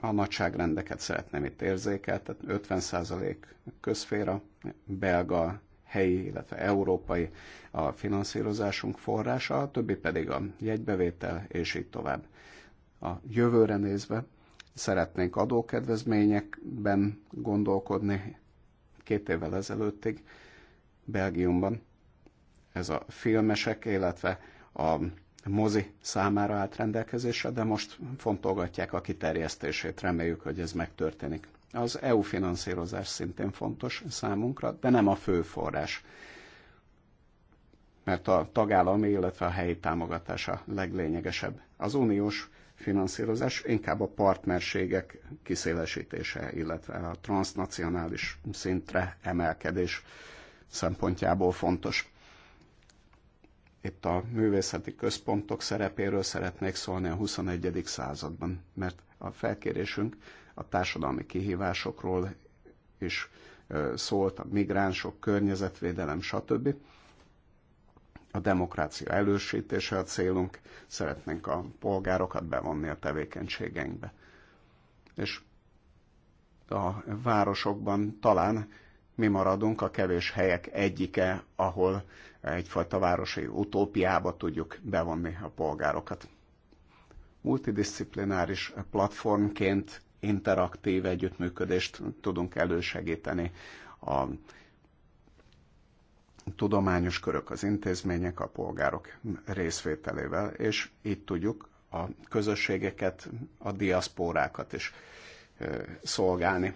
A nagyságrendeket szeretném itt érzékeltetni, 50% közféra, belga helyi, illetve európai a finanszírozásunk forrása, a többi pedig a jegybevétel, és így tovább. A jövőre nézve szeretnénk adókedvezményekben gondolkodni. Két évvel ezelőttig Belgiumban ez a filmesek, illetve a mozi számára állt rendelkezésre, de most fontolgatják a kiterjesztését, reméljük, hogy ez megtörténik. Az EU finanszírozás szintén fontos számunkra, de nem a fő forrás mert a tagállami, illetve a helyi támogatása leglényegesebb. Az uniós finanszírozás inkább a partnerségek kiszélesítése, illetve a transnacionális szintre emelkedés szempontjából fontos. Itt a művészeti központok szerepéről szeretnék szólni a 21. században, mert a felkérésünk a társadalmi kihívásokról is szólt, a migránsok, környezetvédelem, stb. A demokrácia elősítése a célunk, szeretnénk a polgárokat bevonni a tevékenységeinkbe. És a városokban talán mi maradunk a kevés helyek egyike, ahol egyfajta városi utópiába tudjuk bevonni a polgárokat. Multidisziplináris platformként interaktív együttműködést tudunk elősegíteni a tudományos körök, az intézmények, a polgárok részvételével, és itt tudjuk a közösségeket, a diaszpórákat is szolgálni.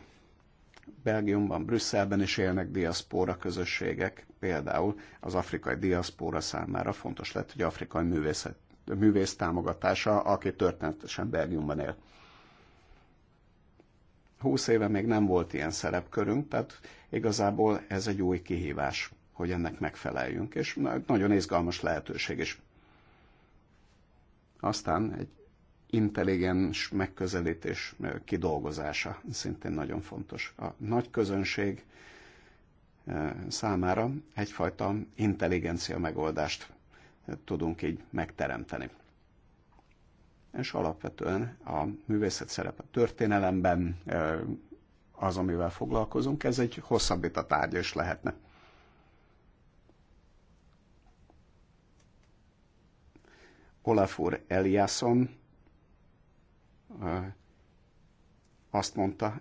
Belgiumban, Brüsszelben is élnek diaszpóra közösségek, például az afrikai diaszpóra számára fontos lett, hogy afrikai művészet, művész támogatása, aki történetesen Belgiumban él. 20 éve még nem volt ilyen szerepkörünk, tehát igazából ez egy új kihívás, hogy ennek megfeleljünk, és nagyon izgalmas lehetőség is. Aztán egy intelligens megközelítés kidolgozása szintén nagyon fontos. A nagy közönség számára egyfajta intelligencia megoldást tudunk így megteremteni és alapvetően a művészet szerepe történelemben eh, az, amivel foglalkozunk, ez egy a tárgy is lehetne. Olafur Eliasson eh, azt mondta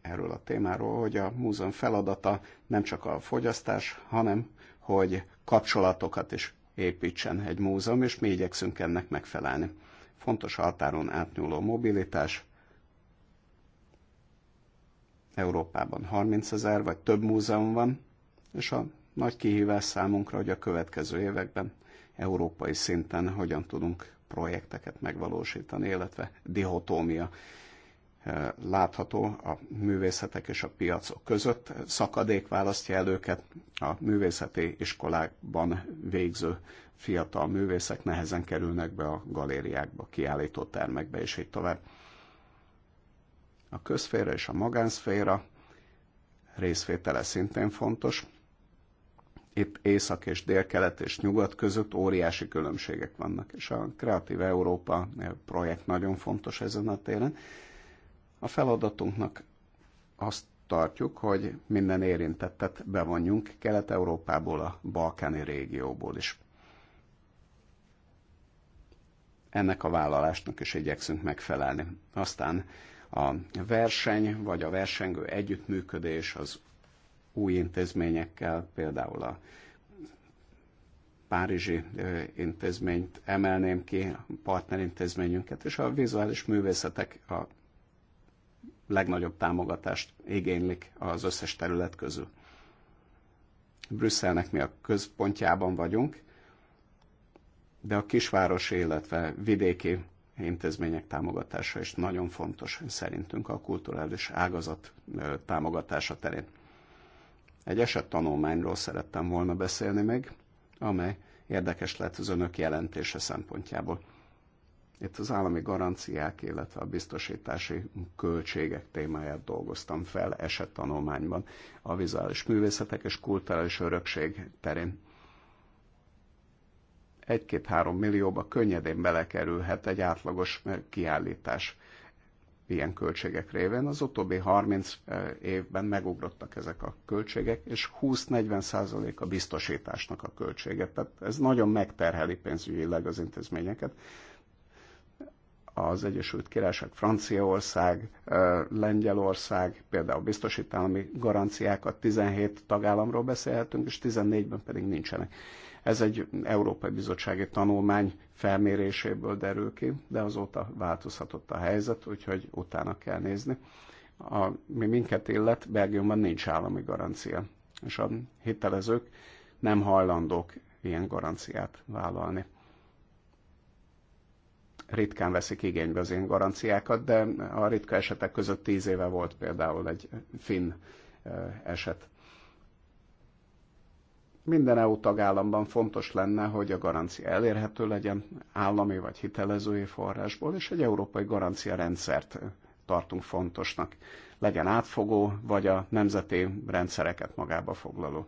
erről a témáról, hogy a múzeum feladata nem csak a fogyasztás, hanem hogy kapcsolatokat is építsen egy múzeum, és mi igyekszünk ennek megfelelni fontos határon átnyúló mobilitás. Európában 30 ezer vagy több múzeum van, és a nagy kihívás számunkra, hogy a következő években európai szinten hogyan tudunk projekteket megvalósítani, illetve dihotómia eh, látható a művészetek és a piacok között. Szakadék választja el őket a művészeti iskolákban végző fiatal művészek nehezen kerülnek be a galériákba, kiállító termekbe, és így tovább. A közféra és a magánszféra részvétele szintén fontos. Itt észak és délkelet és nyugat között óriási különbségek vannak, és a Kreatív Európa projekt nagyon fontos ezen a téren. A feladatunknak azt tartjuk, hogy minden érintettet bevonjunk Kelet-Európából, a balkáni régióból is. ennek a vállalásnak is igyekszünk megfelelni. Aztán a verseny, vagy a versengő együttműködés az új intézményekkel, például a Párizsi intézményt emelném ki, a partnerintézményünket, és a vizuális művészetek a legnagyobb támogatást igénylik az összes terület közül. Brüsszelnek mi a központjában vagyunk, de a kisváros, illetve vidéki intézmények támogatása is nagyon fontos szerintünk a kulturális ágazat támogatása terén. Egy eset tanulmányról szerettem volna beszélni meg, amely érdekes lett az önök jelentése szempontjából. Itt az állami garanciák, illetve a biztosítási költségek témáját dolgoztam fel esettanulmányban a vizuális művészetek és kulturális örökség terén 1-2-3 millióba könnyedén belekerülhet egy átlagos eh, kiállítás ilyen költségek révén. Az utóbbi 30 eh, évben megugrottak ezek a költségek, és 20-40 százalék a biztosításnak a költsége. Tehát ez nagyon megterheli pénzügyileg az intézményeket. Az Egyesült Királyság, Franciaország, eh, Lengyelország, például biztosítási garanciákat 17 tagállamról beszélhetünk, és 14-ben pedig nincsenek ez egy Európai Bizottsági Tanulmány felméréséből derül ki, de azóta változhatott a helyzet, úgyhogy utána kell nézni. A, mi minket illet, Belgiumban nincs állami garancia, és a hitelezők nem hajlandók ilyen garanciát vállalni ritkán veszik igénybe az ilyen garanciákat, de a ritka esetek között tíz éve volt például egy finn eset minden EU tagállamban fontos lenne, hogy a garancia elérhető legyen állami vagy hitelezői forrásból, és egy európai garancia rendszert tartunk fontosnak. Legyen átfogó, vagy a nemzeti rendszereket magába foglaló.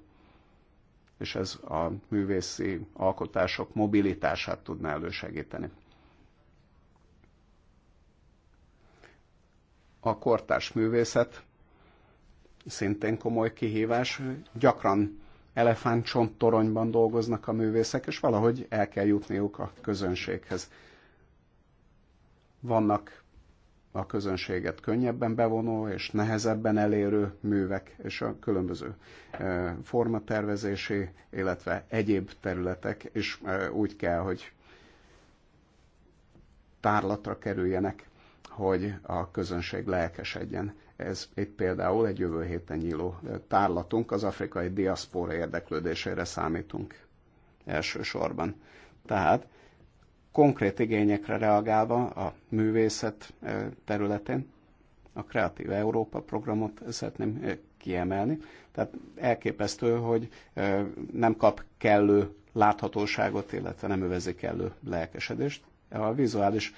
És ez a művészi alkotások mobilitását tudná elősegíteni. A kortárs művészet szintén komoly kihívás. Gyakran elefántcsonttoronyban dolgoznak a művészek, és valahogy el kell jutniuk a közönséghez. Vannak a közönséget könnyebben bevonó és nehezebben elérő művek és a különböző e, formatervezési, illetve egyéb területek, és e, úgy kell, hogy tárlatra kerüljenek, hogy a közönség lelkesedjen ez itt például egy jövő héten nyíló tárlatunk, az afrikai diaszpora érdeklődésére számítunk elsősorban. Tehát konkrét igényekre reagálva a művészet területén a Kreatív Európa programot szeretném kiemelni. Tehát elképesztő, hogy nem kap kellő láthatóságot, illetve nem övezi kellő lelkesedést. A vizuális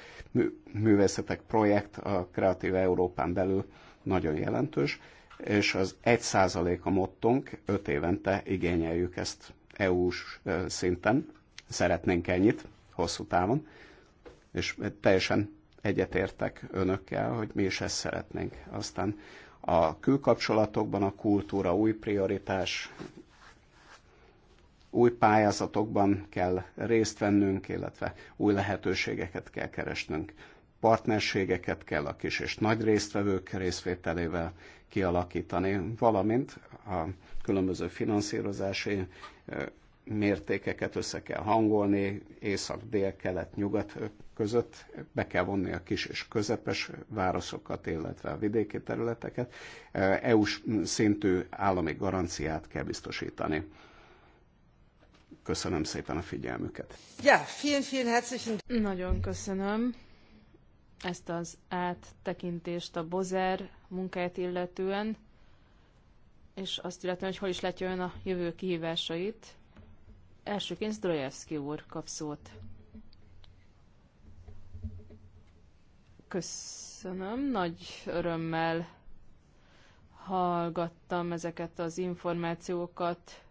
művészetek projekt a Kreatív Európán belül nagyon jelentős, és az 1% a mottunk, 5 évente igényeljük ezt EU-s szinten, szeretnénk ennyit hosszú távon, és teljesen egyetértek önökkel, hogy mi is ezt szeretnénk. Aztán a külkapcsolatokban a kultúra új prioritás, új pályázatokban kell részt vennünk, illetve új lehetőségeket kell keresnünk partnerségeket kell a kis és nagy résztvevők részvételével kialakítani, valamint a különböző finanszírozási mértékeket össze kell hangolni, észak, dél, kelet, nyugat között be kell vonni a kis és közepes városokat, illetve a vidéki területeket. EU-s szintű állami garanciát kell biztosítani. Köszönöm szépen a figyelmüket. Ja, vielen, vielen herzlichen Nagyon köszönöm ezt az áttekintést a Bozer munkáját illetően, és azt illetően, hogy hol is látja ön a jövő kihívásait. Elsőként Zdrojevszki úr kap szót. Köszönöm, nagy örömmel hallgattam ezeket az információkat,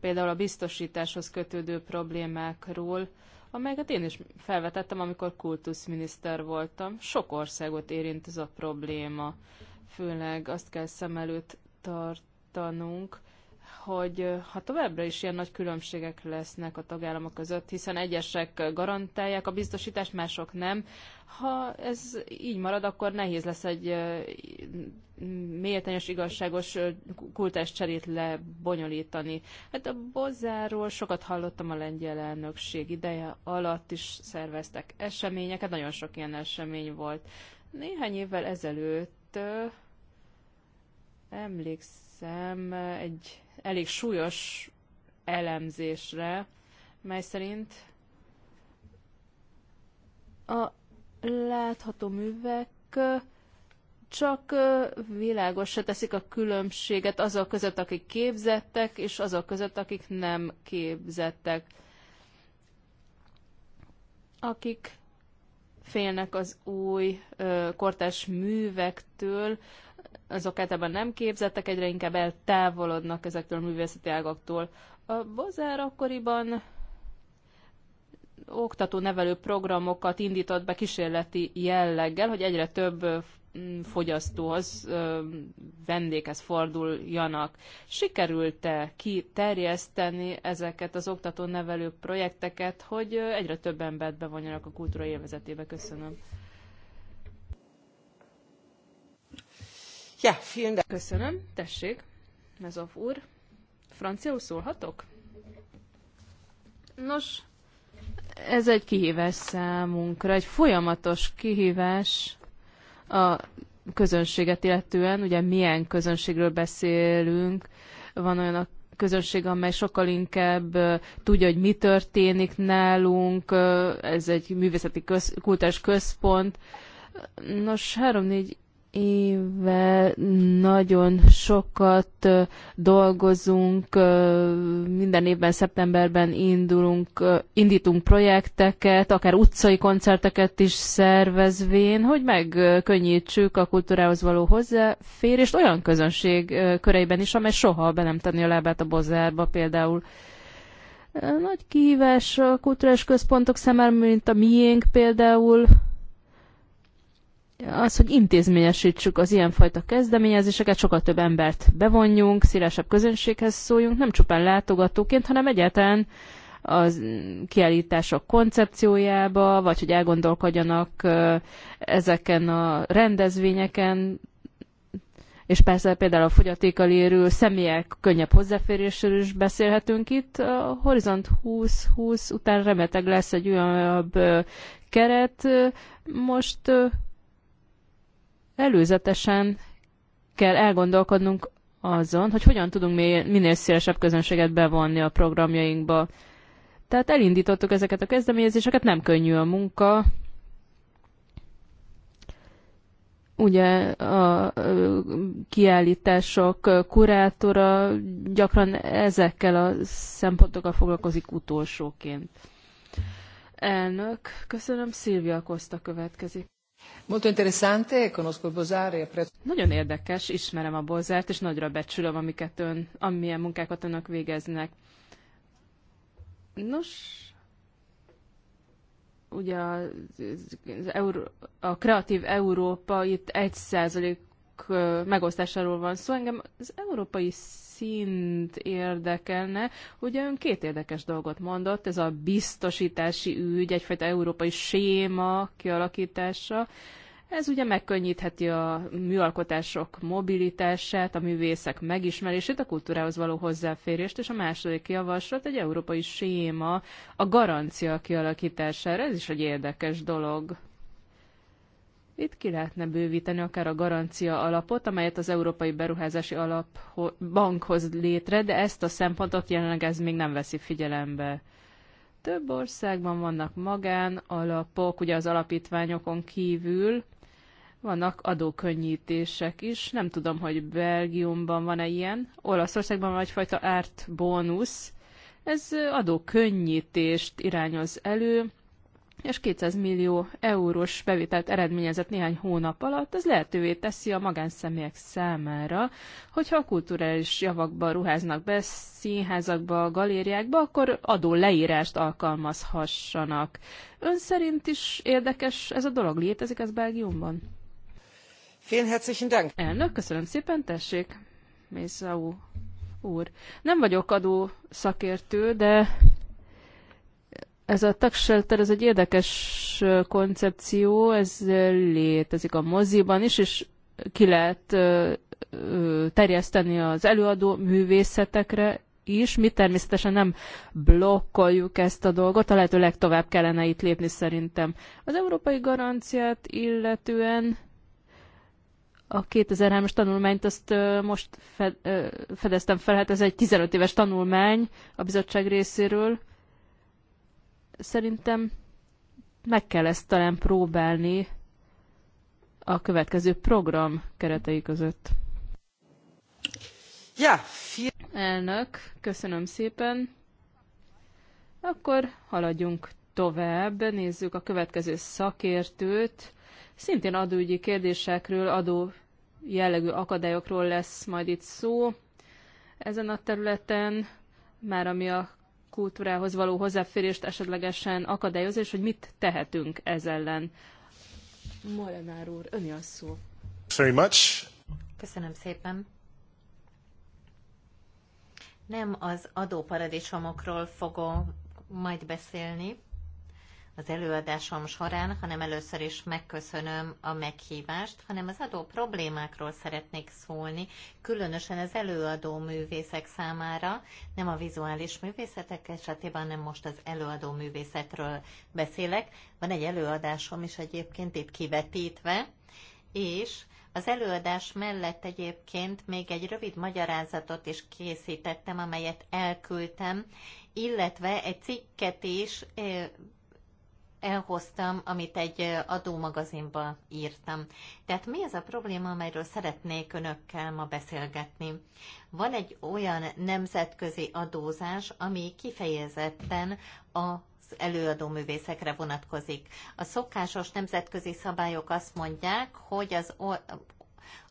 például a biztosításhoz kötődő problémákról, amelyeket én is felvetettem, amikor kultuszminiszter voltam. Sok országot érint ez a probléma. Főleg azt kell szem előtt tartanunk, hogy ha továbbra is ilyen nagy különbségek lesznek a tagállamok között, hiszen egyesek garantálják a biztosítást, mások nem, ha ez így marad, akkor nehéz lesz egy méltányos, igazságos kultás cserét lebonyolítani. Hát a Bozáról sokat hallottam a lengyel elnökség ideje alatt is szerveztek eseményeket, nagyon sok ilyen esemény volt. Néhány évvel ezelőtt emlékszem, egy elég súlyos elemzésre, mely szerint a látható művek csak világosra teszik a különbséget azok között, akik képzettek, és azok között, akik nem képzettek. Akik félnek az új kortás művektől, azok általában nem képzettek, egyre inkább eltávolodnak ezektől a művészeti ágaktól. A Bozár akkoriban oktató-nevelő programokat indított be kísérleti jelleggel, hogy egyre több fogyasztóhoz, vendéghez forduljanak. Sikerült-e kiterjeszteni ezeket az oktató-nevelő projekteket, hogy egyre több embert bevonjanak a kultúra élvezetébe? Köszönöm. Ja, vielen Dank. Köszönöm, tessék, Mezov úr. Franciául szólhatok? Nos, ez egy kihívás számunkra, egy folyamatos kihívás a közönséget illetően. Ugye milyen közönségről beszélünk, van olyan, a közönség, amely sokkal inkább tudja, hogy mi történik nálunk, ez egy művészeti köz, kultúrás központ. Nos, három-négy éve nagyon sokat dolgozunk, minden évben szeptemberben indulunk, indítunk projekteket, akár utcai koncerteket is szervezvén, hogy megkönnyítsük a kultúrához való hozzáférést olyan közönség köreiben is, amely soha be nem tenni a lábát a bozárba például. Nagy kihívás a kulturális központok számára, mint a miénk például, az, hogy intézményesítsük az ilyenfajta kezdeményezéseket, sokkal több embert bevonjunk, szélesebb közönséghez szóljunk, nem csupán látogatóként, hanem egyáltalán a kiállítások koncepciójába, vagy hogy elgondolkodjanak ezeken a rendezvényeken, és persze például a fogyatékkal érő személyek könnyebb hozzáférésről is beszélhetünk itt. A Horizont 2020 után remeteg lesz egy olyan keret. Most előzetesen kell elgondolkodnunk azon, hogy hogyan tudunk minél szélesebb közönséget bevonni a programjainkba. Tehát elindítottuk ezeket a kezdeményezéseket, nem könnyű a munka. Ugye a kiállítások kurátora gyakran ezekkel a szempontokkal foglalkozik utolsóként. Elnök, köszönöm, Szilvia Koszta következik. Nagyon érdekes, ismerem a Bozárt, és nagyra becsülöm, amiket ön, amilyen munkákat önök végeznek. Nos, ugye az Euró, a kreatív Európa itt egy százalék megosztásáról van szó, engem az európai szint érdekelne. Ugye ön két érdekes dolgot mondott, ez a biztosítási ügy, egyfajta európai séma kialakítása. Ez ugye megkönnyítheti a műalkotások mobilitását, a művészek megismerését, a kultúrához való hozzáférést, és a második javaslat egy európai séma a garancia kialakítására. Ez is egy érdekes dolog. Itt ki lehetne bővíteni akár a garancia alapot, amelyet az Európai Beruházási Alap bankhoz létre, de ezt a szempontot jelenleg ez még nem veszi figyelembe. Több országban vannak magán alapok, ugye az alapítványokon kívül, vannak adókönnyítések is. Nem tudom, hogy Belgiumban van-e ilyen. Olaszországban van egyfajta árt bónusz. Ez adókönnyítést irányoz elő, és 200 millió eurós bevételt eredményezett néhány hónap alatt, ez lehetővé teszi a magánszemélyek számára, hogyha a kulturális javakba ruháznak be, színházakba, galériákba, akkor adó leírást alkalmazhassanak. Ön szerint is érdekes ez a dolog, létezik ez Belgiumban? Vielen herzlichen Dank. Elnök, köszönöm szépen, tessék. Mészau úr. Nem vagyok adó szakértő, de ez a tax shelter, ez egy érdekes koncepció, ez létezik a moziban is, és ki lehet terjeszteni az előadó művészetekre is. Mi természetesen nem blokkoljuk ezt a dolgot, a lehető legtovább kellene itt lépni szerintem. Az európai garanciát illetően a 2003-as tanulmányt, azt most fedeztem fel, hát ez egy 15 éves tanulmány a bizottság részéről, Szerintem meg kell ezt talán próbálni a következő program keretei között. Ja, fi- Elnök, köszönöm szépen. Akkor haladjunk tovább, nézzük a következő szakértőt. Szintén adóügyi kérdésekről, adó jellegű akadályokról lesz majd itt szó ezen a területen, már ami a kultúrához való hozzáférést esetlegesen akadályoz, és hogy mit tehetünk ez ellen. Molenár úr, öni a szó. Very much. Köszönöm szépen. Nem az adóparadicsomokról fogom majd beszélni, az előadásom során, hanem először is megköszönöm a meghívást, hanem az adó problémákról szeretnék szólni, különösen az előadó művészek számára, nem a vizuális művészetek esetében, Nem most az előadó művészetről beszélek. Van egy előadásom is egyébként itt kivetítve, és az előadás mellett egyébként még egy rövid magyarázatot is készítettem, amelyet elküldtem, illetve egy cikket is eh, elhoztam, amit egy adómagazinba írtam. Tehát mi ez a probléma, amelyről szeretnék önökkel ma beszélgetni? Van egy olyan nemzetközi adózás, ami kifejezetten a az előadó művészekre vonatkozik. A szokásos nemzetközi szabályok azt mondják, hogy az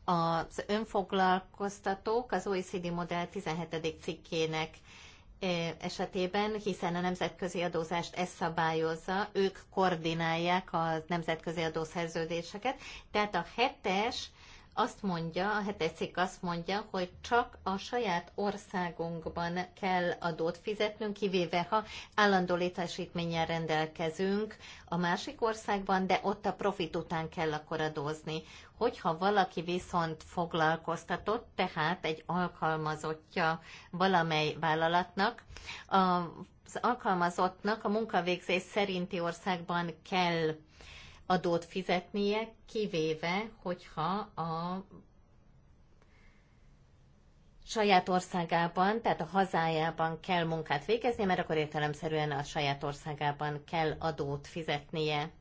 az önfoglalkoztatók az OECD modell 17. cikkének esetében, hiszen a nemzetközi adózást ez szabályozza, ők koordinálják a nemzetközi adószerződéseket, tehát a hetes azt mondja, a hetes cikk azt mondja, hogy csak a saját országunkban kell adót fizetnünk, kivéve ha állandó létesítménnyel rendelkezünk a másik országban, de ott a profit után kell akkor adózni. Hogyha valaki viszont foglalkoztatott, tehát egy alkalmazottja valamely vállalatnak, az alkalmazottnak a munkavégzés szerinti országban kell adót fizetnie, kivéve, hogyha a saját országában, tehát a hazájában kell munkát végezni, mert akkor értelemszerűen a saját országában kell adót fizetnie.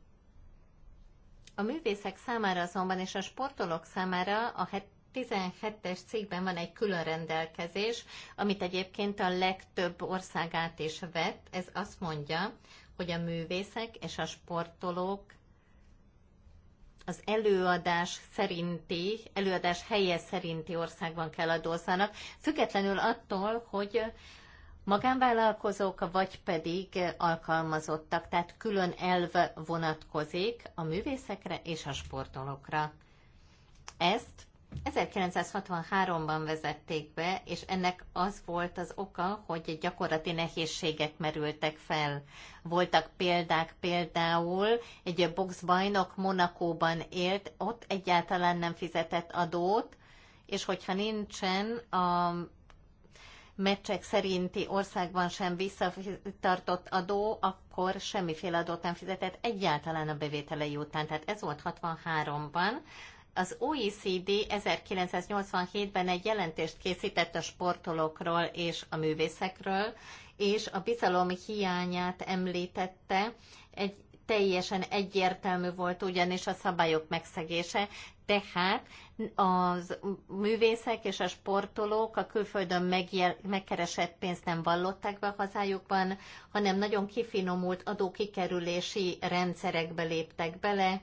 A művészek számára azonban és a sportolók számára a 17-es cikkben van egy külön rendelkezés, amit egyébként a legtöbb országát is vett. Ez azt mondja, hogy a művészek és a sportolók az előadás szerinti, előadás helye szerinti országban kell adózzanak, függetlenül attól, hogy magánvállalkozók vagy pedig alkalmazottak, tehát külön elv vonatkozik a művészekre és a sportolókra. Ezt 1963-ban vezették be, és ennek az volt az oka, hogy gyakorlati nehézségek merültek fel. Voltak példák, például egy boxbajnok Monakóban élt, ott egyáltalán nem fizetett adót, és hogyha nincsen a meccsek szerinti országban sem visszatartott adó, akkor semmiféle adót nem fizetett egyáltalán a bevételei után. Tehát ez volt 63-ban. Az OECD 1987-ben egy jelentést készített a sportolókról és a művészekről, és a bizalom hiányát említette. Egy teljesen egyértelmű volt ugyanis a szabályok megszegése, tehát az művészek és a sportolók a külföldön megjel, megkeresett pénzt nem vallották be a hazájukban, hanem nagyon kifinomult adókikerülési rendszerekbe léptek bele,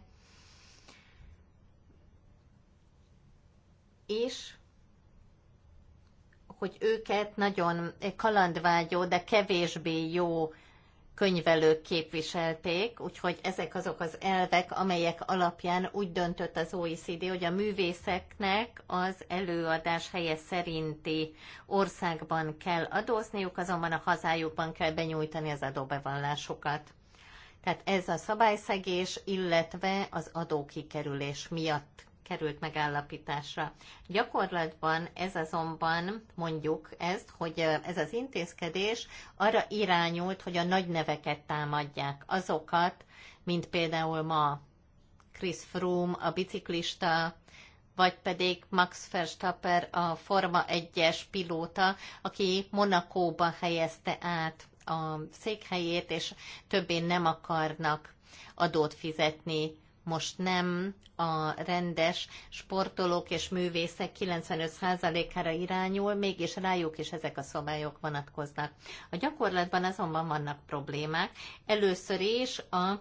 és hogy őket nagyon kalandvágyó, de kevésbé jó könyvelők képviselték, úgyhogy ezek azok az elvek, amelyek alapján úgy döntött az OECD, hogy a művészeknek az előadás helye szerinti országban kell adózniuk, azonban a hazájukban kell benyújtani az adóbevallásokat. Tehát ez a szabályszegés, illetve az adókikerülés miatt került megállapításra. Gyakorlatban ez azonban, mondjuk ezt, hogy ez az intézkedés arra irányult, hogy a nagy neveket támadják. Azokat, mint például ma Chris Froome, a biciklista, vagy pedig Max Verstappen, a Forma 1-es pilóta, aki Monakóba helyezte át a székhelyét, és többé nem akarnak adót fizetni most nem a rendes sportolók és művészek 95%-ára irányul, mégis rájuk is ezek a szabályok vonatkoznak. A gyakorlatban azonban vannak problémák. Először is a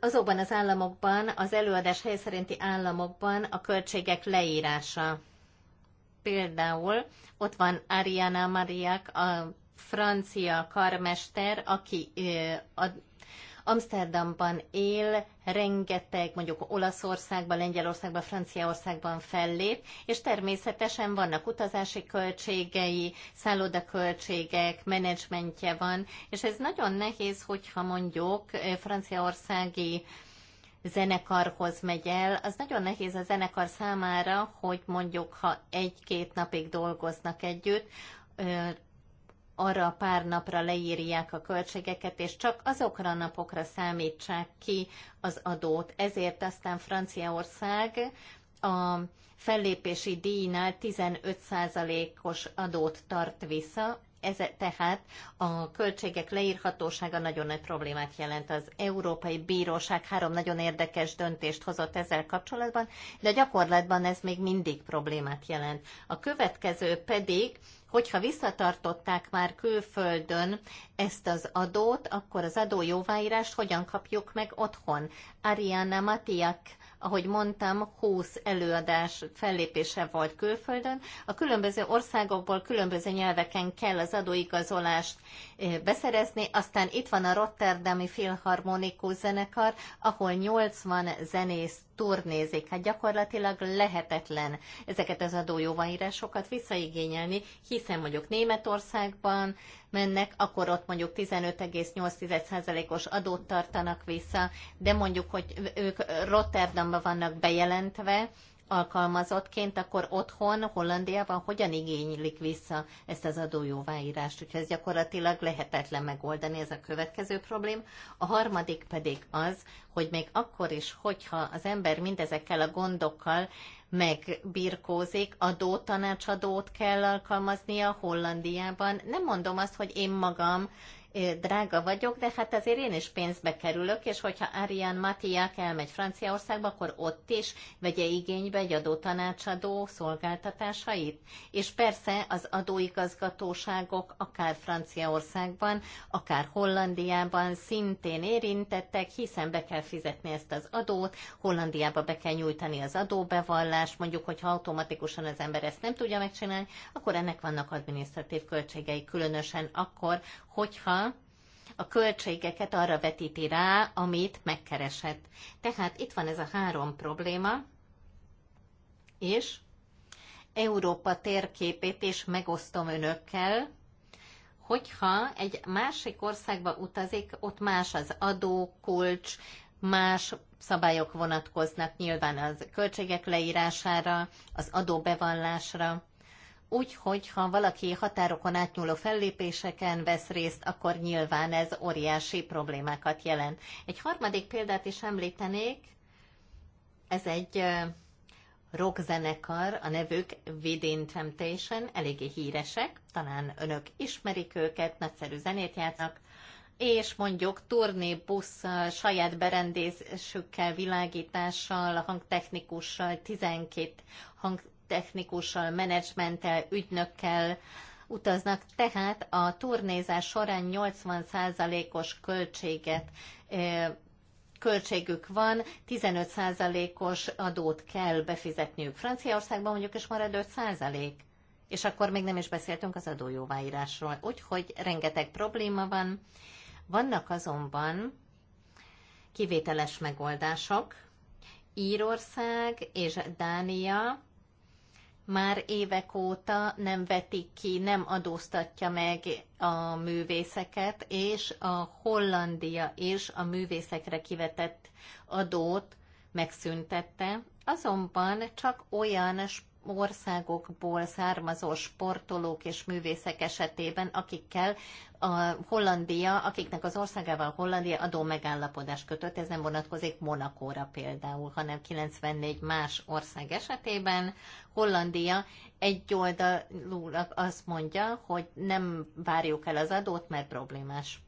azokban az államokban, az előadás hely szerinti államokban a költségek leírása. Például ott van Ariana Mariak, a francia karmester, aki Amsterdamban él, rengeteg mondjuk Olaszországban, Lengyelországban, Franciaországban fellép, és természetesen vannak utazási költségei, szállodaköltségek, menedzsmentje van, és ez nagyon nehéz, hogyha mondjuk franciaországi zenekarhoz megy el, az nagyon nehéz a zenekar számára, hogy mondjuk ha egy-két napig dolgoznak együtt, arra a pár napra leírják a költségeket, és csak azokra a napokra számítsák ki az adót. Ezért aztán Franciaország a fellépési díjnál 15%-os adót tart vissza, ez, tehát a költségek leírhatósága nagyon nagy problémát jelent. Az Európai Bíróság három nagyon érdekes döntést hozott ezzel kapcsolatban, de gyakorlatban ez még mindig problémát jelent. A következő pedig hogyha visszatartották már külföldön ezt az adót, akkor az adó jóváírást hogyan kapjuk meg otthon? Ariana Matiak ahogy mondtam, 20 előadás fellépése volt külföldön. A különböző országokból különböző nyelveken kell az adóigazolást beszerezni. Aztán itt van a Rotterdami Filharmonikus Zenekar, ahol 80 zenész turnézik. Hát gyakorlatilag lehetetlen ezeket az adójóvaírásokat visszaigényelni, hiszen mondjuk Németországban mennek, akkor ott mondjuk 15,8%-os adót tartanak vissza, de mondjuk, hogy ők Rotterdamban vannak bejelentve, alkalmazottként, akkor otthon, Hollandiában hogyan igénylik vissza ezt az adójóváírást? Úgyhogy ez gyakorlatilag lehetetlen megoldani, ez a következő problém. A harmadik pedig az, hogy még akkor is, hogyha az ember mindezekkel a gondokkal megbirkózik, adótanácsadót kell alkalmaznia Hollandiában. Nem mondom azt, hogy én magam drága vagyok, de hát azért én is pénzbe kerülök, és hogyha Arian Matiak elmegy Franciaországba, akkor ott is vegye igénybe egy adótanácsadó szolgáltatásait. És persze az adóigazgatóságok akár Franciaországban, akár Hollandiában szintén érintettek, hiszen be kell fizetni ezt az adót, Hollandiába be kell nyújtani az adóbevallást, mondjuk, hogyha automatikusan az ember ezt nem tudja megcsinálni, akkor ennek vannak adminisztratív költségei, különösen akkor, hogyha a költségeket arra vetíti rá, amit megkeresett. Tehát itt van ez a három probléma, és Európa térképét is megosztom önökkel, hogyha egy másik országba utazik, ott más az adó, kulcs, más szabályok vonatkoznak nyilván az költségek leírására, az adóbevallásra, úgy, hogy ha valaki határokon átnyúló fellépéseken vesz részt, akkor nyilván ez óriási problémákat jelent. Egy harmadik példát is említenék, ez egy rockzenekar, a nevük Within Temptation, eléggé híresek, talán önök ismerik őket, nagyszerű zenét játnak, és mondjuk turné busz saját berendezésükkel, világítással, hangtechnikussal, 12 hang technikussal, menedzsmenttel, ügynökkel utaznak, tehát a turnézás során 80%-os költséget költségük van, 15%-os adót kell befizetniük Franciaországban, mondjuk, és marad 5%. És akkor még nem is beszéltünk az adójóváírásról. Úgyhogy rengeteg probléma van. Vannak azonban kivételes megoldások. Írország és Dánia már évek óta nem vetik ki, nem adóztatja meg a művészeket, és a Hollandia és a művészekre kivetett adót megszüntette, azonban csak olyan országokból származó sportolók és művészek esetében, akikkel a Hollandia, akiknek az országával Hollandia adó megállapodás kötött, ez nem vonatkozik Monakóra például, hanem 94 más ország esetében. Hollandia egy egyoldalulag azt mondja, hogy nem várjuk el az adót, mert problémás.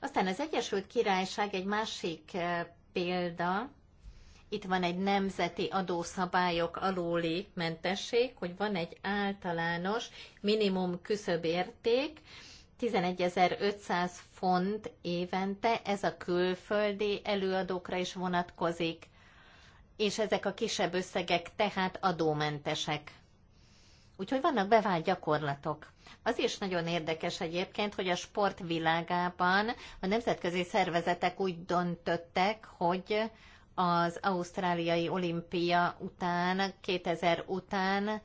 Aztán az Egyesült Királyság egy másik eh, példa, itt van egy nemzeti adószabályok alóli mentesség, hogy van egy általános minimum küszöbérték, 11.500 font évente, ez a külföldi előadókra is vonatkozik, és ezek a kisebb összegek tehát adómentesek. Úgyhogy vannak bevált gyakorlatok. Az is nagyon érdekes egyébként, hogy a sport világában a nemzetközi szervezetek úgy döntöttek, hogy az ausztráliai olimpia után, 2000 után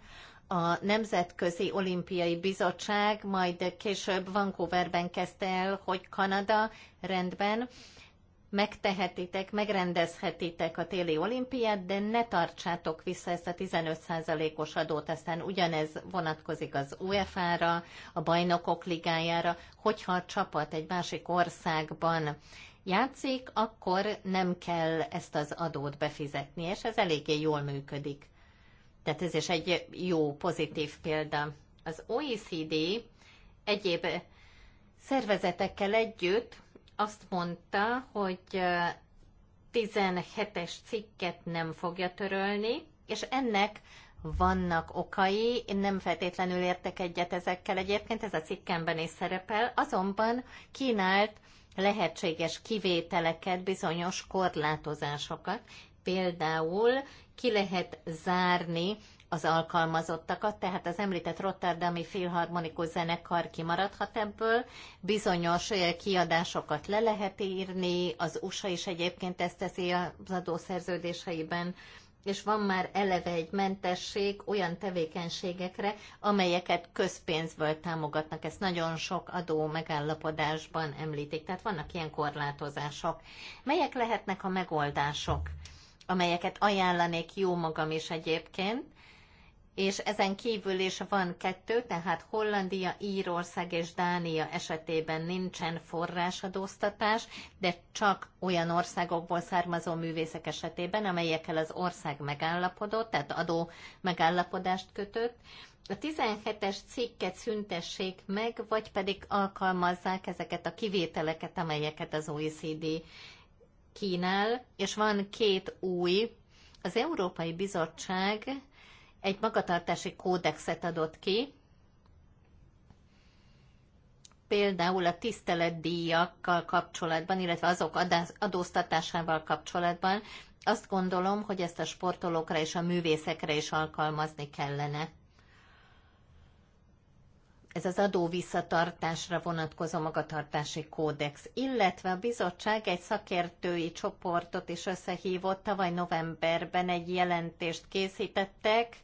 a Nemzetközi Olimpiai Bizottság, majd később Vancouverben kezdte el, hogy Kanada rendben, megtehetitek, megrendezhetitek a téli olimpiát, de ne tartsátok vissza ezt a 15%-os adót, aztán ugyanez vonatkozik az UEFA-ra, a bajnokok ligájára, hogyha a csapat egy másik országban játszik, akkor nem kell ezt az adót befizetni, és ez eléggé jól működik. Tehát ez is egy jó, pozitív példa. Az OECD egyéb szervezetekkel együtt azt mondta, hogy 17-es cikket nem fogja törölni, és ennek vannak okai, én nem feltétlenül értek egyet ezekkel egyébként, ez a cikkemben is szerepel, azonban kínált lehetséges kivételeket, bizonyos korlátozásokat, például ki lehet zárni az alkalmazottakat, tehát az említett Rotterdami Filharmonikus Zenekar kimaradhat ebből, bizonyos kiadásokat le lehet írni, az USA is egyébként ezt teszi az adószerződéseiben, és van már eleve egy mentesség olyan tevékenységekre, amelyeket közpénzből támogatnak. Ezt nagyon sok adó megállapodásban említik. Tehát vannak ilyen korlátozások. Melyek lehetnek a megoldások, amelyeket ajánlanék jó magam is egyébként, és ezen kívül is van kettő, tehát Hollandia, Írország és Dánia esetében nincsen forrásadóztatás, de csak olyan országokból származó művészek esetében, amelyekkel az ország megállapodott, tehát adó megállapodást kötött. A 17-es cikket szüntessék meg, vagy pedig alkalmazzák ezeket a kivételeket, amelyeket az OECD kínál, és van két új. Az Európai Bizottság egy magatartási kódexet adott ki, például a tiszteletdíjakkal kapcsolatban, illetve azok adóztatásával kapcsolatban, azt gondolom, hogy ezt a sportolókra és a művészekre is alkalmazni kellene. Ez az adó visszatartásra vonatkozó magatartási kódex, illetve a bizottság egy szakértői csoportot is összehívott, tavaly novemberben egy jelentést készítettek,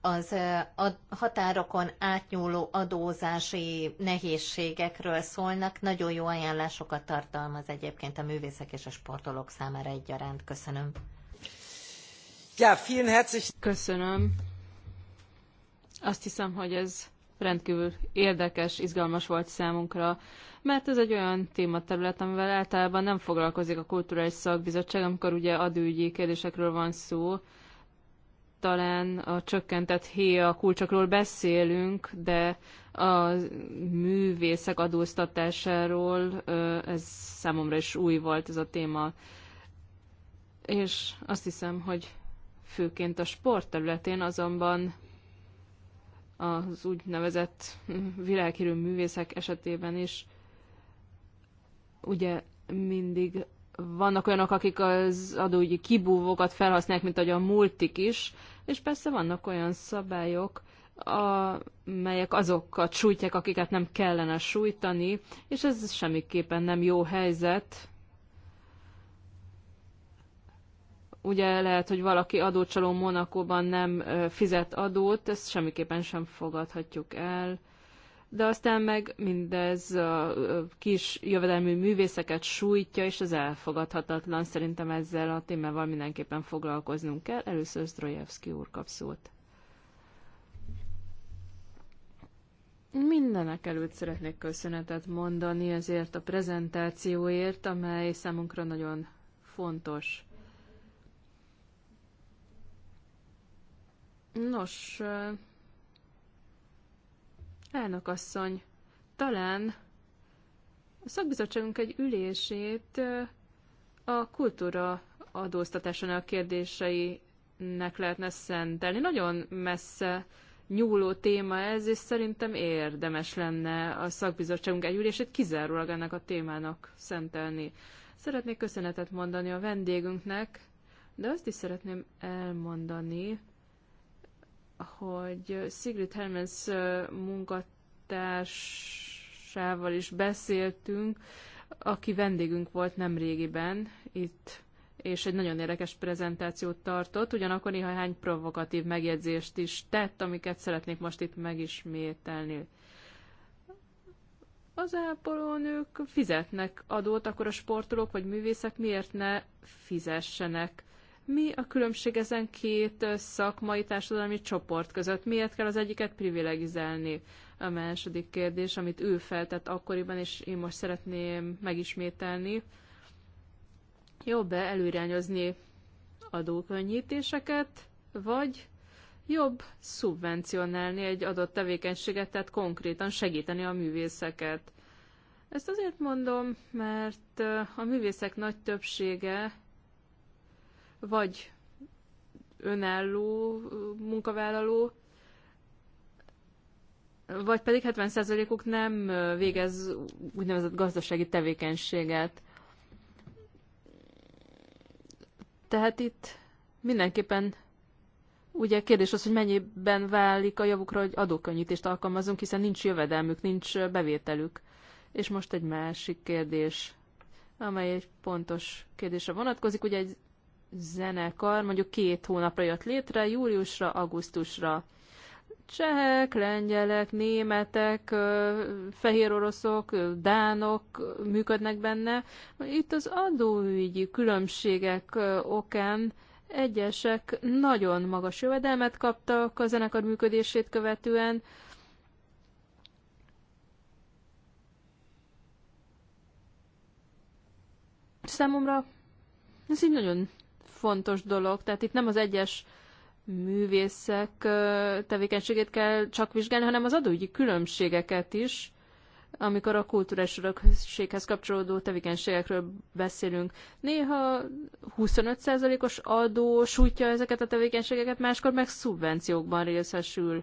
az a határokon átnyúló adózási nehézségekről szólnak. Nagyon jó ajánlásokat tartalmaz egyébként a művészek és a sportolók számára egyaránt. Köszönöm. Ja, vielen herzlich. Köszönöm. Azt hiszem, hogy ez rendkívül érdekes, izgalmas volt számunkra, mert ez egy olyan tématerület, amivel általában nem foglalkozik a Kulturális Szakbizottság, amikor ugye adőügyi kérdésekről van szó, talán a csökkentett héja kulcsokról beszélünk, de a művészek adóztatásáról ez számomra is új volt ez a téma. És azt hiszem, hogy főként a sport területén azonban az úgynevezett világhírű művészek esetében is ugye mindig vannak olyanok, akik az adógyi kibúvókat felhasználják, mint ahogy a multik is, és persze vannak olyan szabályok, amelyek azokat sújtják, akiket nem kellene sújtani, és ez semmiképpen nem jó helyzet. Ugye lehet, hogy valaki adócsaló Monakóban nem fizet adót, ezt semmiképpen sem fogadhatjuk el de aztán meg mindez a kis jövedelmű művészeket sújtja, és ez elfogadhatatlan. Szerintem ezzel a témával mindenképpen foglalkoznunk kell. Először Zdrojevski úr kap szót. Mindenek előtt szeretnék köszönetet mondani ezért a prezentációért, amely számunkra nagyon fontos. Nos, Elnök asszony, talán a szakbizottságunk egy ülését a kultúra adóztatásának kérdéseinek lehetne szentelni. Nagyon messze nyúló téma ez, és szerintem érdemes lenne a szakbizottságunk egy ülését kizárólag ennek a témának szentelni. Szeretnék köszönetet mondani a vendégünknek, de azt is szeretném elmondani, hogy Sigrid Hermans munkatársával is beszéltünk, aki vendégünk volt nem régiben itt, és egy nagyon érdekes prezentációt tartott, ugyanakkor néha hány provokatív megjegyzést is tett, amiket szeretnék most itt megismételni az ápolónők fizetnek adót, akkor a sportolók vagy művészek miért ne fizessenek mi a különbség ezen két szakmai társadalmi csoport között? Miért kell az egyiket privilegizálni? A második kérdés, amit ő feltett akkoriban, és én most szeretném megismételni. Jobb-e előirányozni adókönnyítéseket, vagy jobb szubvencionálni egy adott tevékenységet, tehát konkrétan segíteni a művészeket? Ezt azért mondom, mert a művészek nagy többsége vagy önálló munkavállaló, vagy pedig 70%-uk nem végez úgynevezett gazdasági tevékenységet. Tehát itt mindenképpen ugye kérdés az, hogy mennyiben válik a javukra, hogy adókönnyítést alkalmazunk, hiszen nincs jövedelmük, nincs bevételük. És most egy másik kérdés, amely egy pontos kérdésre vonatkozik. Ugye egy zenekar mondjuk két hónapra jött létre, júliusra, augusztusra. Csehek, lengyelek, németek, fehér oroszok, dánok működnek benne. Itt az adóügyi különbségek okán egyesek nagyon magas jövedelmet kaptak a zenekar működését követően, számomra ez így nagyon fontos dolog. Tehát itt nem az egyes művészek tevékenységét kell csak vizsgálni, hanem az adóügyi különbségeket is, amikor a kulturális örökséghez kapcsolódó tevékenységekről beszélünk. Néha 25%-os adó sújtja ezeket a tevékenységeket, máskor meg szubvenciókban részesül.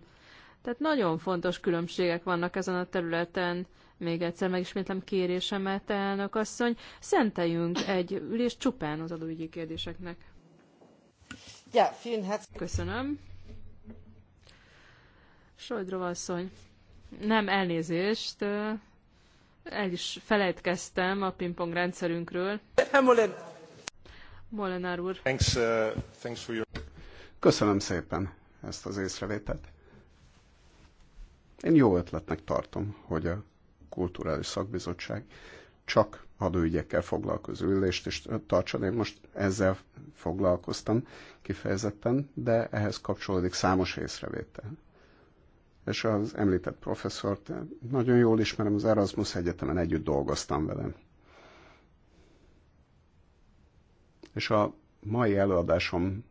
Tehát nagyon fontos különbségek vannak ezen a területen. Még egyszer megismétlem kérésemet, elnök asszony, szenteljünk egy ülést csupán az adóügyi kérdéseknek. Ja, Köszönöm. Sajdrov asszony. Nem elnézést, el is felejtkeztem a pingpong rendszerünkről. Molenár úr. Thanks, uh, thanks for your... Köszönöm szépen ezt az észrevételt. Én jó ötletnek tartom, hogy a kulturális szakbizottság csak adóügyekkel foglalkozó ülést is tartson. Én most ezzel foglalkoztam kifejezetten, de ehhez kapcsolódik számos észrevétel. És az említett professzort nagyon jól ismerem, az Erasmus Egyetemen együtt dolgoztam velem. És a mai előadásom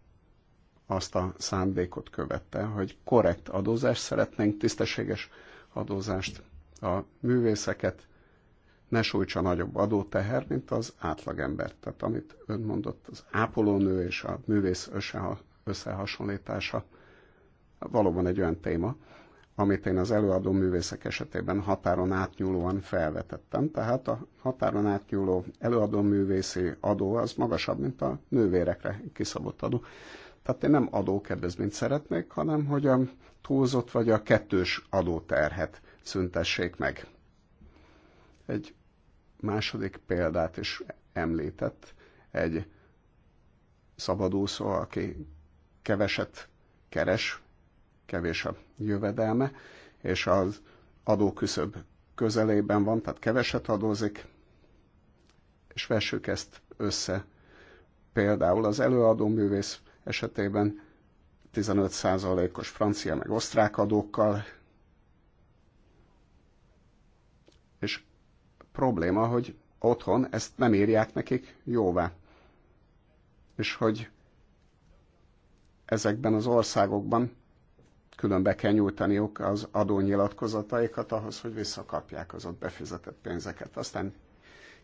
azt a szándékot követte, hogy korrekt adózást szeretnénk, tisztességes adózást a művészeket ne sújtsa nagyobb adóteher, mint az átlagembert. Tehát amit ön mondott, az ápolónő és a művész összehasonlítása valóban egy olyan téma, amit én az előadó művészek esetében határon átnyúlóan felvetettem. Tehát a határon átnyúló előadó művészi adó az magasabb, mint a nővérekre kiszabott adó. Tehát én nem adókedvezményt szeretnék, hanem hogy a túlzott vagy a kettős adóterhet szüntessék meg. Egy második példát is említett, egy szabadúszó, aki keveset keres, kevés a jövedelme, és az adóküszöb közelében van, tehát keveset adózik, és vessük ezt össze. Például az előadó művész esetében 15%-os francia meg osztrák adókkal És probléma, hogy otthon ezt nem írják nekik jóvá. És hogy ezekben az országokban különbe kell nyújtaniuk az adónyilatkozataikat ahhoz, hogy visszakapják az ott befizetett pénzeket. Aztán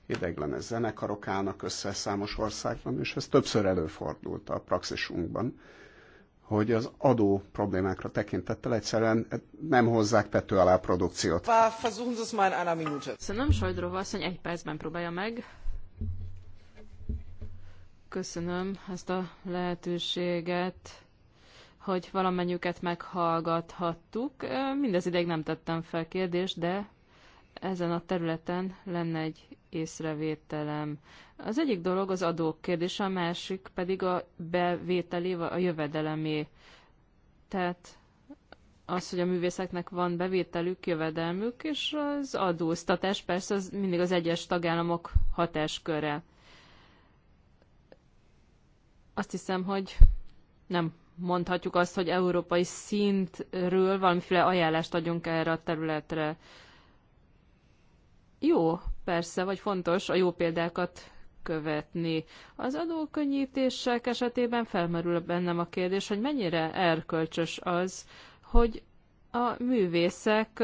ideiglenes zenekarok állnak össze számos országban, és ez többször előfordult a praxisunkban, hogy az adó problémákra tekintettel egyszerűen nem hozzák tető alá a produkciót. Köszönöm, Sajdrova asszony, egy percben próbálja meg. Köszönöm ezt a lehetőséget, hogy valamennyüket meghallgathattuk. Mindez ideig nem tettem fel kérdést, de ezen a területen lenne egy észrevételem. Az egyik dolog az adók kérdése, a másik pedig a bevételé, a jövedelemé. Tehát az, hogy a művészeknek van bevételük, jövedelmük, és az adóztatás persze az mindig az egyes tagállamok hatásköre. Azt hiszem, hogy nem mondhatjuk azt, hogy európai szintről valamiféle ajánlást adjunk erre a területre. Jó, persze, vagy fontos a jó példákat követni. Az adókönnyítések esetében felmerül bennem a kérdés, hogy mennyire erkölcsös az, hogy a művészek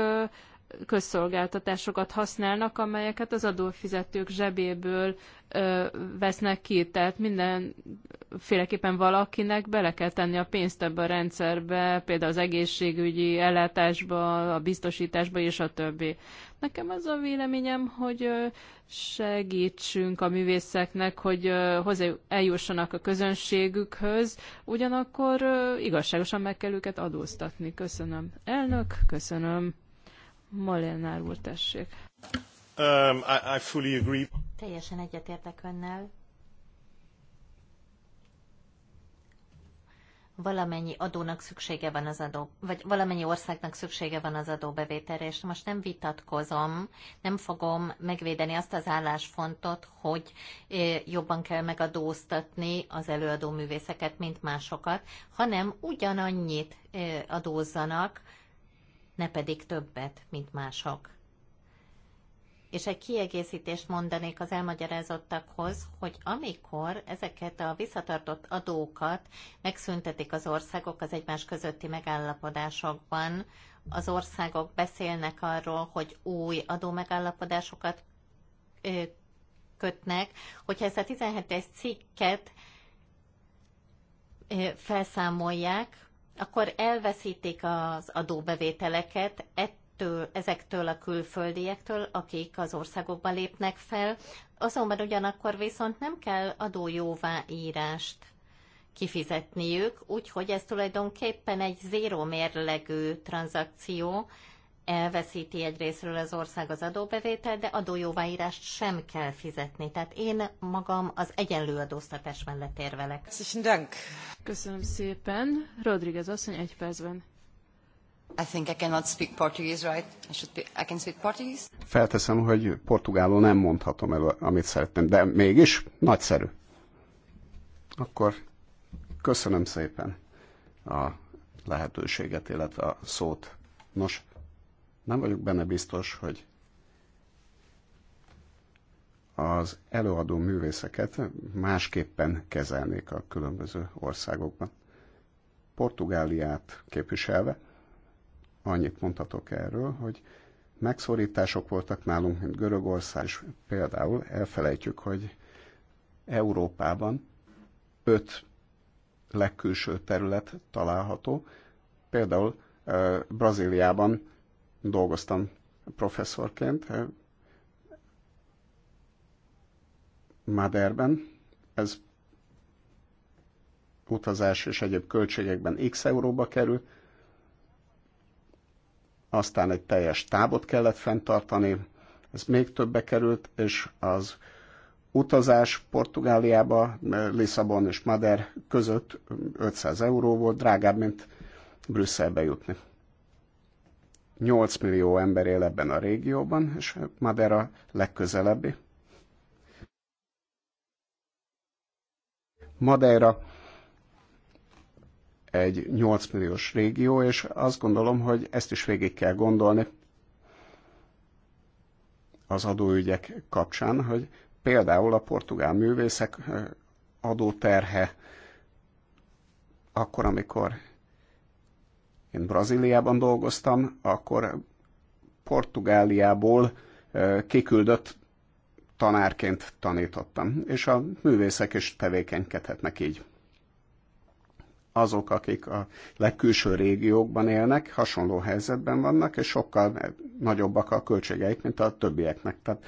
közszolgáltatásokat használnak, amelyeket az adófizetők zsebéből ö, vesznek ki. Tehát mindenféleképpen valakinek bele kell tenni a pénzt ebbe a rendszerbe, például az egészségügyi ellátásba, a biztosításba és a többi. Nekem az a véleményem, hogy segítsünk a művészeknek, hogy hozzá eljussanak a közönségükhöz, ugyanakkor igazságosan meg kell őket adóztatni. Köszönöm. Elnök, köszönöm. Malénár úr, tessék. Um, I, I fully agree. Teljesen egyetértek önnel. valamennyi adónak szüksége van az adó, vagy valamennyi országnak szüksége van az adóbevételre, és most nem vitatkozom, nem fogom megvédeni azt az álláspontot, hogy eh, jobban kell megadóztatni az előadó művészeket, mint másokat, hanem ugyanannyit eh, adózzanak, ne pedig többet, mint mások. És egy kiegészítést mondanék az elmagyarázottakhoz, hogy amikor ezeket a visszatartott adókat megszüntetik az országok az egymás közötti megállapodásokban, az országok beszélnek arról, hogy új adómegállapodásokat kötnek, hogyha ezt a 17-es cikket felszámolják, akkor elveszítik az adóbevételeket ettől, ezektől a külföldiektől, akik az országokba lépnek fel, azonban ugyanakkor viszont nem kell adójóváírást kifizetniük, úgyhogy ez tulajdonképpen egy zéró mérlegű tranzakció, elveszíti egy részről az ország az adóbevétel, de adójóváírást sem kell fizetni. Tehát én magam az egyenlő adóztatás mellett érvelek. Köszönöm szépen. Rodriguez asszony egy percben. I think I cannot speak Portuguese, right? I should be, I can speak Portuguese. Felteszem, hogy portugálul nem mondhatom el, amit szeretném, de mégis nagyszerű. Akkor köszönöm szépen a lehetőséget, illetve a szót. Nos, nem vagyok benne biztos, hogy az előadó művészeket másképpen kezelnék a különböző országokban. Portugáliát képviselve annyit mondhatok erről, hogy megszorítások voltak nálunk, mint Görögország, és például elfelejtjük, hogy Európában öt legkülső terület található, például Brazíliában dolgoztam professzorként eh, Maderben. Ez utazás és egyéb költségekben x euróba kerül, aztán egy teljes tábot kellett fenntartani, ez még többe került, és az utazás Portugáliába, eh, Lisszabon és Mader között 500 euró volt, drágább, mint Brüsszelbe jutni. 8 millió ember él ebben a régióban, és Madeira legközelebbi. Madeira egy 8 milliós régió, és azt gondolom, hogy ezt is végig kell gondolni az adóügyek kapcsán, hogy például a portugál művészek adóterhe akkor, amikor én Brazíliában dolgoztam, akkor Portugáliából kiküldött tanárként tanítottam, és a művészek is tevékenykedhetnek így. Azok, akik a legkülső régiókban élnek, hasonló helyzetben vannak, és sokkal nagyobbak a költségeik, mint a többieknek. Tehát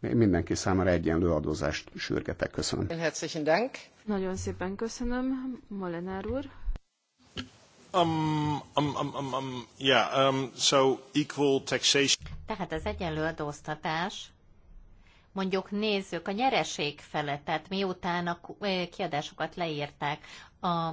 mindenki számára egyenlő adózást sürgetek. Köszönöm. Nagyon szépen köszönöm, Molenár úr. Um, um, um, um, um, yeah, um, so equal taxation. Tehát az egyenlő adóztatás, mondjuk nézzük a nyereség felett, tehát miután a eh, kiadásokat leírták, a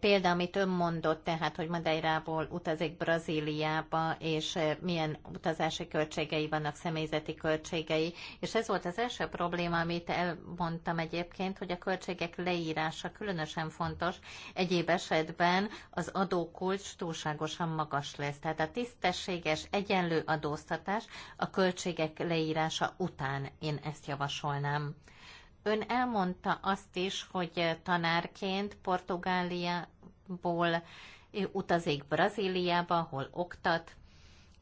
példa, amit ön mondott, tehát, hogy Madeirából utazik Brazíliába, és milyen utazási költségei vannak, személyzeti költségei. És ez volt az első probléma, amit elmondtam egyébként, hogy a költségek leírása különösen fontos. Egyéb esetben az adókulcs túlságosan magas lesz. Tehát a tisztességes, egyenlő adóztatás a költségek leírása után én ezt javasolnám. Ön elmondta azt is, hogy eh, tanárként Portugáliából eh, utazik Brazíliába, ahol oktat.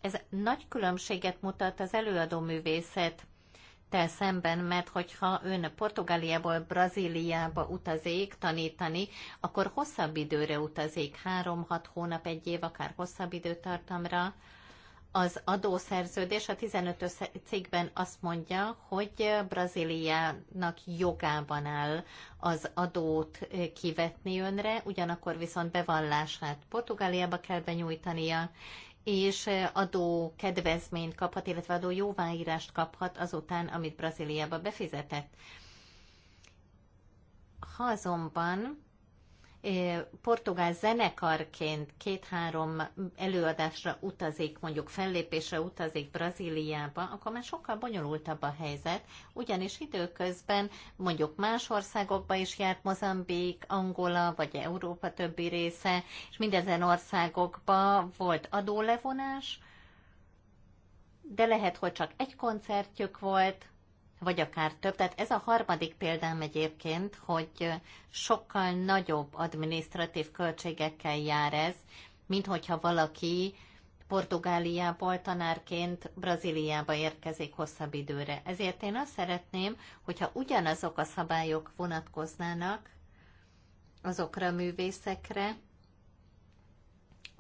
Ez nagy különbséget mutat az előadó művészet te szemben, mert hogyha ön Portugáliából Brazíliába utazik tanítani, akkor hosszabb időre utazik, három-hat hónap, egy év, akár hosszabb időtartamra. Az adószerződés a 15 cikkben azt mondja, hogy Brazíliának jogában áll az adót kivetni önre, ugyanakkor viszont bevallását Portugáliába kell benyújtania, és adó kedvezményt kaphat, illetve adó jóváírást kaphat azután, amit Brazíliába befizetett. Ha azonban portugál zenekarként két-három előadásra utazik, mondjuk fellépésre utazik Brazíliába, akkor már sokkal bonyolultabb a helyzet, ugyanis időközben mondjuk más országokba is járt Mozambik, Angola vagy Európa többi része, és mindezen országokba volt adólevonás, de lehet, hogy csak egy koncertjük volt, vagy akár több. Tehát ez a harmadik példám egyébként, hogy sokkal nagyobb administratív költségekkel jár ez, mint hogyha valaki Portugáliából tanárként Brazíliába érkezik hosszabb időre. Ezért én azt szeretném, hogyha ugyanazok a szabályok vonatkoznának azokra a művészekre,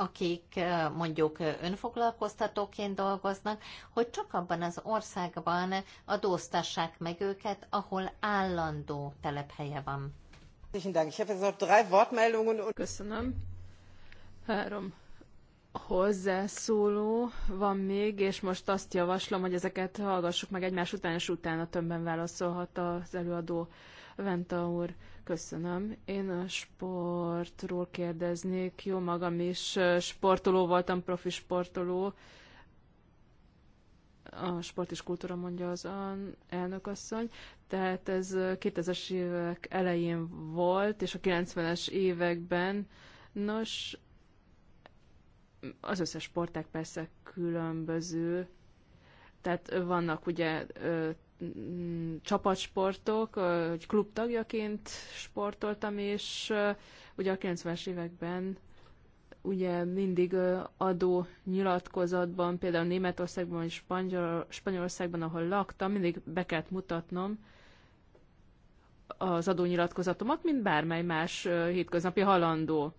akik mondjuk önfoglalkoztatóként dolgoznak, hogy csak abban az országban adóztassák meg őket, ahol állandó telephelye van. Köszönöm. Három hozzászóló van még, és most azt javaslom, hogy ezeket hallgassuk meg egymás után, és utána többen válaszolhat az előadó Venta úr. Köszönöm. Én a sportról kérdeznék. Jó magam is sportoló voltam, profi sportoló. A sport és kultúra mondja az elnökasszony. Tehát ez 2000-es évek elején volt, és a 90-es években. Nos, az összes sporták persze különböző. Tehát vannak ugye Mm, csapatsportok, hogy klubtagjaként sportoltam, és ugye a 90-es években ugye mindig adó nyilatkozatban, például Németországban és Spanyol, Spanyolországban, ahol laktam, mindig be kellett mutatnom az nyilatkozatomat, mint bármely más hétköznapi halandó.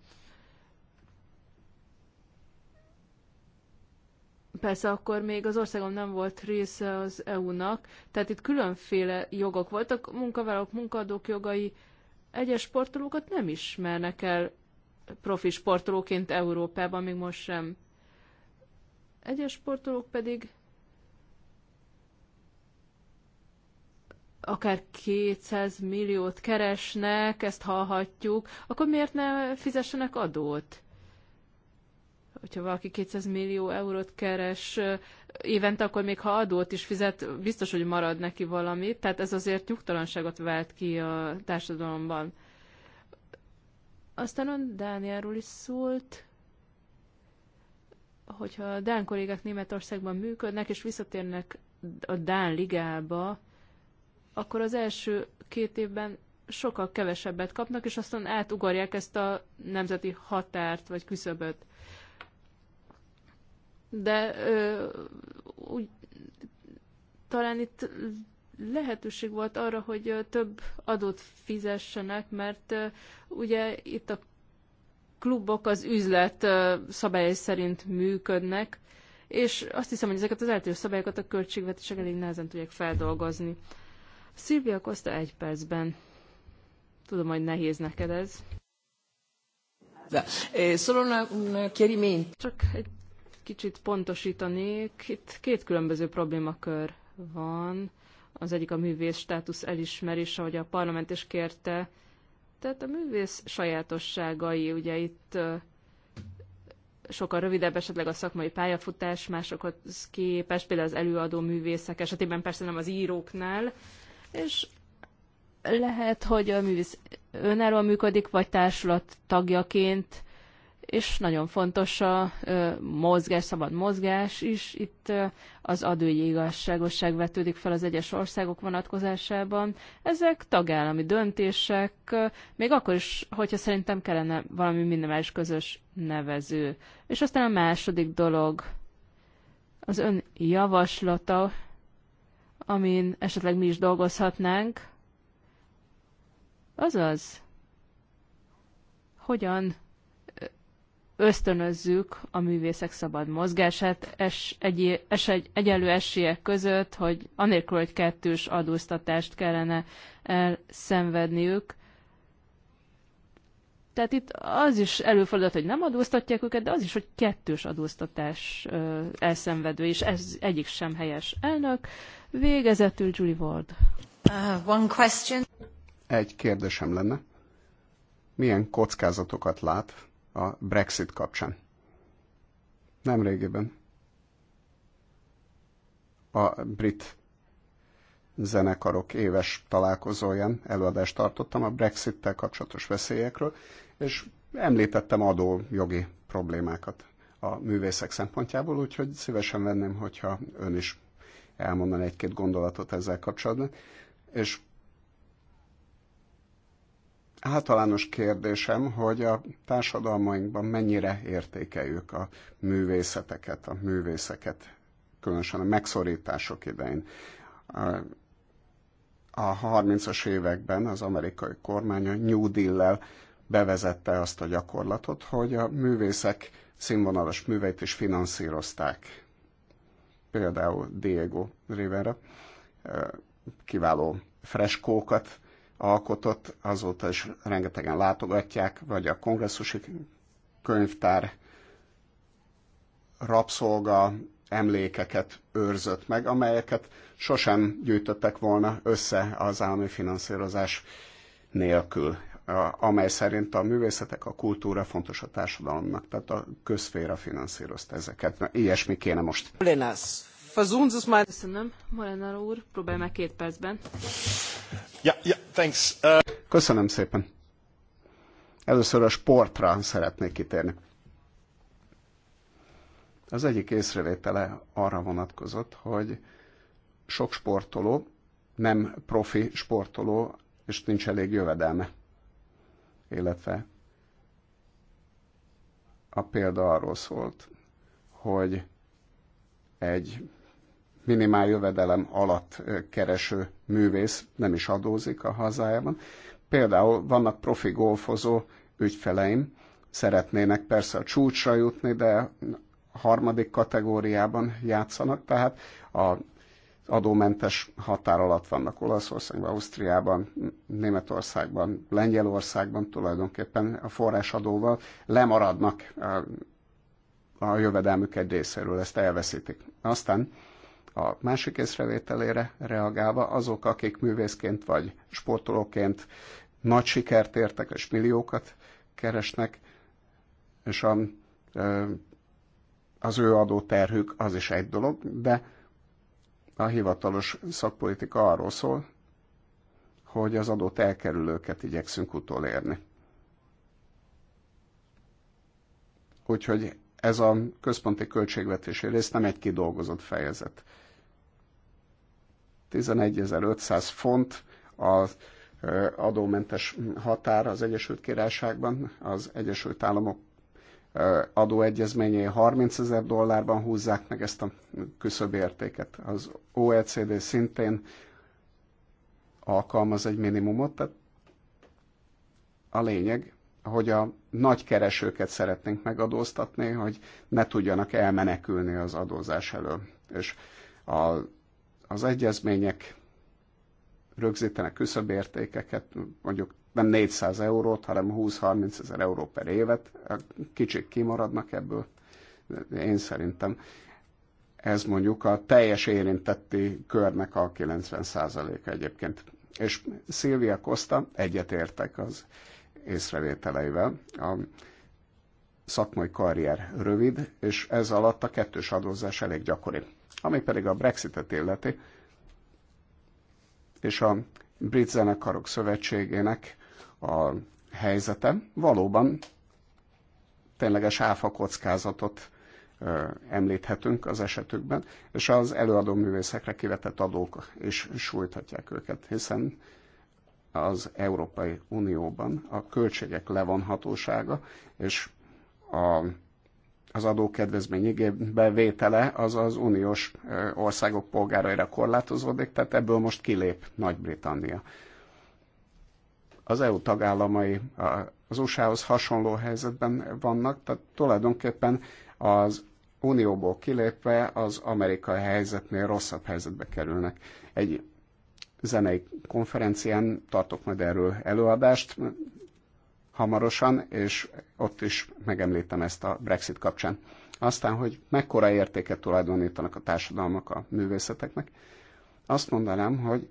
Persze akkor még az országom nem volt része az EU-nak, tehát itt különféle jogok voltak, munkavállalók, munkadók jogai, egyes sportolókat nem ismernek el profi sportolóként Európában, még most sem. Egyes sportolók pedig akár 200 milliót keresnek, ezt hallhatjuk, akkor miért ne fizessenek adót? hogyha valaki 200 millió eurót keres évente, akkor még ha adót is fizet, biztos, hogy marad neki valami. Tehát ez azért nyugtalanságot vált ki a társadalomban. Aztán ön Dánielról is szólt, hogyha a Dán kollégák Németországban működnek, és visszatérnek a Dán ligába, akkor az első két évben sokkal kevesebbet kapnak, és aztán átugorják ezt a nemzeti határt, vagy küszöböt de ö, úgy, talán itt lehetőség volt arra, hogy több adót fizessenek, mert ugye itt a klubok az üzlet szabályai szerint működnek, és azt hiszem, hogy ezeket az eltérő szabályokat a költségvetések elég nehezen tudják feldolgozni. Szilvia Costa egy percben. Tudom, hogy nehéz neked ez. Eh, Csak egy kicsit pontosítanék. Itt két különböző problémakör van. Az egyik a művész státusz elismerése, ahogy a parlament is kérte. Tehát a művész sajátosságai, ugye itt sokkal rövidebb esetleg a szakmai pályafutás másokhoz képest, például az előadó művészek esetében persze nem az íróknál, és lehet, hogy a művész önállóan működik, vagy társulat tagjaként, és nagyon fontos a mozgás, szabad mozgás is. Itt az adói igazságosság vetődik fel az egyes országok vonatkozásában. Ezek tagállami döntések, még akkor is, hogyha szerintem kellene valami minimális közös nevező. És aztán a második dolog, az ön javaslata, amin esetleg mi is dolgozhatnánk, azaz, hogyan ösztönözzük a művészek szabad mozgását es, egy, es, egy, egyenlő esélyek között, hogy anélkül, hogy kettős adóztatást kellene elszenvedniük. Tehát itt az is előfordulhat, hogy nem adóztatják őket, de az is, hogy kettős adóztatás ö, elszenvedő, és ez egyik sem helyes elnök. Végezetül Julie Ward. Uh, one question. Egy kérdésem lenne. Milyen kockázatokat lát a Brexit kapcsán. Nem Nemrégiben a brit zenekarok éves találkozóján előadást tartottam a Brexit-tel kapcsolatos veszélyekről, és említettem adó jogi problémákat a művészek szempontjából, úgyhogy szívesen venném, hogyha ön is elmondan egy-két gondolatot ezzel kapcsolatban. És általános kérdésem, hogy a társadalmainkban mennyire értékeljük a művészeteket, a művészeket, különösen a megszorítások idején. A 30-as években az amerikai kormány a New Deal-lel bevezette azt a gyakorlatot, hogy a művészek színvonalas műveit is finanszírozták. Például Diego Rivera kiváló freskókat alkotott, azóta is rengetegen látogatják, vagy a kongresszusi könyvtár rabszolga emlékeket őrzött meg, amelyeket sosem gyűjtöttek volna össze az állami finanszírozás nélkül, amely szerint a művészetek, a kultúra fontos a társadalomnak, tehát a közféra finanszírozta ezeket. Na, ilyesmi kéne most. Molenász, Köszönöm, Molenár úr, próbálj meg két percben. Yeah, yeah, thanks. Uh... Köszönöm szépen. Először a sportra szeretnék kitérni. Az egyik észrevétele arra vonatkozott, hogy sok sportoló, nem profi sportoló, és nincs elég jövedelme. Illetve a példa arról szólt, hogy egy minimál jövedelem alatt kereső művész nem is adózik a hazájában. Például vannak profi golfozó ügyfeleim, szeretnének persze a csúcsra jutni, de harmadik kategóriában játszanak, tehát a adómentes határ alatt vannak Olaszországban, Ausztriában, Németországban, Lengyelországban tulajdonképpen a forrásadóval lemaradnak a jövedelmük egy részéről, ezt elveszítik. Aztán a másik észrevételére reagálva, azok, akik művészként vagy sportolóként nagy sikert értek és milliókat keresnek, és a, az ő adó terhük az is egy dolog, de a hivatalos szakpolitika arról szól, hogy az adót elkerülőket igyekszünk utolérni. Úgyhogy ez a központi költségvetési rész nem egy kidolgozott fejezet. 11.500 font az adómentes határ az Egyesült Királyságban, az Egyesült Államok adóegyezményei 30 ezer dollárban húzzák meg ezt a küszöbértéket. Az OECD szintén alkalmaz egy minimumot, tehát a lényeg, hogy a nagy keresőket szeretnénk megadóztatni, hogy ne tudjanak elmenekülni az adózás elől. És a, az egyezmények rögzítenek küszöbértékeket, mondjuk nem 400 eurót, hanem 20-30 ezer euró per évet. A kicsik kimaradnak ebből, én szerintem. Ez mondjuk a teljes érintetti körnek a 90%-a egyébként. És Szilvia Costa egyetértek az észrevételeivel. A szakmai karrier rövid, és ez alatt a kettős adózás elég gyakori. Ami pedig a Brexitet illeti, és a Brit Zenekarok Szövetségének a helyzete valóban tényleges áfa kockázatot említhetünk az esetükben, és az előadó művészekre kivetett adók is sújthatják őket, hiszen az Európai Unióban a költségek levonhatósága és a, az adókedvezmény bevétele az az uniós országok polgáraira korlátozódik, tehát ebből most kilép Nagy-Britannia. Az EU tagállamai az USA-hoz hasonló helyzetben vannak, tehát tulajdonképpen az unióból kilépve az amerikai helyzetnél rosszabb helyzetbe kerülnek. Egy zenei konferencián tartok majd erről előadást hamarosan, és ott is megemlítem ezt a Brexit kapcsán. Aztán, hogy mekkora értéket tulajdonítanak a társadalmak a művészeteknek, azt mondanám, hogy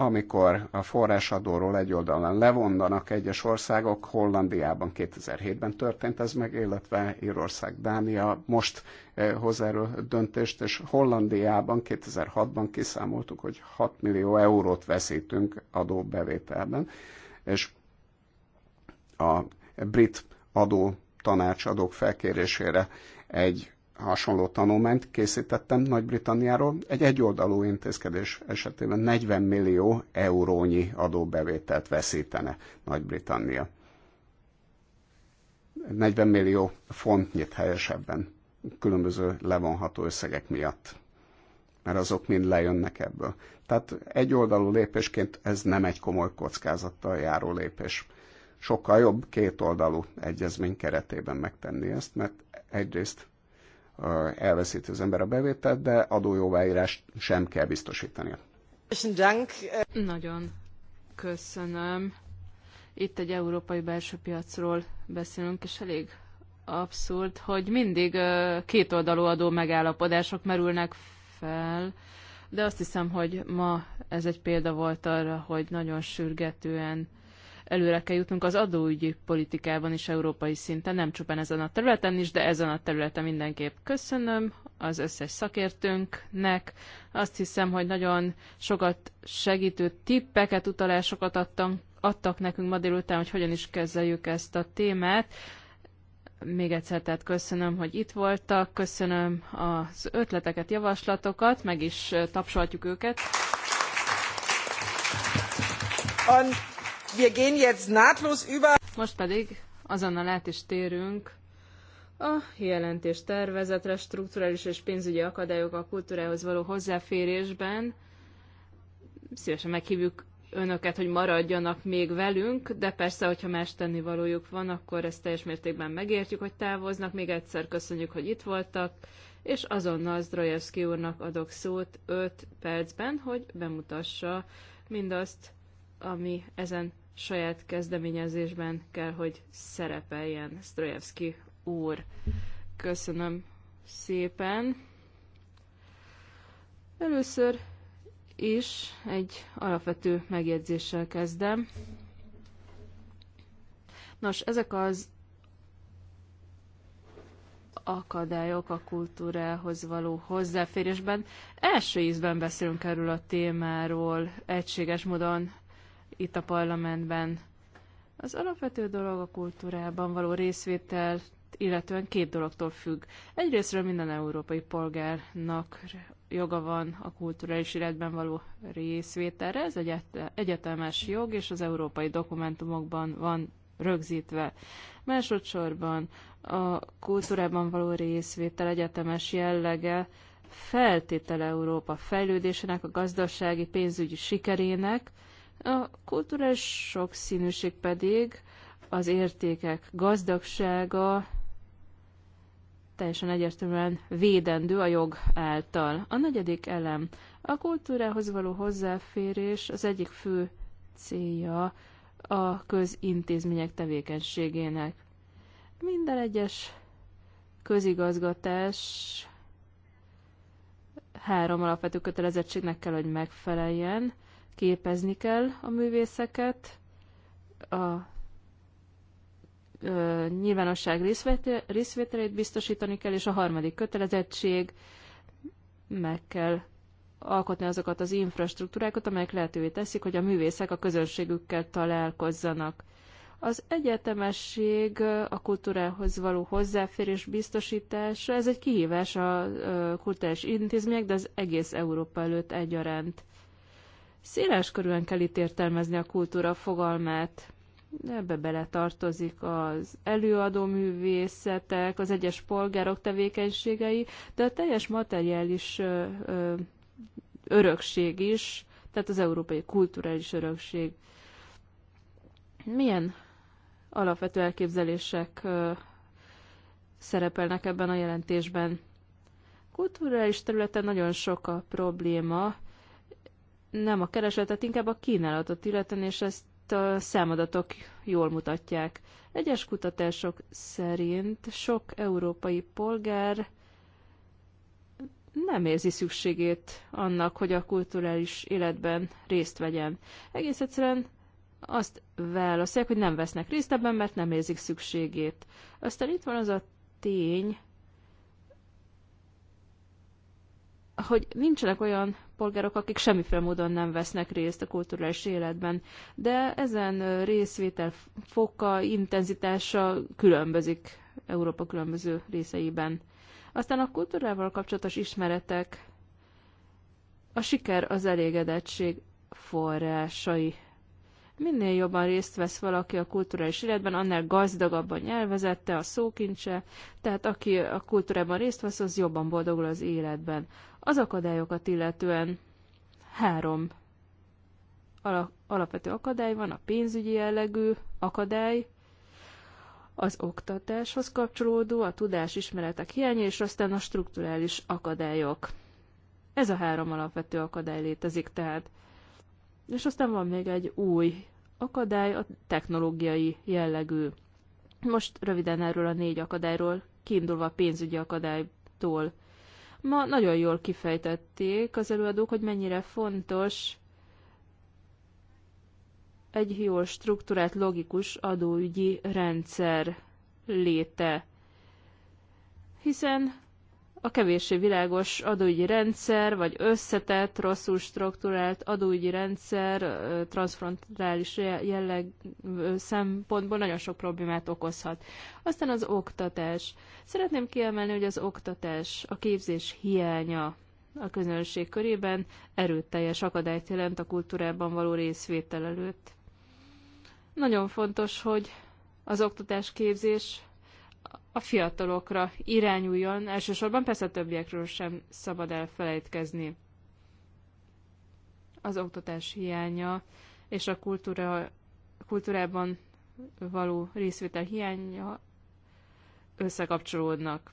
amikor a forrásadóról egy oldalán levondanak egyes országok, Hollandiában 2007-ben történt ez meg, illetve Írország, Dánia most eh, erről döntést, és Hollandiában 2006-ban kiszámoltuk, hogy 6 millió eurót veszítünk adóbevételben, és a brit adó tanácsadók felkérésére egy hasonló tanulmányt készítettem Nagy-Britanniáról. Egy egyoldalú intézkedés esetében 40 millió eurónyi adóbevételt veszítene Nagy-Britannia. 40 millió fontnyit helyesebben különböző levonható összegek miatt, mert azok mind lejönnek ebből. Tehát egyoldalú lépésként ez nem egy komoly kockázattal járó lépés. Sokkal jobb kétoldalú egyezmény keretében megtenni ezt, mert egyrészt elveszíti az ember a bevételt, de adójóváírást sem kell biztosítania. Nagyon köszönöm. Itt egy európai belső piacról beszélünk, és elég abszurd, hogy mindig kétoldalú adó megállapodások merülnek fel, de azt hiszem, hogy ma ez egy példa volt arra, hogy nagyon sürgetően Előre kell jutnunk az adóügyi politikában is európai szinten, nem csupán ezen a területen is, de ezen a területen mindenképp köszönöm az összes szakértőnknek. Azt hiszem, hogy nagyon sokat segítő tippeket, utalásokat adtam, adtak nekünk ma délután, hogy hogyan is kezeljük ezt a témát. Még egyszer tehát köszönöm, hogy itt voltak, köszönöm az ötleteket, javaslatokat, meg is tapsoltjuk őket. And Wir gehen jetzt nahtlos über. Most pedig azonnal át is térünk a jelentés tervezetre strukturális és pénzügyi akadályok a kultúrához való hozzáférésben. Szívesen meghívjuk önöket, hogy maradjanak még velünk, de persze, hogyha más tennivalójuk van, akkor ezt teljes mértékben megértjük, hogy távoznak. Még egyszer köszönjük, hogy itt voltak, és azonnal Zdrojevski úrnak adok szót 5 percben, hogy bemutassa mindazt, ami ezen saját kezdeményezésben kell, hogy szerepeljen Strojevski úr. Köszönöm szépen. Először is egy alapvető megjegyzéssel kezdem. Nos, ezek az akadályok a kultúrához való hozzáférésben. Első ízben beszélünk erről a témáról egységes módon itt a parlamentben. Az alapvető dolog a kultúrában való részvétel, illetően két dologtól függ. Egyrésztről minden európai polgárnak joga van a kulturális életben való részvételre, ez egy egyetemes jog, és az európai dokumentumokban van rögzítve. Másodszorban a kultúrában való részvétel egyetemes jellege feltétele Európa fejlődésének, a gazdasági pénzügyi sikerének, a kulturális sokszínűség pedig az értékek gazdagsága teljesen egyértelműen védendő a jog által. A negyedik elem. A kultúrához való hozzáférés az egyik fő célja a közintézmények tevékenységének. Minden egyes közigazgatás három alapvető kötelezettségnek kell, hogy megfeleljen – képezni kell a művészeket, a ö, nyilvánosság részvételét biztosítani kell, és a harmadik kötelezettség, meg kell alkotni azokat az infrastruktúrákat, amelyek lehetővé teszik, hogy a művészek a közönségükkel találkozzanak. Az egyetemesség a kultúrához való hozzáférés biztosítása, ez egy kihívás a kultúrás intézmények, de az egész Európa előtt egyaránt. Széles körülön kell itt értelmezni a kultúra fogalmát. Ebbe bele tartozik az előadó művészetek, az egyes polgárok tevékenységei, de a teljes materiális ö, ö, örökség is, tehát az európai kulturális örökség. Milyen alapvető elképzelések ö, szerepelnek ebben a jelentésben? Kulturális területen nagyon sok a probléma, nem a keresletet, inkább a kínálatot illetően, és ezt a számadatok jól mutatják. Egyes kutatások szerint sok európai polgár nem érzi szükségét annak, hogy a kulturális életben részt vegyen. Egész egyszerűen azt válaszolják, hogy nem vesznek részt ebben, mert nem érzik szükségét. Aztán itt van az a tény, hogy nincsenek olyan polgárok, akik semmiféle módon nem vesznek részt a kulturális életben, de ezen részvétel foka, intenzitása különbözik Európa különböző részeiben. Aztán a kultúrával kapcsolatos ismeretek, a siker az elégedettség forrásai. Minél jobban részt vesz valaki a kulturális életben, annál gazdagabb a nyelvezette, a szókincse, tehát aki a kultúrában részt vesz, az jobban boldogul az életben. Az akadályokat illetően három alapvető akadály van, a pénzügyi jellegű akadály, az oktatáshoz kapcsolódó, a tudás ismeretek hiánya, és aztán a strukturális akadályok. Ez a három alapvető akadály létezik tehát. És aztán van még egy új akadály, a technológiai jellegű. Most röviden erről a négy akadályról, kiindulva a pénzügyi akadálytól. Ma nagyon jól kifejtették az előadók, hogy mennyire fontos egy jól struktúrát, logikus adóügyi rendszer léte. Hiszen a kevéssé világos adóügyi rendszer, vagy összetett, rosszul struktúrált adóügyi rendszer transfrontális jelleg szempontból nagyon sok problémát okozhat. Aztán az oktatás. Szeretném kiemelni, hogy az oktatás, a képzés hiánya a közönség körében erőteljes akadályt jelent a kultúrában való részvétel előtt. Nagyon fontos, hogy az oktatás képzés a fiatalokra irányuljon, elsősorban persze a többiekről sem szabad elfelejtkezni. Az oktatás hiánya és a kultúra, kultúrában való részvétel hiánya összekapcsolódnak.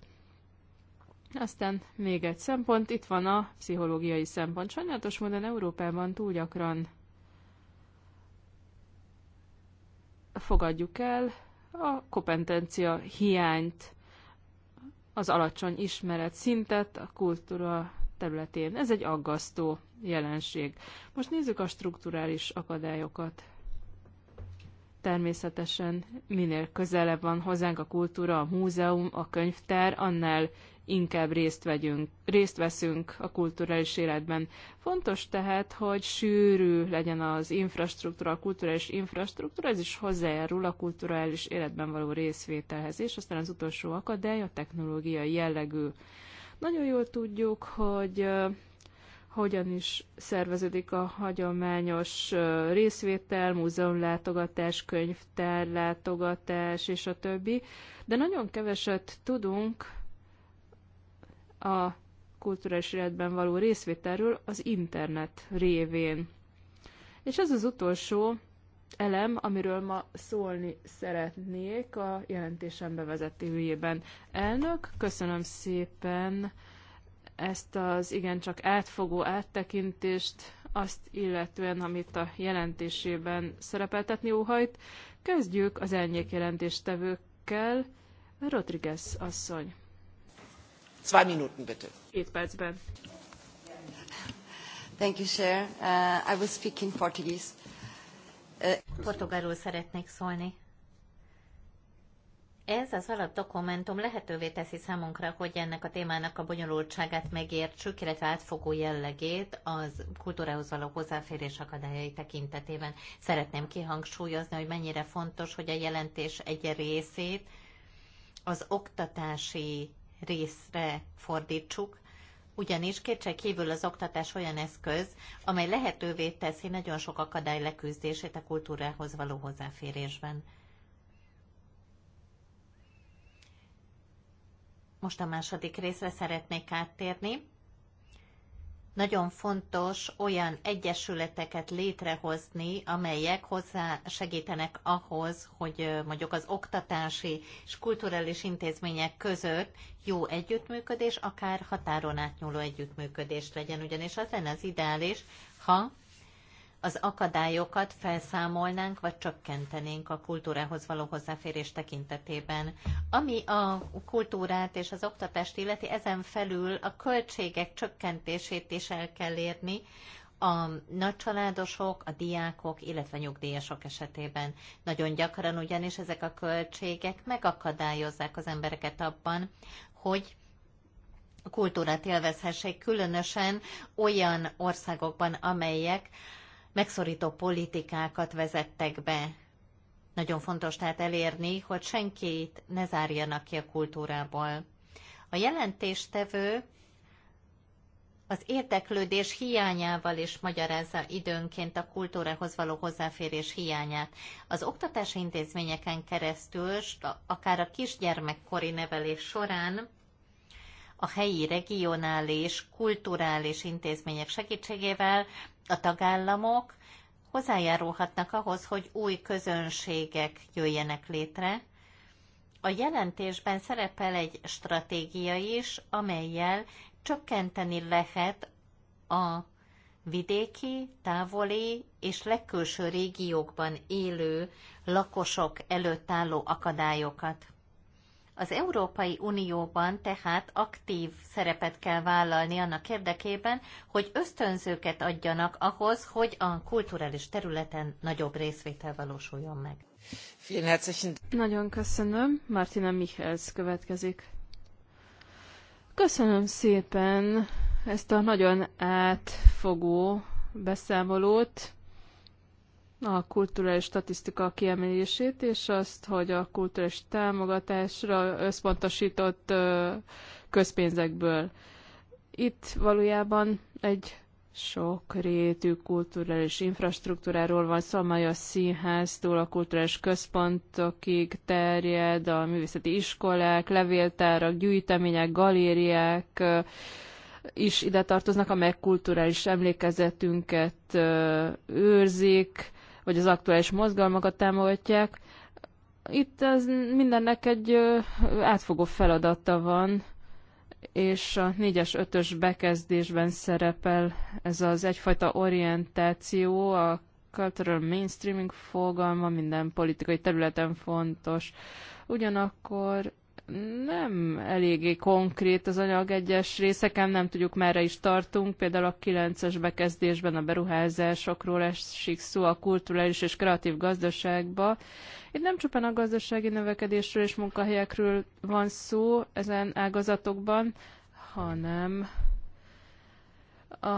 Aztán még egy szempont, itt van a pszichológiai szempont. Sajnálatos módon Európában túl gyakran fogadjuk el, a kompetencia hiányt, az alacsony ismeret szintet a kultúra területén. Ez egy aggasztó jelenség. Most nézzük a strukturális akadályokat. Természetesen minél közelebb van hozzánk a kultúra, a múzeum, a könyvtár, annál inkább részt, vegyünk, részt veszünk a kulturális életben. Fontos tehát, hogy sűrű legyen az infrastruktúra, a kulturális infrastruktúra, ez is hozzájárul a kulturális életben való részvételhez, és aztán az utolsó akadály a technológiai jellegű. Nagyon jól tudjuk, hogy hogyan is szerveződik a hagyományos részvétel, múzeumlátogatás, könyvtárlátogatás és a többi, de nagyon keveset tudunk a kulturális életben való részvételről az internet révén. És ez az utolsó elem, amiről ma szólni szeretnék a jelentésem bevezetőjében. Elnök, köszönöm szépen ezt az igencsak átfogó áttekintést, azt illetően, amit a jelentésében szerepeltetni óhajt. Kezdjük az elnyék jelentéstevőkkel. Rodriguez asszony. Uh, Portugálul uh, szeretnék szólni. Ez az alapdokumentum lehetővé teszi számunkra, hogy ennek a témának a bonyolultságát megértsük, illetve átfogó jellegét az kultúrához való hozzáférés akadályai tekintetében. Szeretném kihangsúlyozni, hogy mennyire fontos, hogy a jelentés egy részét az oktatási részre fordítsuk, ugyanis kétség kívül az oktatás olyan eszköz, amely lehetővé teszi nagyon sok akadály leküzdését a kultúrához való hozzáférésben. Most a második részre szeretnék áttérni nagyon fontos olyan egyesületeket létrehozni, amelyek hozzá segítenek ahhoz, hogy mondjuk az oktatási és kulturális intézmények között jó együttműködés, akár határon átnyúló együttműködés legyen, ugyanis az lenne az ideális, ha az akadályokat felszámolnánk, vagy csökkentenénk a kultúrához való hozzáférés tekintetében. Ami a kultúrát és az oktatást illeti, ezen felül a költségek csökkentését is el kell érni, a nagycsaládosok, a diákok, illetve nyugdíjasok esetében. Nagyon gyakran ugyanis ezek a költségek megakadályozzák az embereket abban, hogy kultúrát élvezhessék, különösen olyan országokban, amelyek megszorító politikákat vezettek be. Nagyon fontos tehát elérni, hogy senkit ne zárjanak ki a kultúrából. A jelentéstevő az érteklődés hiányával is magyarázza időnként a kultúrához való hozzáférés hiányát. Az oktatási intézményeken keresztül, akár a kisgyermekkori nevelés során a helyi regionális, kulturális intézmények segítségével a tagállamok hozzájárulhatnak ahhoz, hogy új közönségek jöjjenek létre. A jelentésben szerepel egy stratégia is, amelyel csökkenteni lehet a vidéki, távoli és legkülső régiókban élő lakosok előtt álló akadályokat. Az Európai Unióban tehát aktív szerepet kell vállalni annak érdekében, hogy ösztönzőket adjanak ahhoz, hogy a kulturális területen nagyobb részvétel valósuljon meg. Nagyon köszönöm. Martina Michels következik. Köszönöm szépen ezt a nagyon átfogó beszámolót a kulturális statisztika kiemelését, és azt, hogy a kulturális támogatásra összpontosított közpénzekből. Itt valójában egy sokrétű kulturális infrastruktúráról van szó, amely a színháztól a kulturális központokig terjed, a művészeti iskolák, levéltárak, gyűjtemények, galériák is ide tartoznak, amelyek kulturális emlékezetünket őrzik, vagy az aktuális mozgalmakat támogatják. Itt ez mindennek egy átfogó feladata van, és a 4-es, 5-ös bekezdésben szerepel ez az egyfajta orientáció, a cultural mainstreaming fogalma minden politikai területen fontos. Ugyanakkor nem eléggé konkrét az anyag egyes részeken, nem tudjuk merre is tartunk, például a 9-es bekezdésben a beruházásokról esik szó a kulturális és kreatív gazdaságba. Itt nem csupán a gazdasági növekedésről és munkahelyekről van szó ezen ágazatokban, hanem a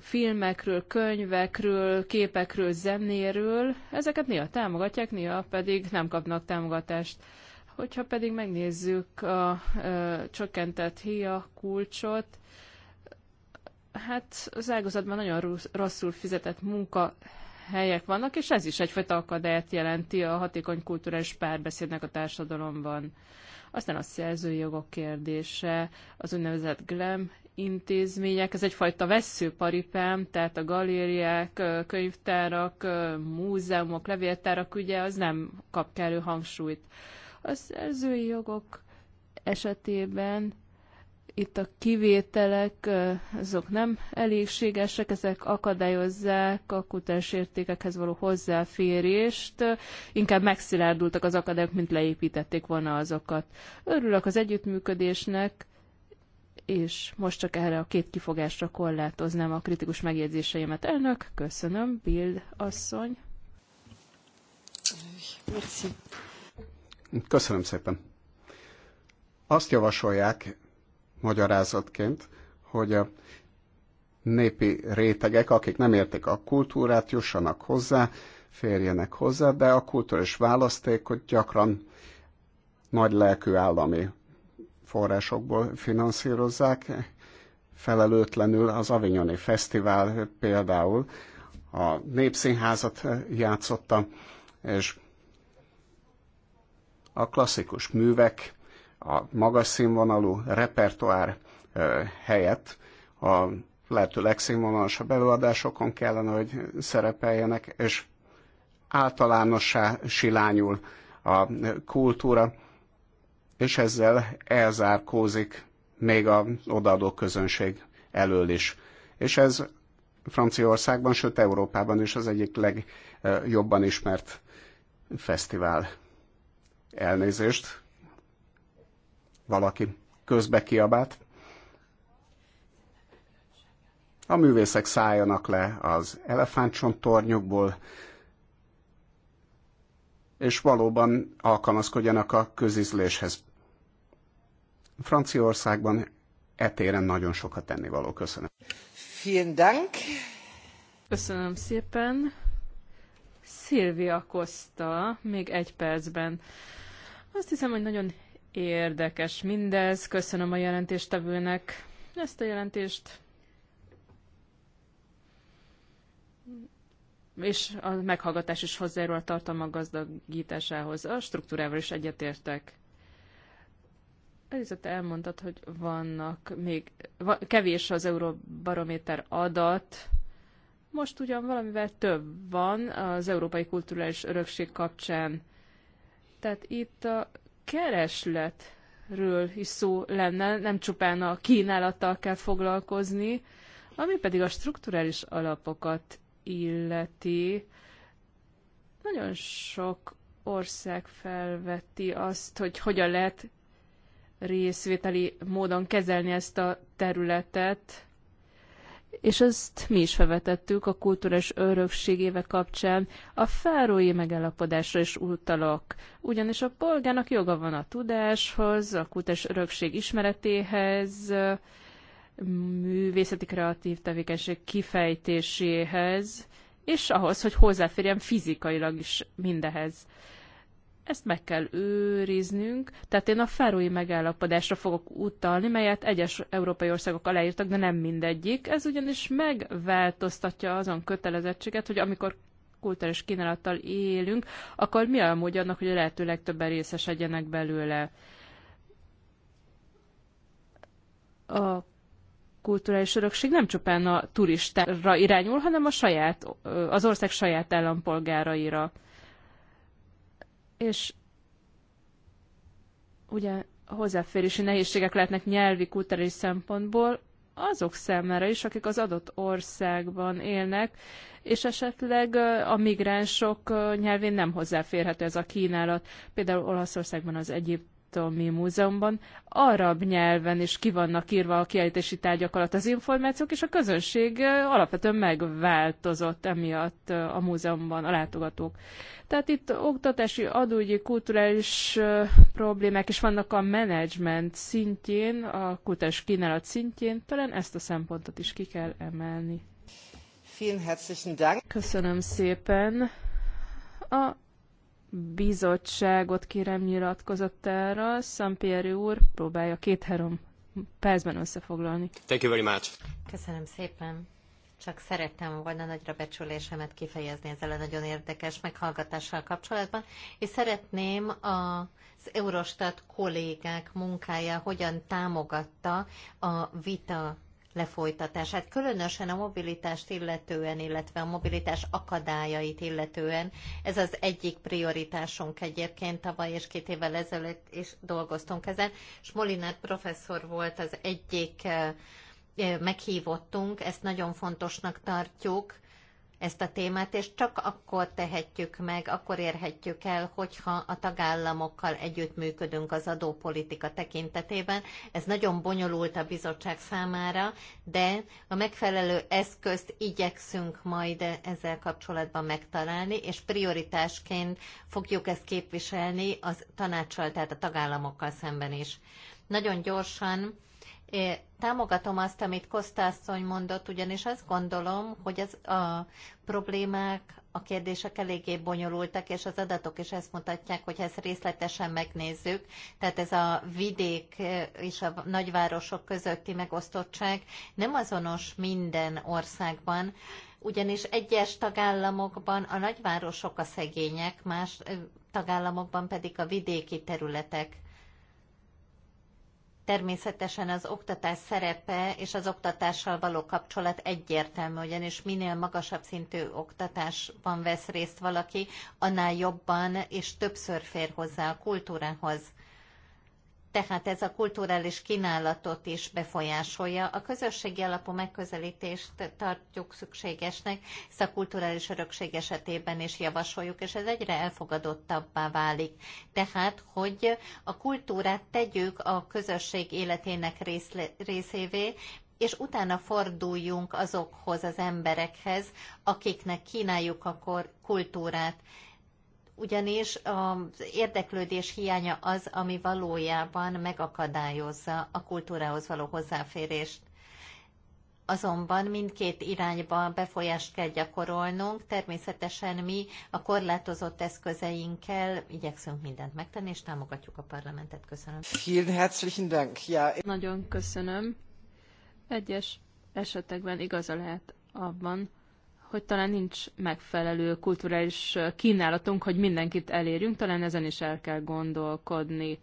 filmekről, könyvekről, képekről, zenéről. Ezeket néha támogatják, néha pedig nem kapnak támogatást. Hogyha pedig megnézzük a ö, csökkentett híja kulcsot, hát az ágazatban nagyon rosszul fizetett munka helyek vannak, és ez is egyfajta akadályt jelenti a hatékony kulturális párbeszédnek a társadalomban. Aztán a szerzői jogok kérdése, az úgynevezett GLEM intézmények, ez egyfajta veszőparipám, tehát a galériák, könyvtárak, múzeumok, levéltárak, ugye az nem kap kellő hangsúlyt. A szerzői jogok esetében itt a kivételek azok nem elégségesek, ezek akadályozzák a értékekhez való hozzáférést, inkább megszilárdultak az akadályok, mint leépítették volna azokat. Örülök az együttműködésnek, és most csak erre a két kifogásra korlátoznám a kritikus megjegyzéseimet. Elnök, köszönöm, Bill asszony. Merci. Köszönöm szépen. Azt javasolják magyarázatként, hogy a népi rétegek, akik nem értik a kultúrát, jussanak hozzá, férjenek hozzá, de a kulturális választékot gyakran nagy lelkű állami forrásokból finanszírozzák, felelőtlenül az Avignoni Fesztivál például a Népszínházat játszotta, és a klasszikus művek, a magas színvonalú repertoár helyett a lehető legszínvonalasabb előadásokon kellene, hogy szerepeljenek, és általánossá silányul a kultúra, és ezzel elzárkózik még a odaadó közönség elől is. És ez Franciaországban, sőt Európában is az egyik legjobban ismert fesztivál. Elnézést. Valaki közbe kiabált. A művészek szálljanak le az elefántcsontornyokból, és valóban alkalmazkodjanak a közizléshez. Franciaországban etéren nagyon sokat tenni való Köszönöm. Vielen Dank. Köszönöm szépen. Szilvia Costa, még egy percben. Azt hiszem, hogy nagyon érdekes mindez. Köszönöm a jelentéstevőnek ezt a jelentést. És a meghallgatás is hozzájárul a tartalmak gazdagításához. A struktúrával is egyetértek. Elizabeth elmondtad, hogy vannak még va, kevés az euróbarométer adat. Most ugyan valamivel több van az európai kulturális örökség kapcsán. Tehát itt a keresletről is szó lenne, nem csupán a kínálattal kell foglalkozni, ami pedig a strukturális alapokat illeti. Nagyon sok ország felveti azt, hogy hogyan lehet részvételi módon kezelni ezt a területet, és ezt mi is felvetettük a kulturális örökség éve kapcsán, a fárói megállapodásra is utalok, ugyanis a polgának joga van a tudáshoz, a kultúrás örökség ismeretéhez, művészeti kreatív tevékenység kifejtéséhez, és ahhoz, hogy hozzáférjen fizikailag is mindehez. Ezt meg kell őriznünk, tehát én a fárói megállapodásra fogok utalni, melyet egyes európai országok aláírtak, de nem mindegyik. Ez ugyanis megváltoztatja azon kötelezettséget, hogy amikor kulturális kínálattal élünk, akkor mi a módja annak, hogy a lehető legtöbben részesedjenek belőle? A kulturális örökség nem csupán a turistára irányul, hanem a saját, az ország saját állampolgáraira és ugye hozzáférési nehézségek lehetnek nyelvi, kulturális szempontból azok számára is, akik az adott országban élnek, és esetleg a migránsok nyelvén nem hozzáférhető ez a kínálat. Például Olaszországban az egyéb mi Múzeumban arab nyelven is ki vannak írva a kiállítási tárgyak alatt az információk, és a közönség alapvetően megváltozott emiatt a múzeumban a látogatók. Tehát itt oktatási, adógyi, kulturális problémák is vannak a menedzsment szintjén, a kutatás kínálat szintjén, talán ezt a szempontot is ki kell emelni. Köszönöm szépen. A bizottságot kérem nyilatkozott erről. Szampieri úr próbálja két-három percben összefoglalni. Thank you very much. Köszönöm szépen. Csak szerettem volna nagyra becsülésemet kifejezni ezzel a nagyon érdekes meghallgatással kapcsolatban, és szeretném a az Eurostat kollégák munkája hogyan támogatta a vita lefolytatását, különösen a mobilitást illetően, illetve a mobilitás akadályait illetően. Ez az egyik prioritásunk egyébként tavaly és két évvel ezelőtt is dolgoztunk ezen, és professzor volt az egyik eh, eh, meghívottunk, ezt nagyon fontosnak tartjuk, ezt a témát, és csak akkor tehetjük meg, akkor érhetjük el, hogyha a tagállamokkal együttműködünk az adópolitika tekintetében. Ez nagyon bonyolult a bizottság számára, de a megfelelő eszközt igyekszünk majd ezzel kapcsolatban megtalálni, és prioritásként fogjuk ezt képviselni az tanácssal, tehát a tagállamokkal szemben is. Nagyon gyorsan É, támogatom azt, amit Kosztászony mondott, ugyanis azt gondolom, hogy az a problémák, a kérdések eléggé bonyolultak, és az adatok is ezt mutatják, hogy ezt részletesen megnézzük. Tehát ez a vidék e, és a nagyvárosok közötti megosztottság nem azonos minden országban, ugyanis egyes tagállamokban a nagyvárosok a szegények, más e, tagállamokban pedig a vidéki területek Természetesen az oktatás szerepe és az oktatással való kapcsolat egyértelmű, ugyanis minél magasabb szintű oktatásban vesz részt valaki, annál jobban és többször fér hozzá a kultúrához tehát ez a kulturális kínálatot is befolyásolja. A közösségi alapú megközelítést tartjuk szükségesnek, ezt a kulturális örökség esetében is javasoljuk, és ez egyre elfogadottabbá válik. Tehát, hogy a kultúrát tegyük a közösség életének részévé, és utána forduljunk azokhoz az emberekhez, akiknek kínáljuk a kultúrát ugyanis az érdeklődés hiánya az, ami valójában megakadályozza a kultúrához való hozzáférést. Azonban mindkét irányba befolyást kell gyakorolnunk, természetesen mi a korlátozott eszközeinkkel igyekszünk mindent megtenni, és támogatjuk a parlamentet. Köszönöm. Vielen herzlichen Dank. Ja. E- Nagyon köszönöm. Egyes esetekben igaza lehet abban, hogy talán nincs megfelelő kulturális kínálatunk, hogy mindenkit elérjünk, talán ezen is el kell gondolkodni.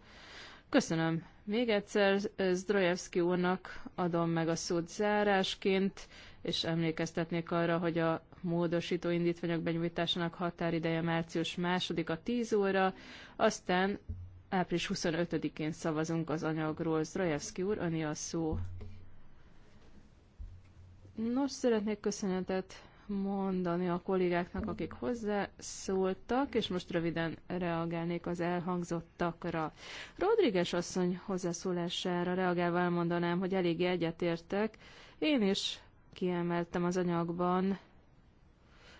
Köszönöm. Még egyszer Zdrojevski úrnak adom meg a szót zárásként, és emlékeztetnék arra, hogy a módosító indítványok benyújtásának határideje március második a 10 óra, aztán április 25-én szavazunk az anyagról. Zdrojevski úr, öni a szó. Nos, szeretnék köszönetet mondani a kollégáknak, akik hozzászóltak, és most röviden reagálnék az elhangzottakra. Rodriguez asszony hozzászólására reagálva elmondanám, hogy eléggé egyetértek. Én is kiemeltem az anyagban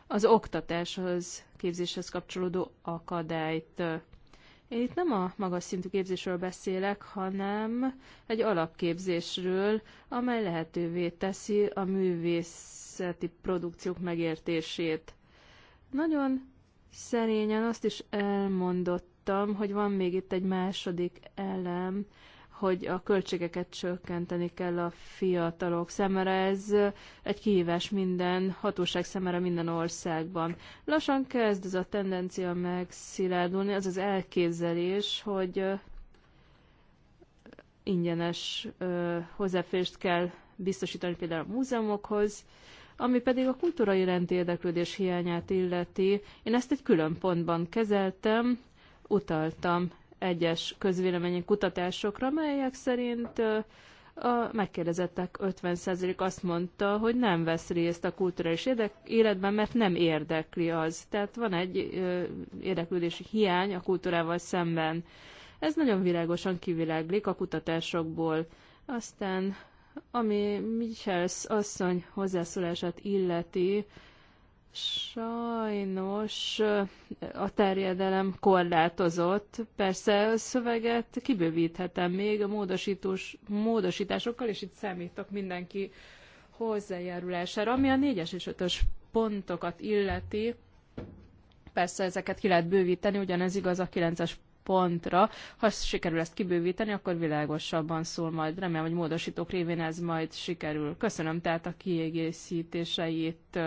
az oktatáshoz, képzéshez kapcsolódó akadályt. Én itt nem a magas szintű képzésről beszélek, hanem egy alapképzésről, amely lehetővé teszi a művész halászati produkciók megértését. Nagyon szerényen azt is elmondottam, hogy van még itt egy második elem, hogy a költségeket csökkenteni kell a fiatalok szemére Ez egy kihívás minden hatóság szemére minden országban. Lassan kezd ez a tendencia megszilárdulni, az az elképzelés, hogy ingyenes hozzáférést kell biztosítani például a múzeumokhoz, ami pedig a kultúra iránti érdeklődés hiányát illeti, én ezt egy külön pontban kezeltem, utaltam egyes közvéleményi kutatásokra, melyek szerint a megkérdezettek 50% azt mondta, hogy nem vesz részt a kulturális életben, mert nem érdekli az. Tehát van egy érdeklődési hiány a kultúrával szemben. Ez nagyon világosan kiviláglik a kutatásokból. Aztán ami Michels asszony hozzászólását illeti, sajnos a terjedelem korlátozott. Persze a szöveget kibővíthetem még a módosítós, módosításokkal, és itt számítok mindenki hozzájárulására, ami a 4-es és 5-ös pontokat illeti. Persze ezeket ki lehet bővíteni, ugyanez igaz a 9-es pontra. Ha sikerül ezt kibővíteni, akkor világosabban szól majd. Remélem, hogy módosítók révén ez majd sikerül. Köszönöm tehát a kiegészítéseit.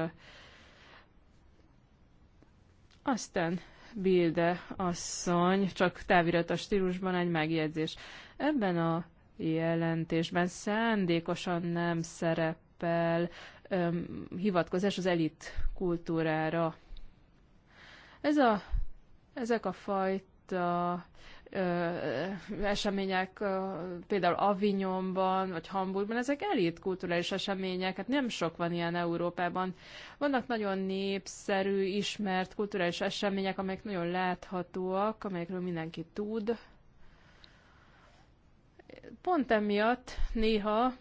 Aztán Bilde asszony, csak távirat a stílusban egy megjegyzés. Ebben a jelentésben szándékosan nem szerepel öm, hivatkozás az elit kultúrára. Ez a, ezek a fajta a ö, események, ö, például Avignonban, vagy Hamburgban, ezek elit kulturális események, hát nem sok van ilyen Európában. Vannak nagyon népszerű, ismert kulturális események, amelyek nagyon láthatóak, amelyekről mindenki tud. Pont emiatt néha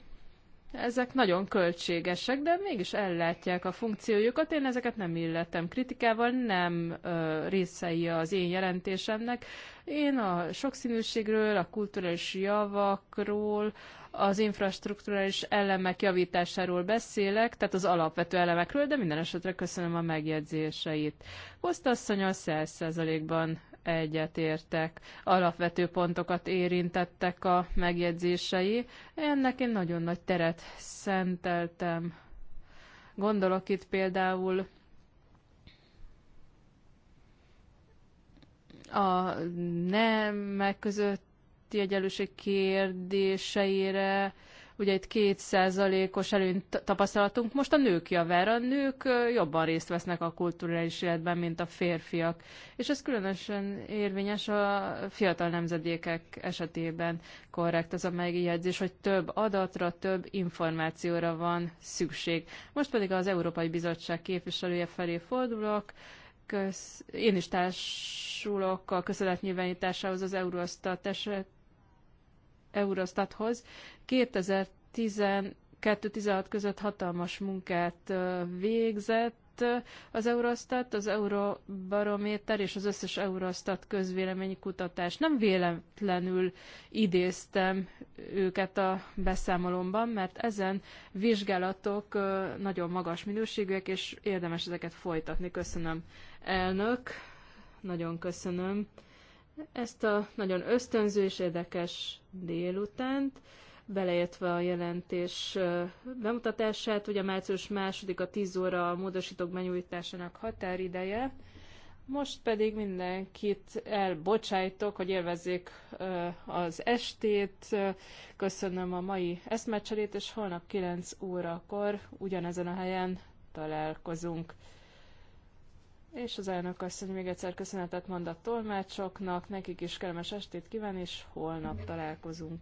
ezek nagyon költségesek, de mégis ellátják a funkciójukat. Én ezeket nem illetem kritikával, nem ö, részei az én jelentésemnek. Én a sokszínűségről, a kulturális javakról, az infrastruktúrális elemek javításáról beszélek, tehát az alapvető elemekről, de minden esetre köszönöm a megjegyzéseit. Kosztasszony a 100%-ban egyetértek. Alapvető pontokat érintettek a megjegyzései. Ennek én nagyon nagy teret szenteltem. Gondolok itt például a nem közötti egyenlőség kérdéseire, Ugye itt kétszázalékos előnyt tapasztalatunk most a nők javára. A nők jobban részt vesznek a kulturális életben, mint a férfiak. És ez különösen érvényes a fiatal nemzedékek esetében. Korrekt az a megjegyzés, hogy több adatra, több információra van szükség. Most pedig az Európai Bizottság képviselője felé fordulok Kösz, én is társulok a köszönetnyilvánításához az Eurostat eset Eurostathoz. 2012-16 között hatalmas munkát végzett az Eurostat, az Eurobarométer és az összes Eurostat közvéleményi kutatás. Nem véletlenül idéztem őket a beszámolomban, mert ezen vizsgálatok nagyon magas minőségűek, és érdemes ezeket folytatni. Köszönöm, elnök. Nagyon köszönöm ezt a nagyon ösztönző és érdekes délutánt, beleértve a jelentés bemutatását, ugye március második a 10 óra a módosítók benyújtásának határideje, most pedig mindenkit elbocsájtok, hogy élvezzék az estét. Köszönöm a mai eszmecserét, és holnap 9 órakor ugyanezen a helyen találkozunk. És az elnök asszony még egyszer köszönetet mond a tolmácsoknak, nekik is kellemes estét kíván, és holnap találkozunk.